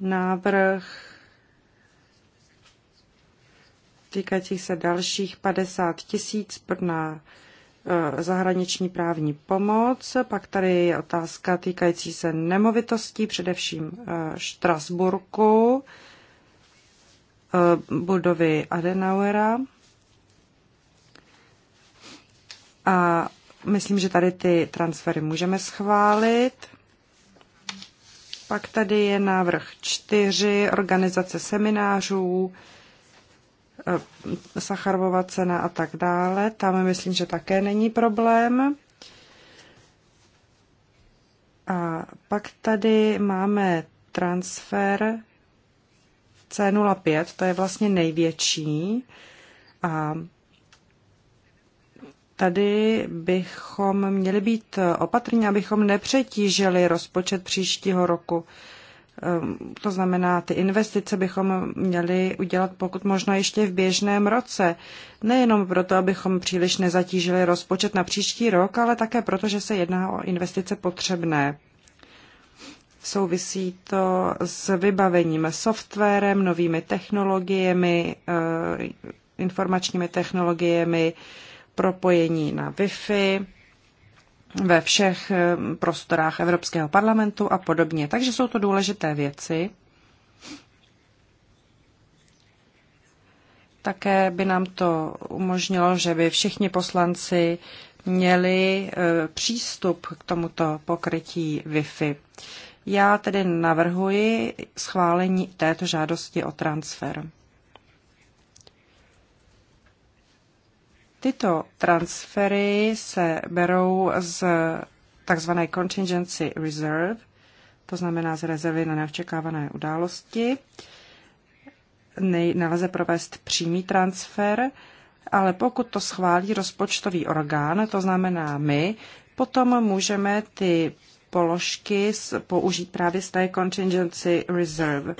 návrh týkající se dalších 50 tisíc na e, zahraniční právní pomoc. Pak tady je otázka týkající se nemovitostí, především e, Štrasburku, e, budovy Adenauera. A Myslím, že tady ty transfery můžeme schválit. Pak tady je návrh čtyři, organizace seminářů, eh, Sacharovova cena a tak dále. Tam myslím, že také není problém. A pak tady máme transfer C05, to je vlastně největší. A Tady bychom měli být opatrní, abychom nepřetížili rozpočet příštího roku. Ehm, to znamená, ty investice bychom měli udělat pokud možno ještě v běžném roce. Nejenom proto, abychom příliš nezatížili rozpočet na příští rok, ale také proto, že se jedná o investice potřebné. Souvisí to s vybavením softwarem, novými technologiemi, eh, informačními technologiemi, propojení na Wi-Fi ve všech eh, prostorách Evropského parlamentu a podobně. Takže jsou to důležité věci. Také by nám to umožnilo, že by všichni poslanci měli eh, přístup k tomuto pokrytí Wi-Fi. Já tedy navrhuji schválení této žádosti o transfer. Tyto transfery se berou z takzvané contingency reserve, to znamená z rezervy na neočekávané události. Nelze provést přímý transfer, ale pokud to schválí rozpočtový orgán, to znamená my, potom můžeme ty položky použít právě z té contingency reserve.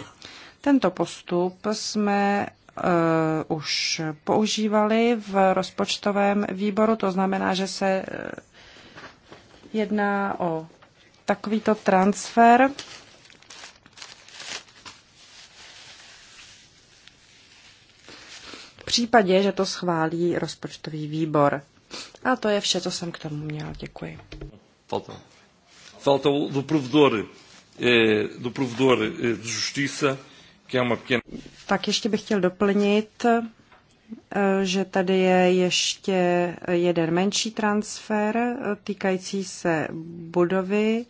Tento postup jsme Eh, už používali v rozpočtovém výboru. To znamená, že se eh, jedná o takovýto transfer. V případě, že to schválí rozpočtový výbor. A to je vše, co jsem k tomu měl. Děkuji. Falta, Falta do provedor, eh, do provedor de justiça tak ještě bych chtěl doplnit, eh, že tady je ještě jeden menší transfer eh, týkající se budovy.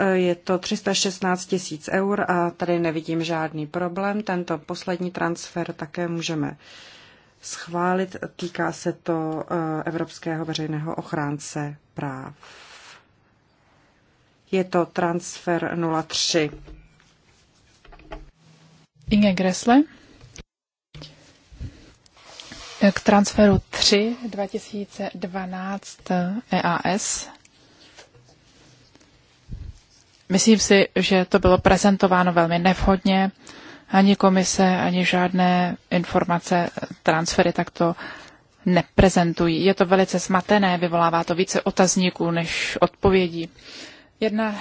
Eh, je to 316 tisíc eur a tady nevidím žádný problém. Tento poslední transfer také můžeme schválit. Týká se to Evropského veřejného ochránce práv. Je to transfer 03. Inge Gressle k transferu 3 2012 EAS. Myslím si, že to bylo prezentováno velmi nevhodně. Ani komise, ani žádné informace transfery takto neprezentují. Je to velice smatené, vyvolává to více otazníků než odpovědí. Jedna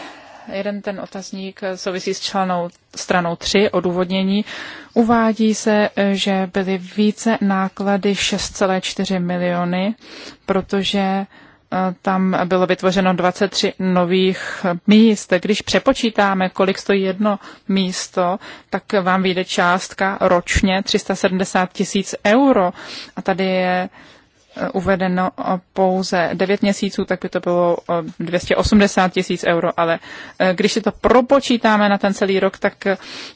jeden ten otazník souvisí s členou stranou 3 odůvodnění. Uvádí se, že byly více náklady 6,4 miliony, protože eh, tam bylo vytvořeno 23 nových míst. Když přepočítáme, kolik stojí jedno místo, tak vám vyjde částka ročně 370 tisíc euro. A tady je uvedeno pouze 9 měsíců, tak by to bylo 280 eh, tisíc euro, ale eh, když si to propočítáme na ten celý rok, tak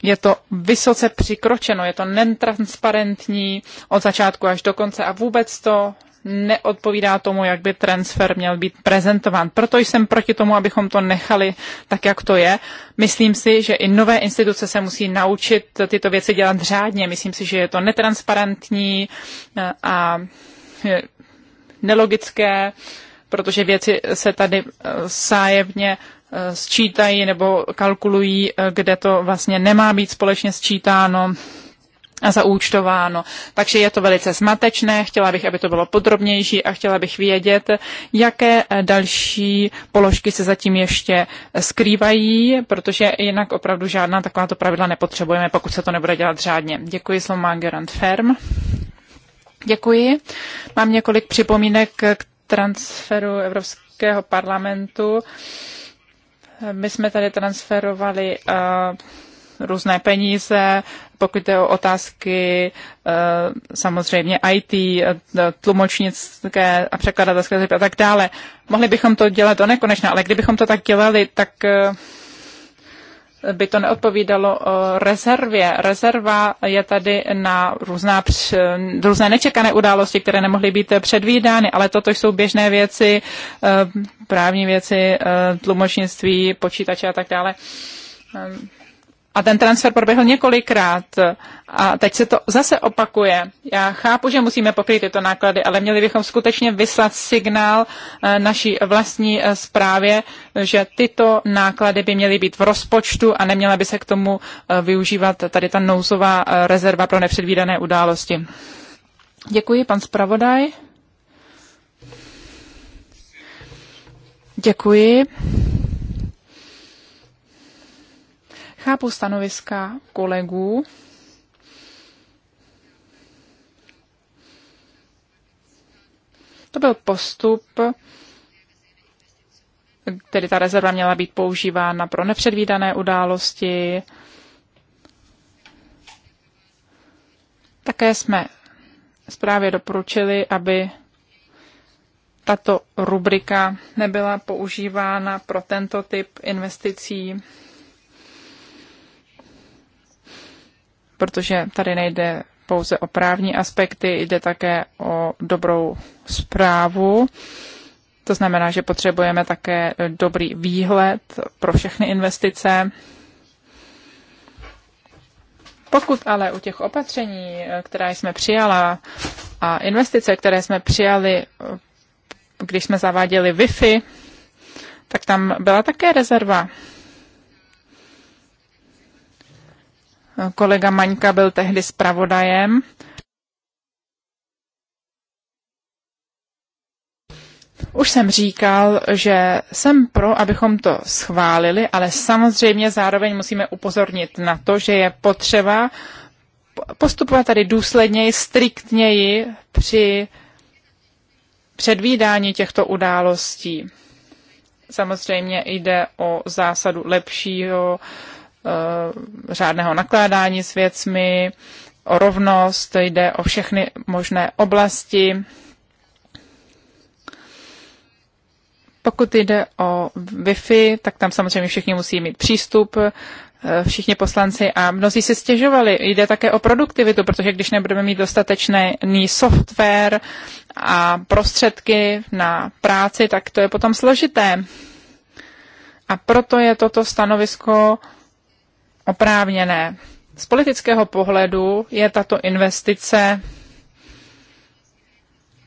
je to vysoce přikročeno, je to netransparentní od začátku až do konce a vůbec to neodpovídá tomu, jak by transfer měl být prezentován. Proto jsem proti tomu, abychom to nechali tak, jak to je. Myslím si, že i nové instituce se musí naučit tyto věci dělat řádně. Myslím si, že je to netransparentní eh, a je nelogické, protože věci se tady eh, sájevně eh, sčítají nebo kalkulují, eh, kde to vlastně nemá být společně sčítáno a zaúčtováno. Takže je to velice zmatečné, chtěla bych, aby to bylo podrobnější a chtěla bych vědět, jaké další položky se zatím ještě skrývají, protože jinak opravdu žádná takováto pravidla nepotřebujeme, pokud se to nebude dělat řádně. Děkuji, slovo Gerand Ferm. Děkuji. Mám několik připomínek k transferu Evropského parlamentu. My jsme tady transferovali uh, různé peníze, pokud jde o otázky uh, samozřejmě IT, tlumočnické a překladatelské a tak dále. Mohli bychom to dělat do nekonečna, ale kdybychom to tak dělali, tak uh, by to neodpovídalo eh, rezervě. Rezerva je tady na různá, eh, různé nečekané události, které nemohly být předvídány, ale toto jsou běžné věci, eh, právní věci, tlumočnictví, počítače a tak dále. Ehm, a ten transfer proběhl několikrát a teď se to zase opakuje. Já chápu, že musíme pokrýt tyto náklady, ale měli bychom skutečně vyslat signál eh, naší vlastní zprávě, eh, že tyto náklady by měly být v rozpočtu a neměla by se k tomu eh, využívat tady ta nouzová rezerva pro nepředvídané události. Děkuji, pan zpravodaj. Děkuji. Chápu stanoviska kolegů. To byl postup, který ta rezerva měla být používána pro nepředvídané události. Také jsme zprávě doporučili, aby tato rubrika nebyla používána pro tento typ investicí, protože tady nejde pouze o právní aspekty, jde také o dobrou zprávu. To znamená, že potřebujeme také dobrý výhled pro všechny investice. Pokud ale u těch opatření, která jsme přijala a investice, které jsme přijali, když jsme zaváděli Wi-Fi, tak tam byla také rezerva. Kolega Maňka byl tehdy zpravodajem. Už jsem říkal, že jsem pro, abychom to schválili, ale samozřejmě zároveň musíme upozornit na to, že je potřeba postupovat tady důsledněji, striktněji při předvídání těchto událostí. Samozřejmě jde o zásadu lepšího Eh, řádného nakládání s věcmi, o rovnost, jde o všechny možné oblasti. Pokud jde o Wi-Fi, tak tam samozřejmě všichni musí mít přístup, eh, všichni poslanci a mnozí si stěžovali. Jde také o produktivitu, protože když nebudeme mít dostatečný software a prostředky na práci, tak to je potom složité. A proto je toto stanovisko uh, oprávněné. Z politického pohledu je tato investice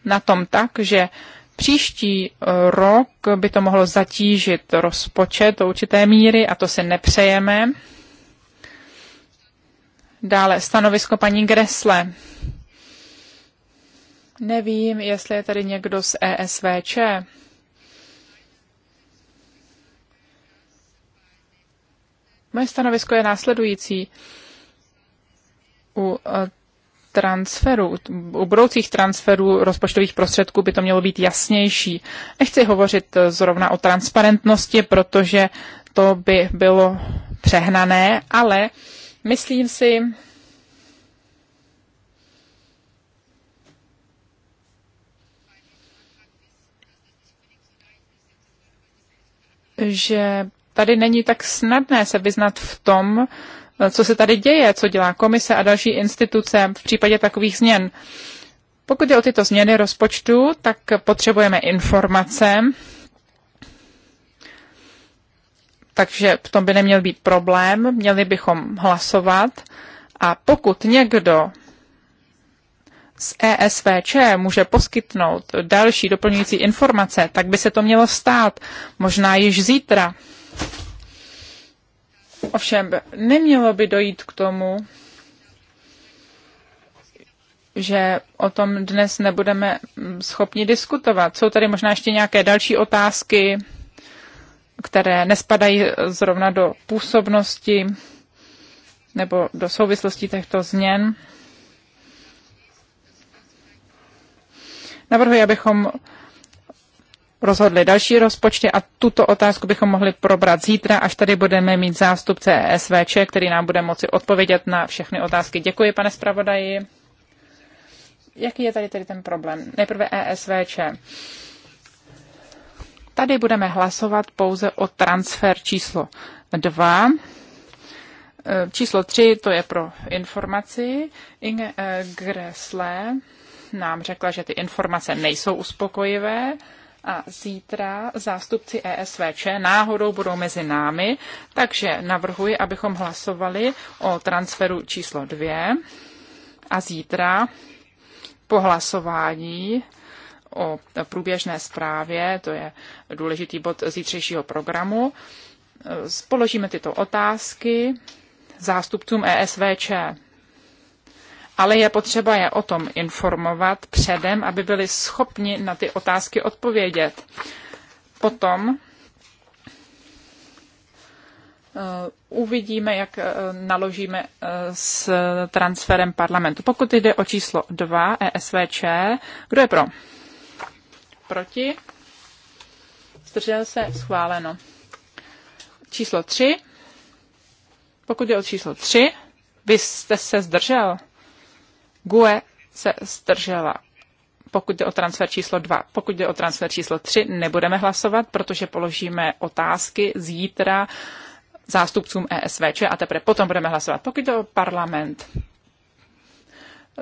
na tom tak, že příští rok by to mohlo zatížit rozpočet do určité míry a to si nepřejeme. Dále stanovisko paní Gresle. Nevím, jestli je tady někdo z ESVČ. Moje stanovisko je následující. U eh, transferu, u budoucích transferů rozpočtových prostředků by to mělo být jasnější. Nechci hovořit eh, zrovna o transparentnosti, protože to by bylo přehnané, ale myslím si, že tady není tak snadné se vyznat v tom, co se tady děje, co dělá komise a další instituce v případě takových změn. Pokud je o tyto změny rozpočtu, tak potřebujeme informace, takže v tom by neměl být problém, měli bychom hlasovat. A pokud někdo z ESVČ může poskytnout další doplňující informace, tak by se to mělo stát možná již zítra. Ovšem, nemělo by dojít k tomu, že o tom dnes nebudeme schopni diskutovat. Jsou tady možná ještě nějaké další otázky, které nespadají zrovna do působnosti nebo do souvislosti těchto změn. Navrhuji, abychom rozhodly další rozpočty a tuto otázku bychom mohli probrat zítra, až tady budeme mít zástupce SVČ, který nám bude moci odpovědět na všechny otázky. Děkuji, pane zpravodaji. Jaký je tady tedy ten problém? Nejprve ESVČ. Tady budeme hlasovat pouze o transfer číslo 2. E, číslo 3 to je pro informaci. Inge e, Gressle nám řekla, že ty informace nejsou uspokojivé a zítra zástupci ESVČ náhodou budou mezi námi, takže navrhuji, abychom hlasovali o transferu číslo 2 a zítra po hlasování o průběžné zprávě, to je důležitý bod zítřejšího programu, e, položíme tyto otázky zástupcům ESVČ ale je potřeba je o tom informovat předem, aby byli schopni na ty otázky odpovědět. Potom eh, uvidíme, jak eh, naložíme eh, s transferem parlamentu. Pokud jde o číslo 2 ESVČ, kdo je pro? Proti? Zdržel se? Schváleno. Číslo 3. Pokud jde o číslo 3, vy jste se zdržel. GUE se zdržela pokud jde o transfer číslo 2. Pokud jde o transfer číslo 3, nebudeme hlasovat, protože položíme otázky zítra zástupcům ESVČ a teprve potom budeme hlasovat. Pokud jde o parlament,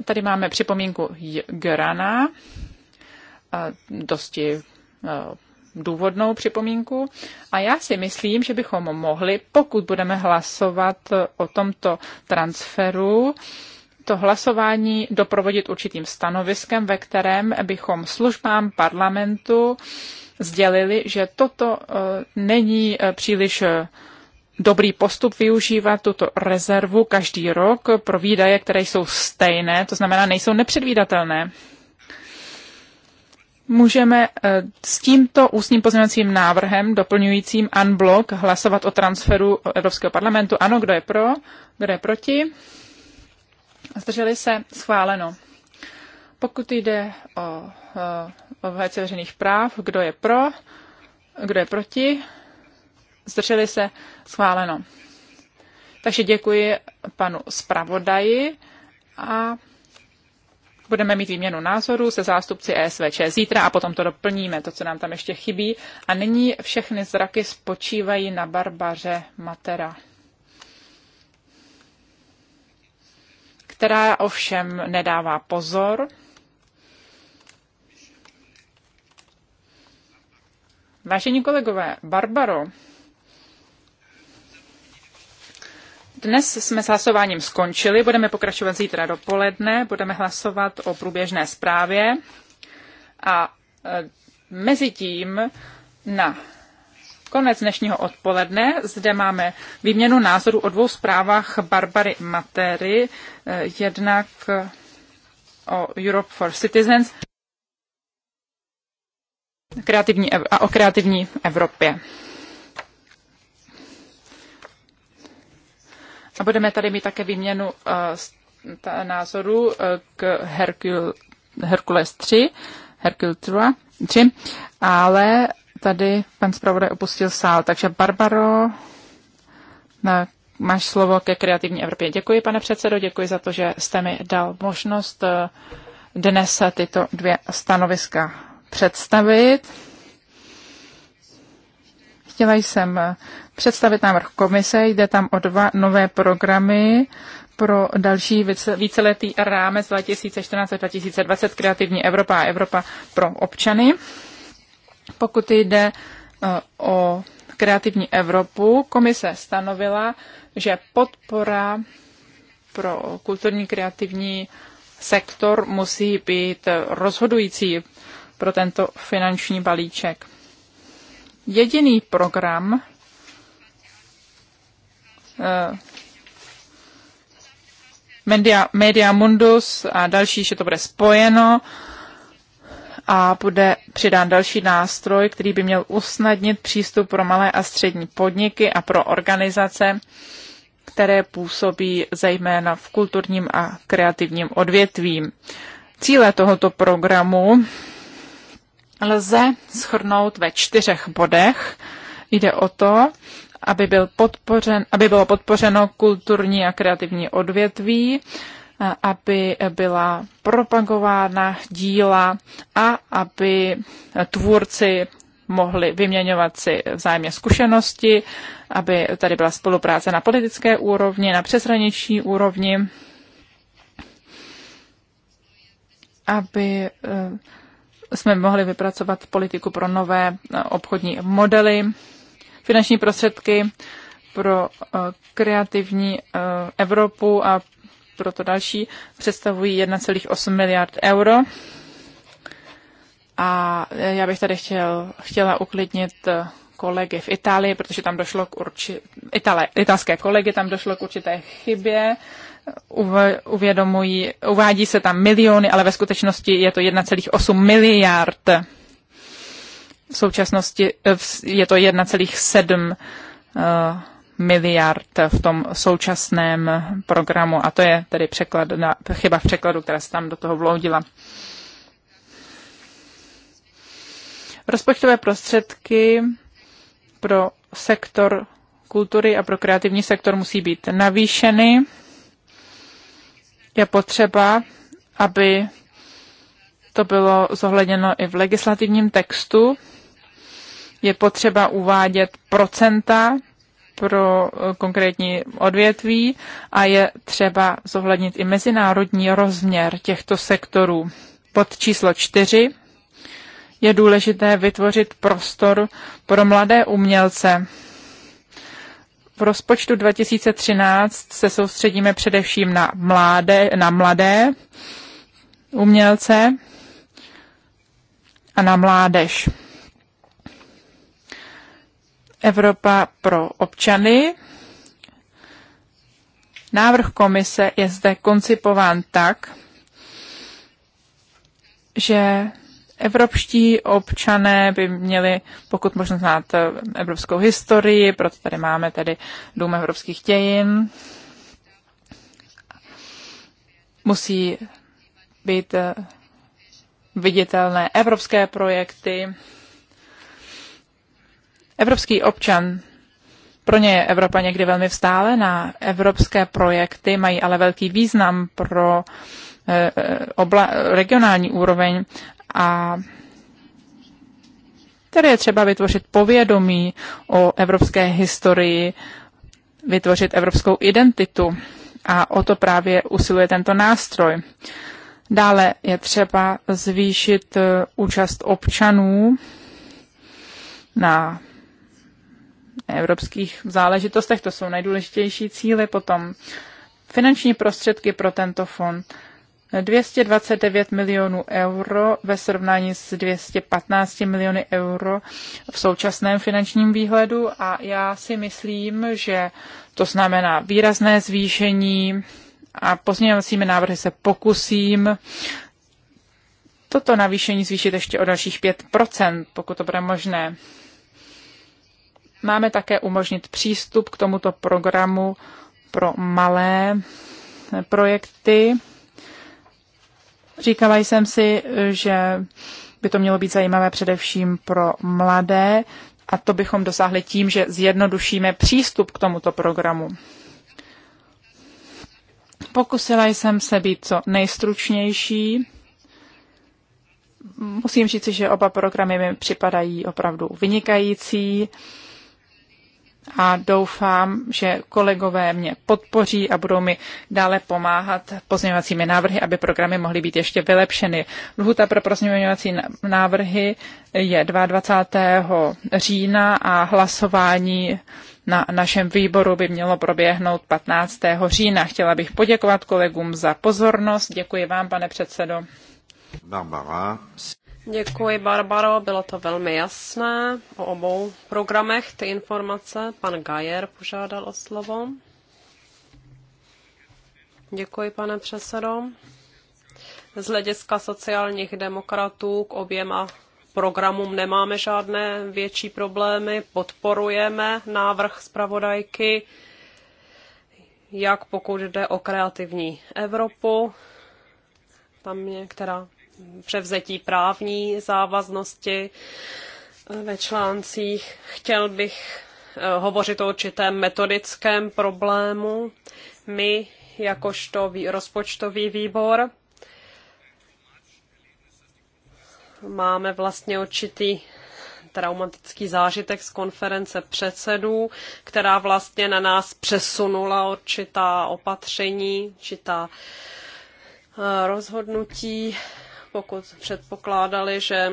tady máme připomínku Gerana, dosti důvodnou připomínku. A já si myslím, že bychom mohli, pokud budeme hlasovat o tomto transferu, to hlasování doprovodit určitým stanoviskem, ve kterém bychom službám parlamentu sdělili, že toto eh, není eh, příliš eh, dobrý postup využívat tuto rezervu každý rok pro výdaje, které jsou stejné, to znamená, nejsou nepředvídatelné. Můžeme s tímto ústním pozměňovacím návrhem doplňujícím unblock hlasovat o transferu Evropského parlamentu. Ano, kdo je pro, kdo je proti? zdrželi se, schváleno. Pokud jde o obhájce veřejných práv, kdo je pro, kdo je proti, zdrželi se, schváleno. Takže děkuji panu zpravodaji a budeme mít výměnu názorů se zástupci ESVČ zítra a potom to doplníme, to, co nám tam ještě chybí. A nyní všechny zraky spočívají na barbaře Matera. která ovšem nedává pozor. Vážení kolegové, Barbaro, Dnes jsme s hlasováním skončili, budeme pokračovat zítra dopoledne, budeme hlasovat o průběžné zprávě a e, mezi tím na konec dnešního odpoledne. Zde máme výměnu názoru o dvou zprávách Barbary Matery, eh, jednak eh, o Europe for Citizens kreativní a o kreativní Evropě. A budeme tady mít také výměnu uh, názoru k Hercule, Herkules 3, 3, 3, ale Tady pan zpravodaj opustil sál. Takže Barbaro, na, máš slovo ke kreativní Evropě. Děkuji, pane předsedo, děkuji za to, že jste mi dal možnost eh, dnes tyto dvě stanoviska představit. Chtěla jsem eh, představit návrh komise. Jde tam o dva nové programy pro další víceletý rámec 2014-2020 Kreativní Evropa a Evropa pro občany. Pokud jde eh, o kreativní Evropu, komise stanovila, že podpora pro kulturní kreativní sektor musí být rozhodující pro tento finanční balíček. Jediný program, eh, Media, Media Mundus a další, že to bude spojeno, a bude přidán další nástroj, který by měl usnadnit přístup pro malé a střední podniky a pro organizace, které působí zejména v kulturním a kreativním odvětvím. Cíle tohoto programu lze schrnout ve čtyřech bodech. Jde o to, aby, byl podpořen, aby bylo podpořeno kulturní a kreativní odvětví, aby byla propagována díla a aby tvůrci mohli vyměňovat si vzájemně zkušenosti, aby tady byla spolupráce na politické úrovni, na přeshraniční úrovni, aby eh, jsme mohli vypracovat politiku pro nové eh, obchodní modely, finanční prostředky pro eh, kreativní Evropu a proto další představují 1,8 miliard euro. A já bych tady chtěl, chtěla uklidnit eh, kolegy v Itálii, protože tam došlo k určité, Itale, italské kolegy, tam došlo k určité chybě. Uvědomují, uvádí se tam miliony, ale ve skutečnosti je to 1,8 miliard. V současnosti eh, je to 1,7 uh, miliard v tom současném programu. A to je tedy překlad, chyba v překladu, která se tam do toho vloudila. Rozpočtové prostředky pro sektor kultury a pro kreativní sektor musí být navýšeny. Je potřeba, aby to bylo zohledněno i v legislativním textu. Je potřeba uvádět procenta pro eh, konkrétní odvětví a je třeba zohlednit i mezinárodní rozměr těchto sektorů. Pod číslo čtyři je důležité vytvořit prostor pro mladé umělce. V rozpočtu 2013 se soustředíme především na mladé, na mladé umělce a na mládež. Evropa pro občany. Návrh komise je zde koncipován tak, že evropští občané by měli pokud možno znát eh, evropskou historii, proto tady máme tady Dům evropských dějin. Musí být eh, viditelné evropské projekty, Evropský občan pro ně je Evropa někdy velmi vzdálená. Evropské projekty mají ale velký význam pro eh, eh, obla, regionální úroveň a tady je třeba vytvořit povědomí o evropské historii, vytvořit evropskou identitu a o to právě usiluje tento nástroj. Dále je třeba zvýšit eh, účast občanů na evropských záležitostech, to jsou nejdůležitější cíly potom. Finanční prostředky pro tento fond 229 milionů euro ve srovnání s 215 miliony euro v současném finančním výhledu a já si myslím, že to znamená výrazné zvýšení a pozměňovacími návrhy se pokusím toto navýšení zvýšit ještě o dalších 5%, pokud to bude možné. Máme také umožnit přístup k tomuto programu pro malé projekty. Říkala jsem si, že by to mělo být zajímavé především pro mladé a to bychom dosáhli tím, že zjednodušíme přístup k tomuto programu. Pokusila jsem se být co nejstručnější. Musím říci, že oba programy mi připadají opravdu vynikající a doufám, že kolegové mě podpoří a budou mi dále pomáhat pozměňovacími návrhy, aby programy mohly být ještě vylepšeny. Lhuta pro pozměňovací návrhy je 22. října a hlasování na našem výboru by mělo proběhnout 15. října. Chtěla bych poděkovat kolegům za pozornost. Děkuji vám, pane předsedo. Barbara. Děkuji, Barbaro, bylo to velmi jasné o obou programech, ty informace. Pan Gajer požádal o slovo. Děkuji, pane předsedo. Z hlediska sociálních demokratů k oběma programům nemáme žádné větší problémy, podporujeme návrh zpravodajky, jak pokud jde o kreativní Evropu, tam je, která převzetí právní závaznosti eh, ve článcích. Chtěl bych eh, hovořit o určitém metodickém problému. My, jakožto rozpočtový výbor, máme vlastně určitý traumatický zážitek z konference předsedů, která vlastně na nás přesunula určitá opatření, určitá eh, rozhodnutí pokud předpokládali, že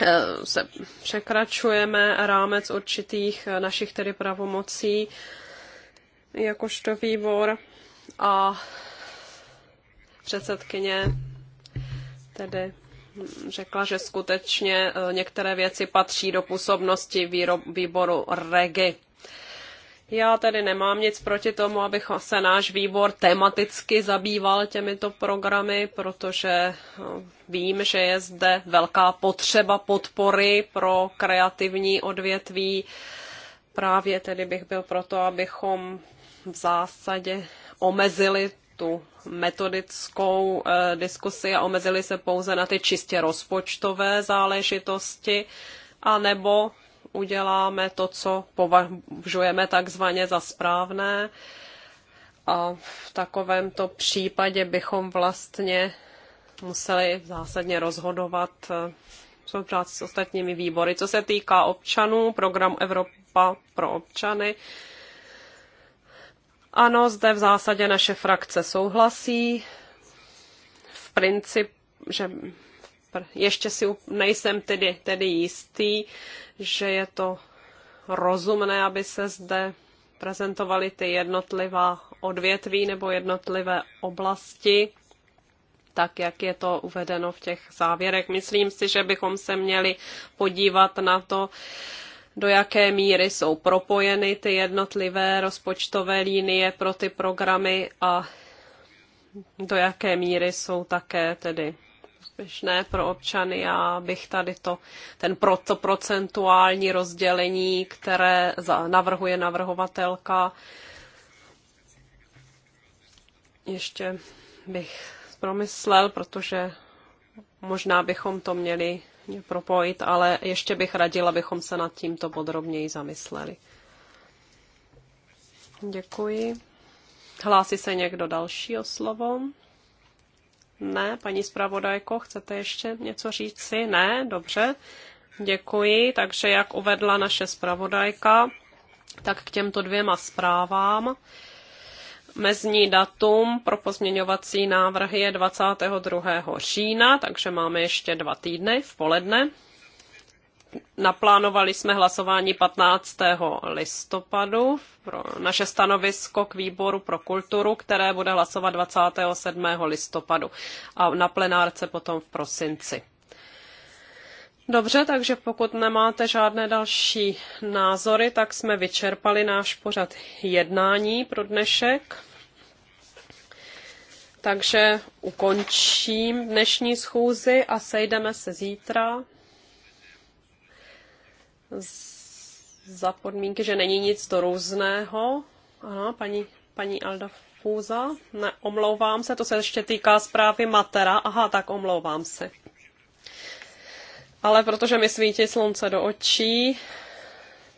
eh, se překračujeme rámec určitých eh, našich tedy pravomocí jakožto výbor a předsedkyně tedy řekla, že skutečně eh, některé věci patří do působnosti výboru REGI. Já tedy nemám nic proti tomu, abych se náš výbor tematicky zabýval těmito programy, protože no, vím, že je zde velká potřeba podpory pro kreativní odvětví. Právě tedy bych byl proto, abychom v zásadě omezili tu metodickou e, diskusi a omezili se pouze na ty čistě rozpočtové záležitosti, anebo uděláme to, co považujeme takzvaně za správné. A v takovémto případě bychom vlastně museli zásadně rozhodovat eh, spolupráci s ostatními výbory. Co se týká občanů, program Evropa pro občany, ano, zde v zásadě naše frakce souhlasí. V princip, že ještě si nejsem tedy, tedy jistý, že je to rozumné, aby se zde prezentovaly ty jednotlivá odvětví nebo jednotlivé oblasti, tak jak je to uvedeno v těch závěrech. Myslím si, že bychom se měli podívat na to, do jaké míry jsou propojeny ty jednotlivé rozpočtové linie pro ty programy a do jaké míry jsou také tedy prospěšné pro občany. Já bych tady to, ten proto procentuální rozdělení, které navrhuje navrhovatelka, ještě bych promyslel, protože možná bychom to měli propojit, ale ještě bych radila, abychom se nad tímto podrobněji zamysleli. Děkuji. Hlásí se někdo další o slovo? Ne, paní zpravodajko, chcete ještě něco říct si? Ne, dobře. Děkuji. Takže jak uvedla naše zpravodajka, tak k těmto dvěma zprávám. Mezní datum pro pozměňovací návrhy je 22. října, takže máme ještě dva týdny v poledne naplánovali jsme hlasování 15. listopadu pro naše stanovisko k výboru pro kulturu, které bude hlasovat 27. listopadu a na plenárce potom v prosinci. Dobře, takže pokud nemáte žádné další názory, tak jsme vyčerpali náš pořad jednání pro dnešek. Takže ukončím dnešní schůzi a sejdeme se zítra za podmínky, že není nic do různého. Aha, paní, paní Alda Fúza. Ne, omlouvám se, to se ještě týká zprávy Matera. Aha, tak omlouvám se. Ale protože mi svítí slunce do očí,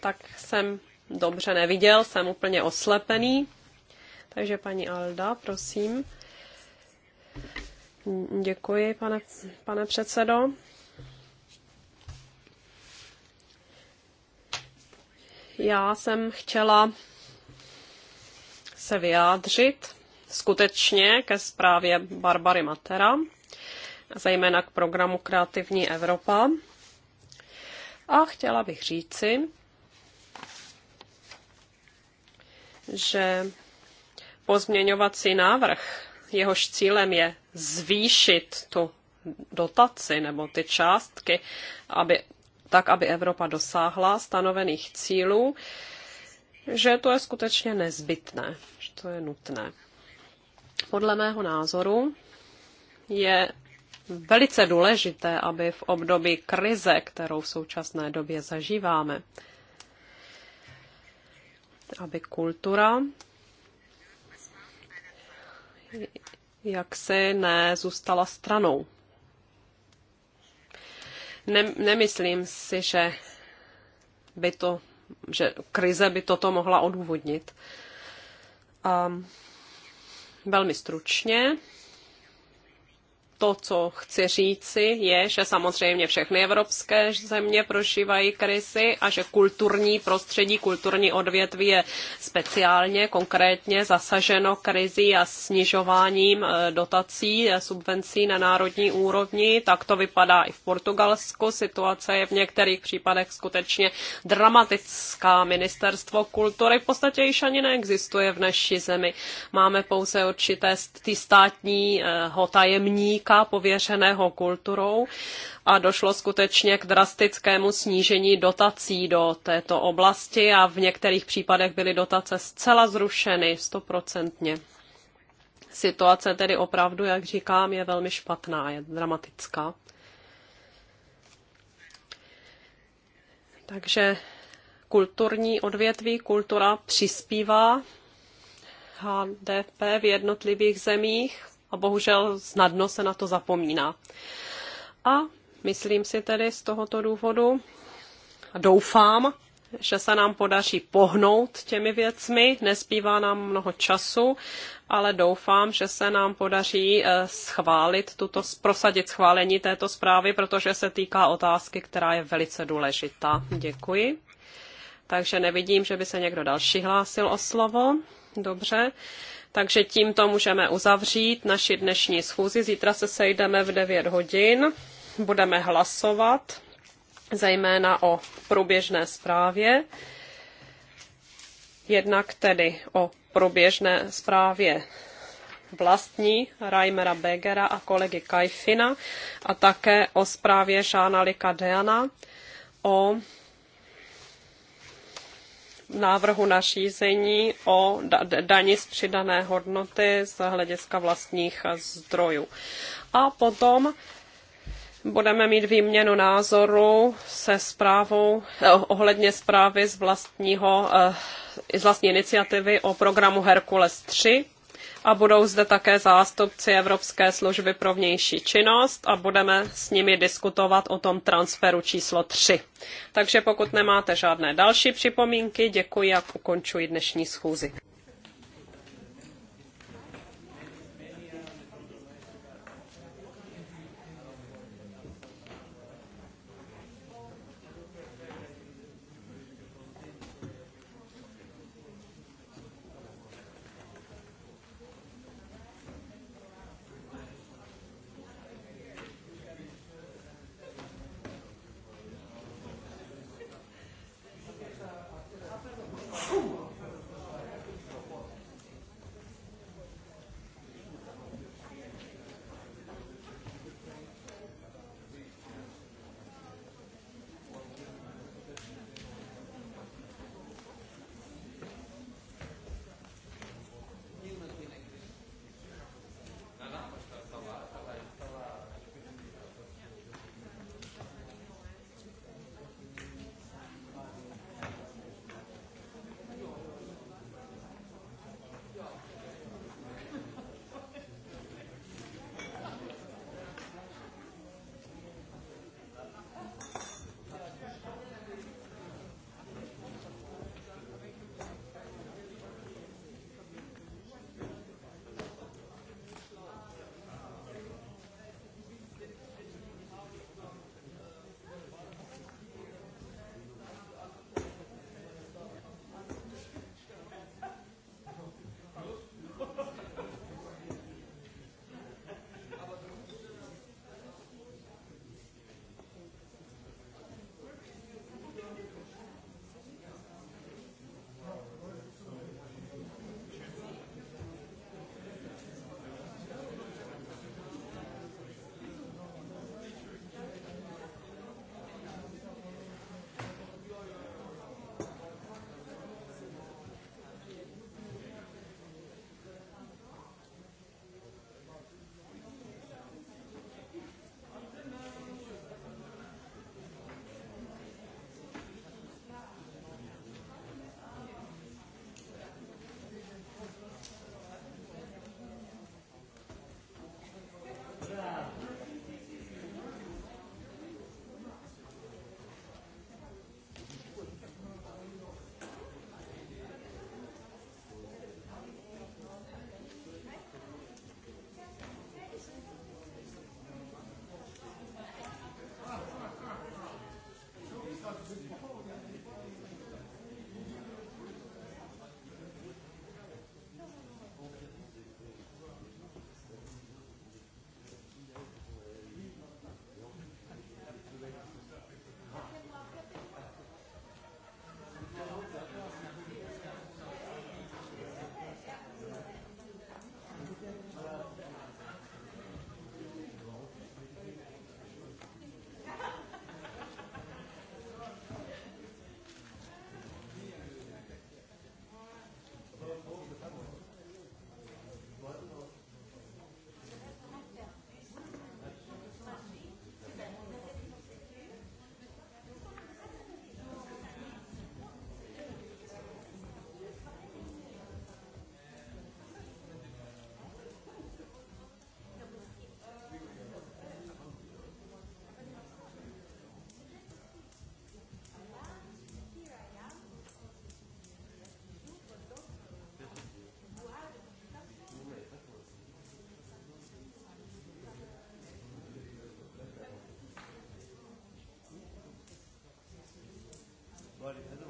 tak jsem dobře neviděl, jsem úplně oslepený. Takže paní Alda, prosím. Děkuji, pane, pane předsedo. Já jsem chtěla se vyjádřit skutečně ke zprávě Barbary Matera, zejména k programu Kreativní Evropa. A chtěla bych říci, že pozměňovací návrh, jehož cílem je zvýšit tu dotaci nebo ty částky, aby tak, aby Evropa dosáhla stanovených cílů, že to je skutečně nezbytné, že to je nutné. Podle mého názoru je velice důležité, aby v období krize, kterou v současné době zažíváme, aby kultura jak se stranou. Ne, nemyslím si, že by to, že krize by toto mohla odůvodnit. Um, velmi stručně to, co chci říci, je, že samozřejmě všechny evropské země prožívají krizi a že kulturní prostředí, kulturní odvětví je speciálně, konkrétně zasaženo krizi a snižováním eh, dotací, a subvencí na národní úrovni. Tak to vypadá i v Portugalsku. Situace je v některých případech skutečně dramatická. Ministerstvo kultury v podstatě již ani neexistuje v naší zemi. Máme pouze určité ty státního eh, tajemník, týká pověřeného kulturou a došlo skutečně k drastickému snížení dotací do této oblasti a v některých případech byly dotace zcela zrušeny, stoprocentně. Situace tedy opravdu, jak říkám, je velmi špatná, je dramatická. Takže kulturní odvětví, kultura přispívá HDP v jednotlivých zemích a bohužel snadno se na to zapomíná. A myslím si tedy z tohoto důvodu a doufám, že se nám podaří pohnout těmi věcmi. Nespívá nám mnoho času, ale doufám, že se nám podaří eh, schválit tuto, prosadit schválení této zprávy, protože se týká otázky, která je velice důležitá. Děkuji. Takže nevidím, že by se někdo další hlásil o slovo. Dobře. Takže tímto můžeme uzavřít naši dnešní schůzi. Zítra se sejdeme v 9 hodin. Budeme hlasovat zejména o průběžné zprávě. Jednak tedy o průběžné zprávě vlastní Reimera Begera a kolegy Kajfina a také o zprávě Žána Lika Deana o návrhu nařízení o dani z přidané hodnoty z hlediska vlastních zdrojů. A potom budeme mít výměnu názoru se zprávou, eh, ohledně zprávy z, vlastního, eh, z vlastní iniciativy o programu Herkules 3 a budou zde také zástupci Evropské služby pro vnější činnost a budeme s nimi diskutovat o tom transferu číslo 3. Takže pokud nemáte žádné další připomínky, děkuji a ukončuji dnešní schůzi. Everybody,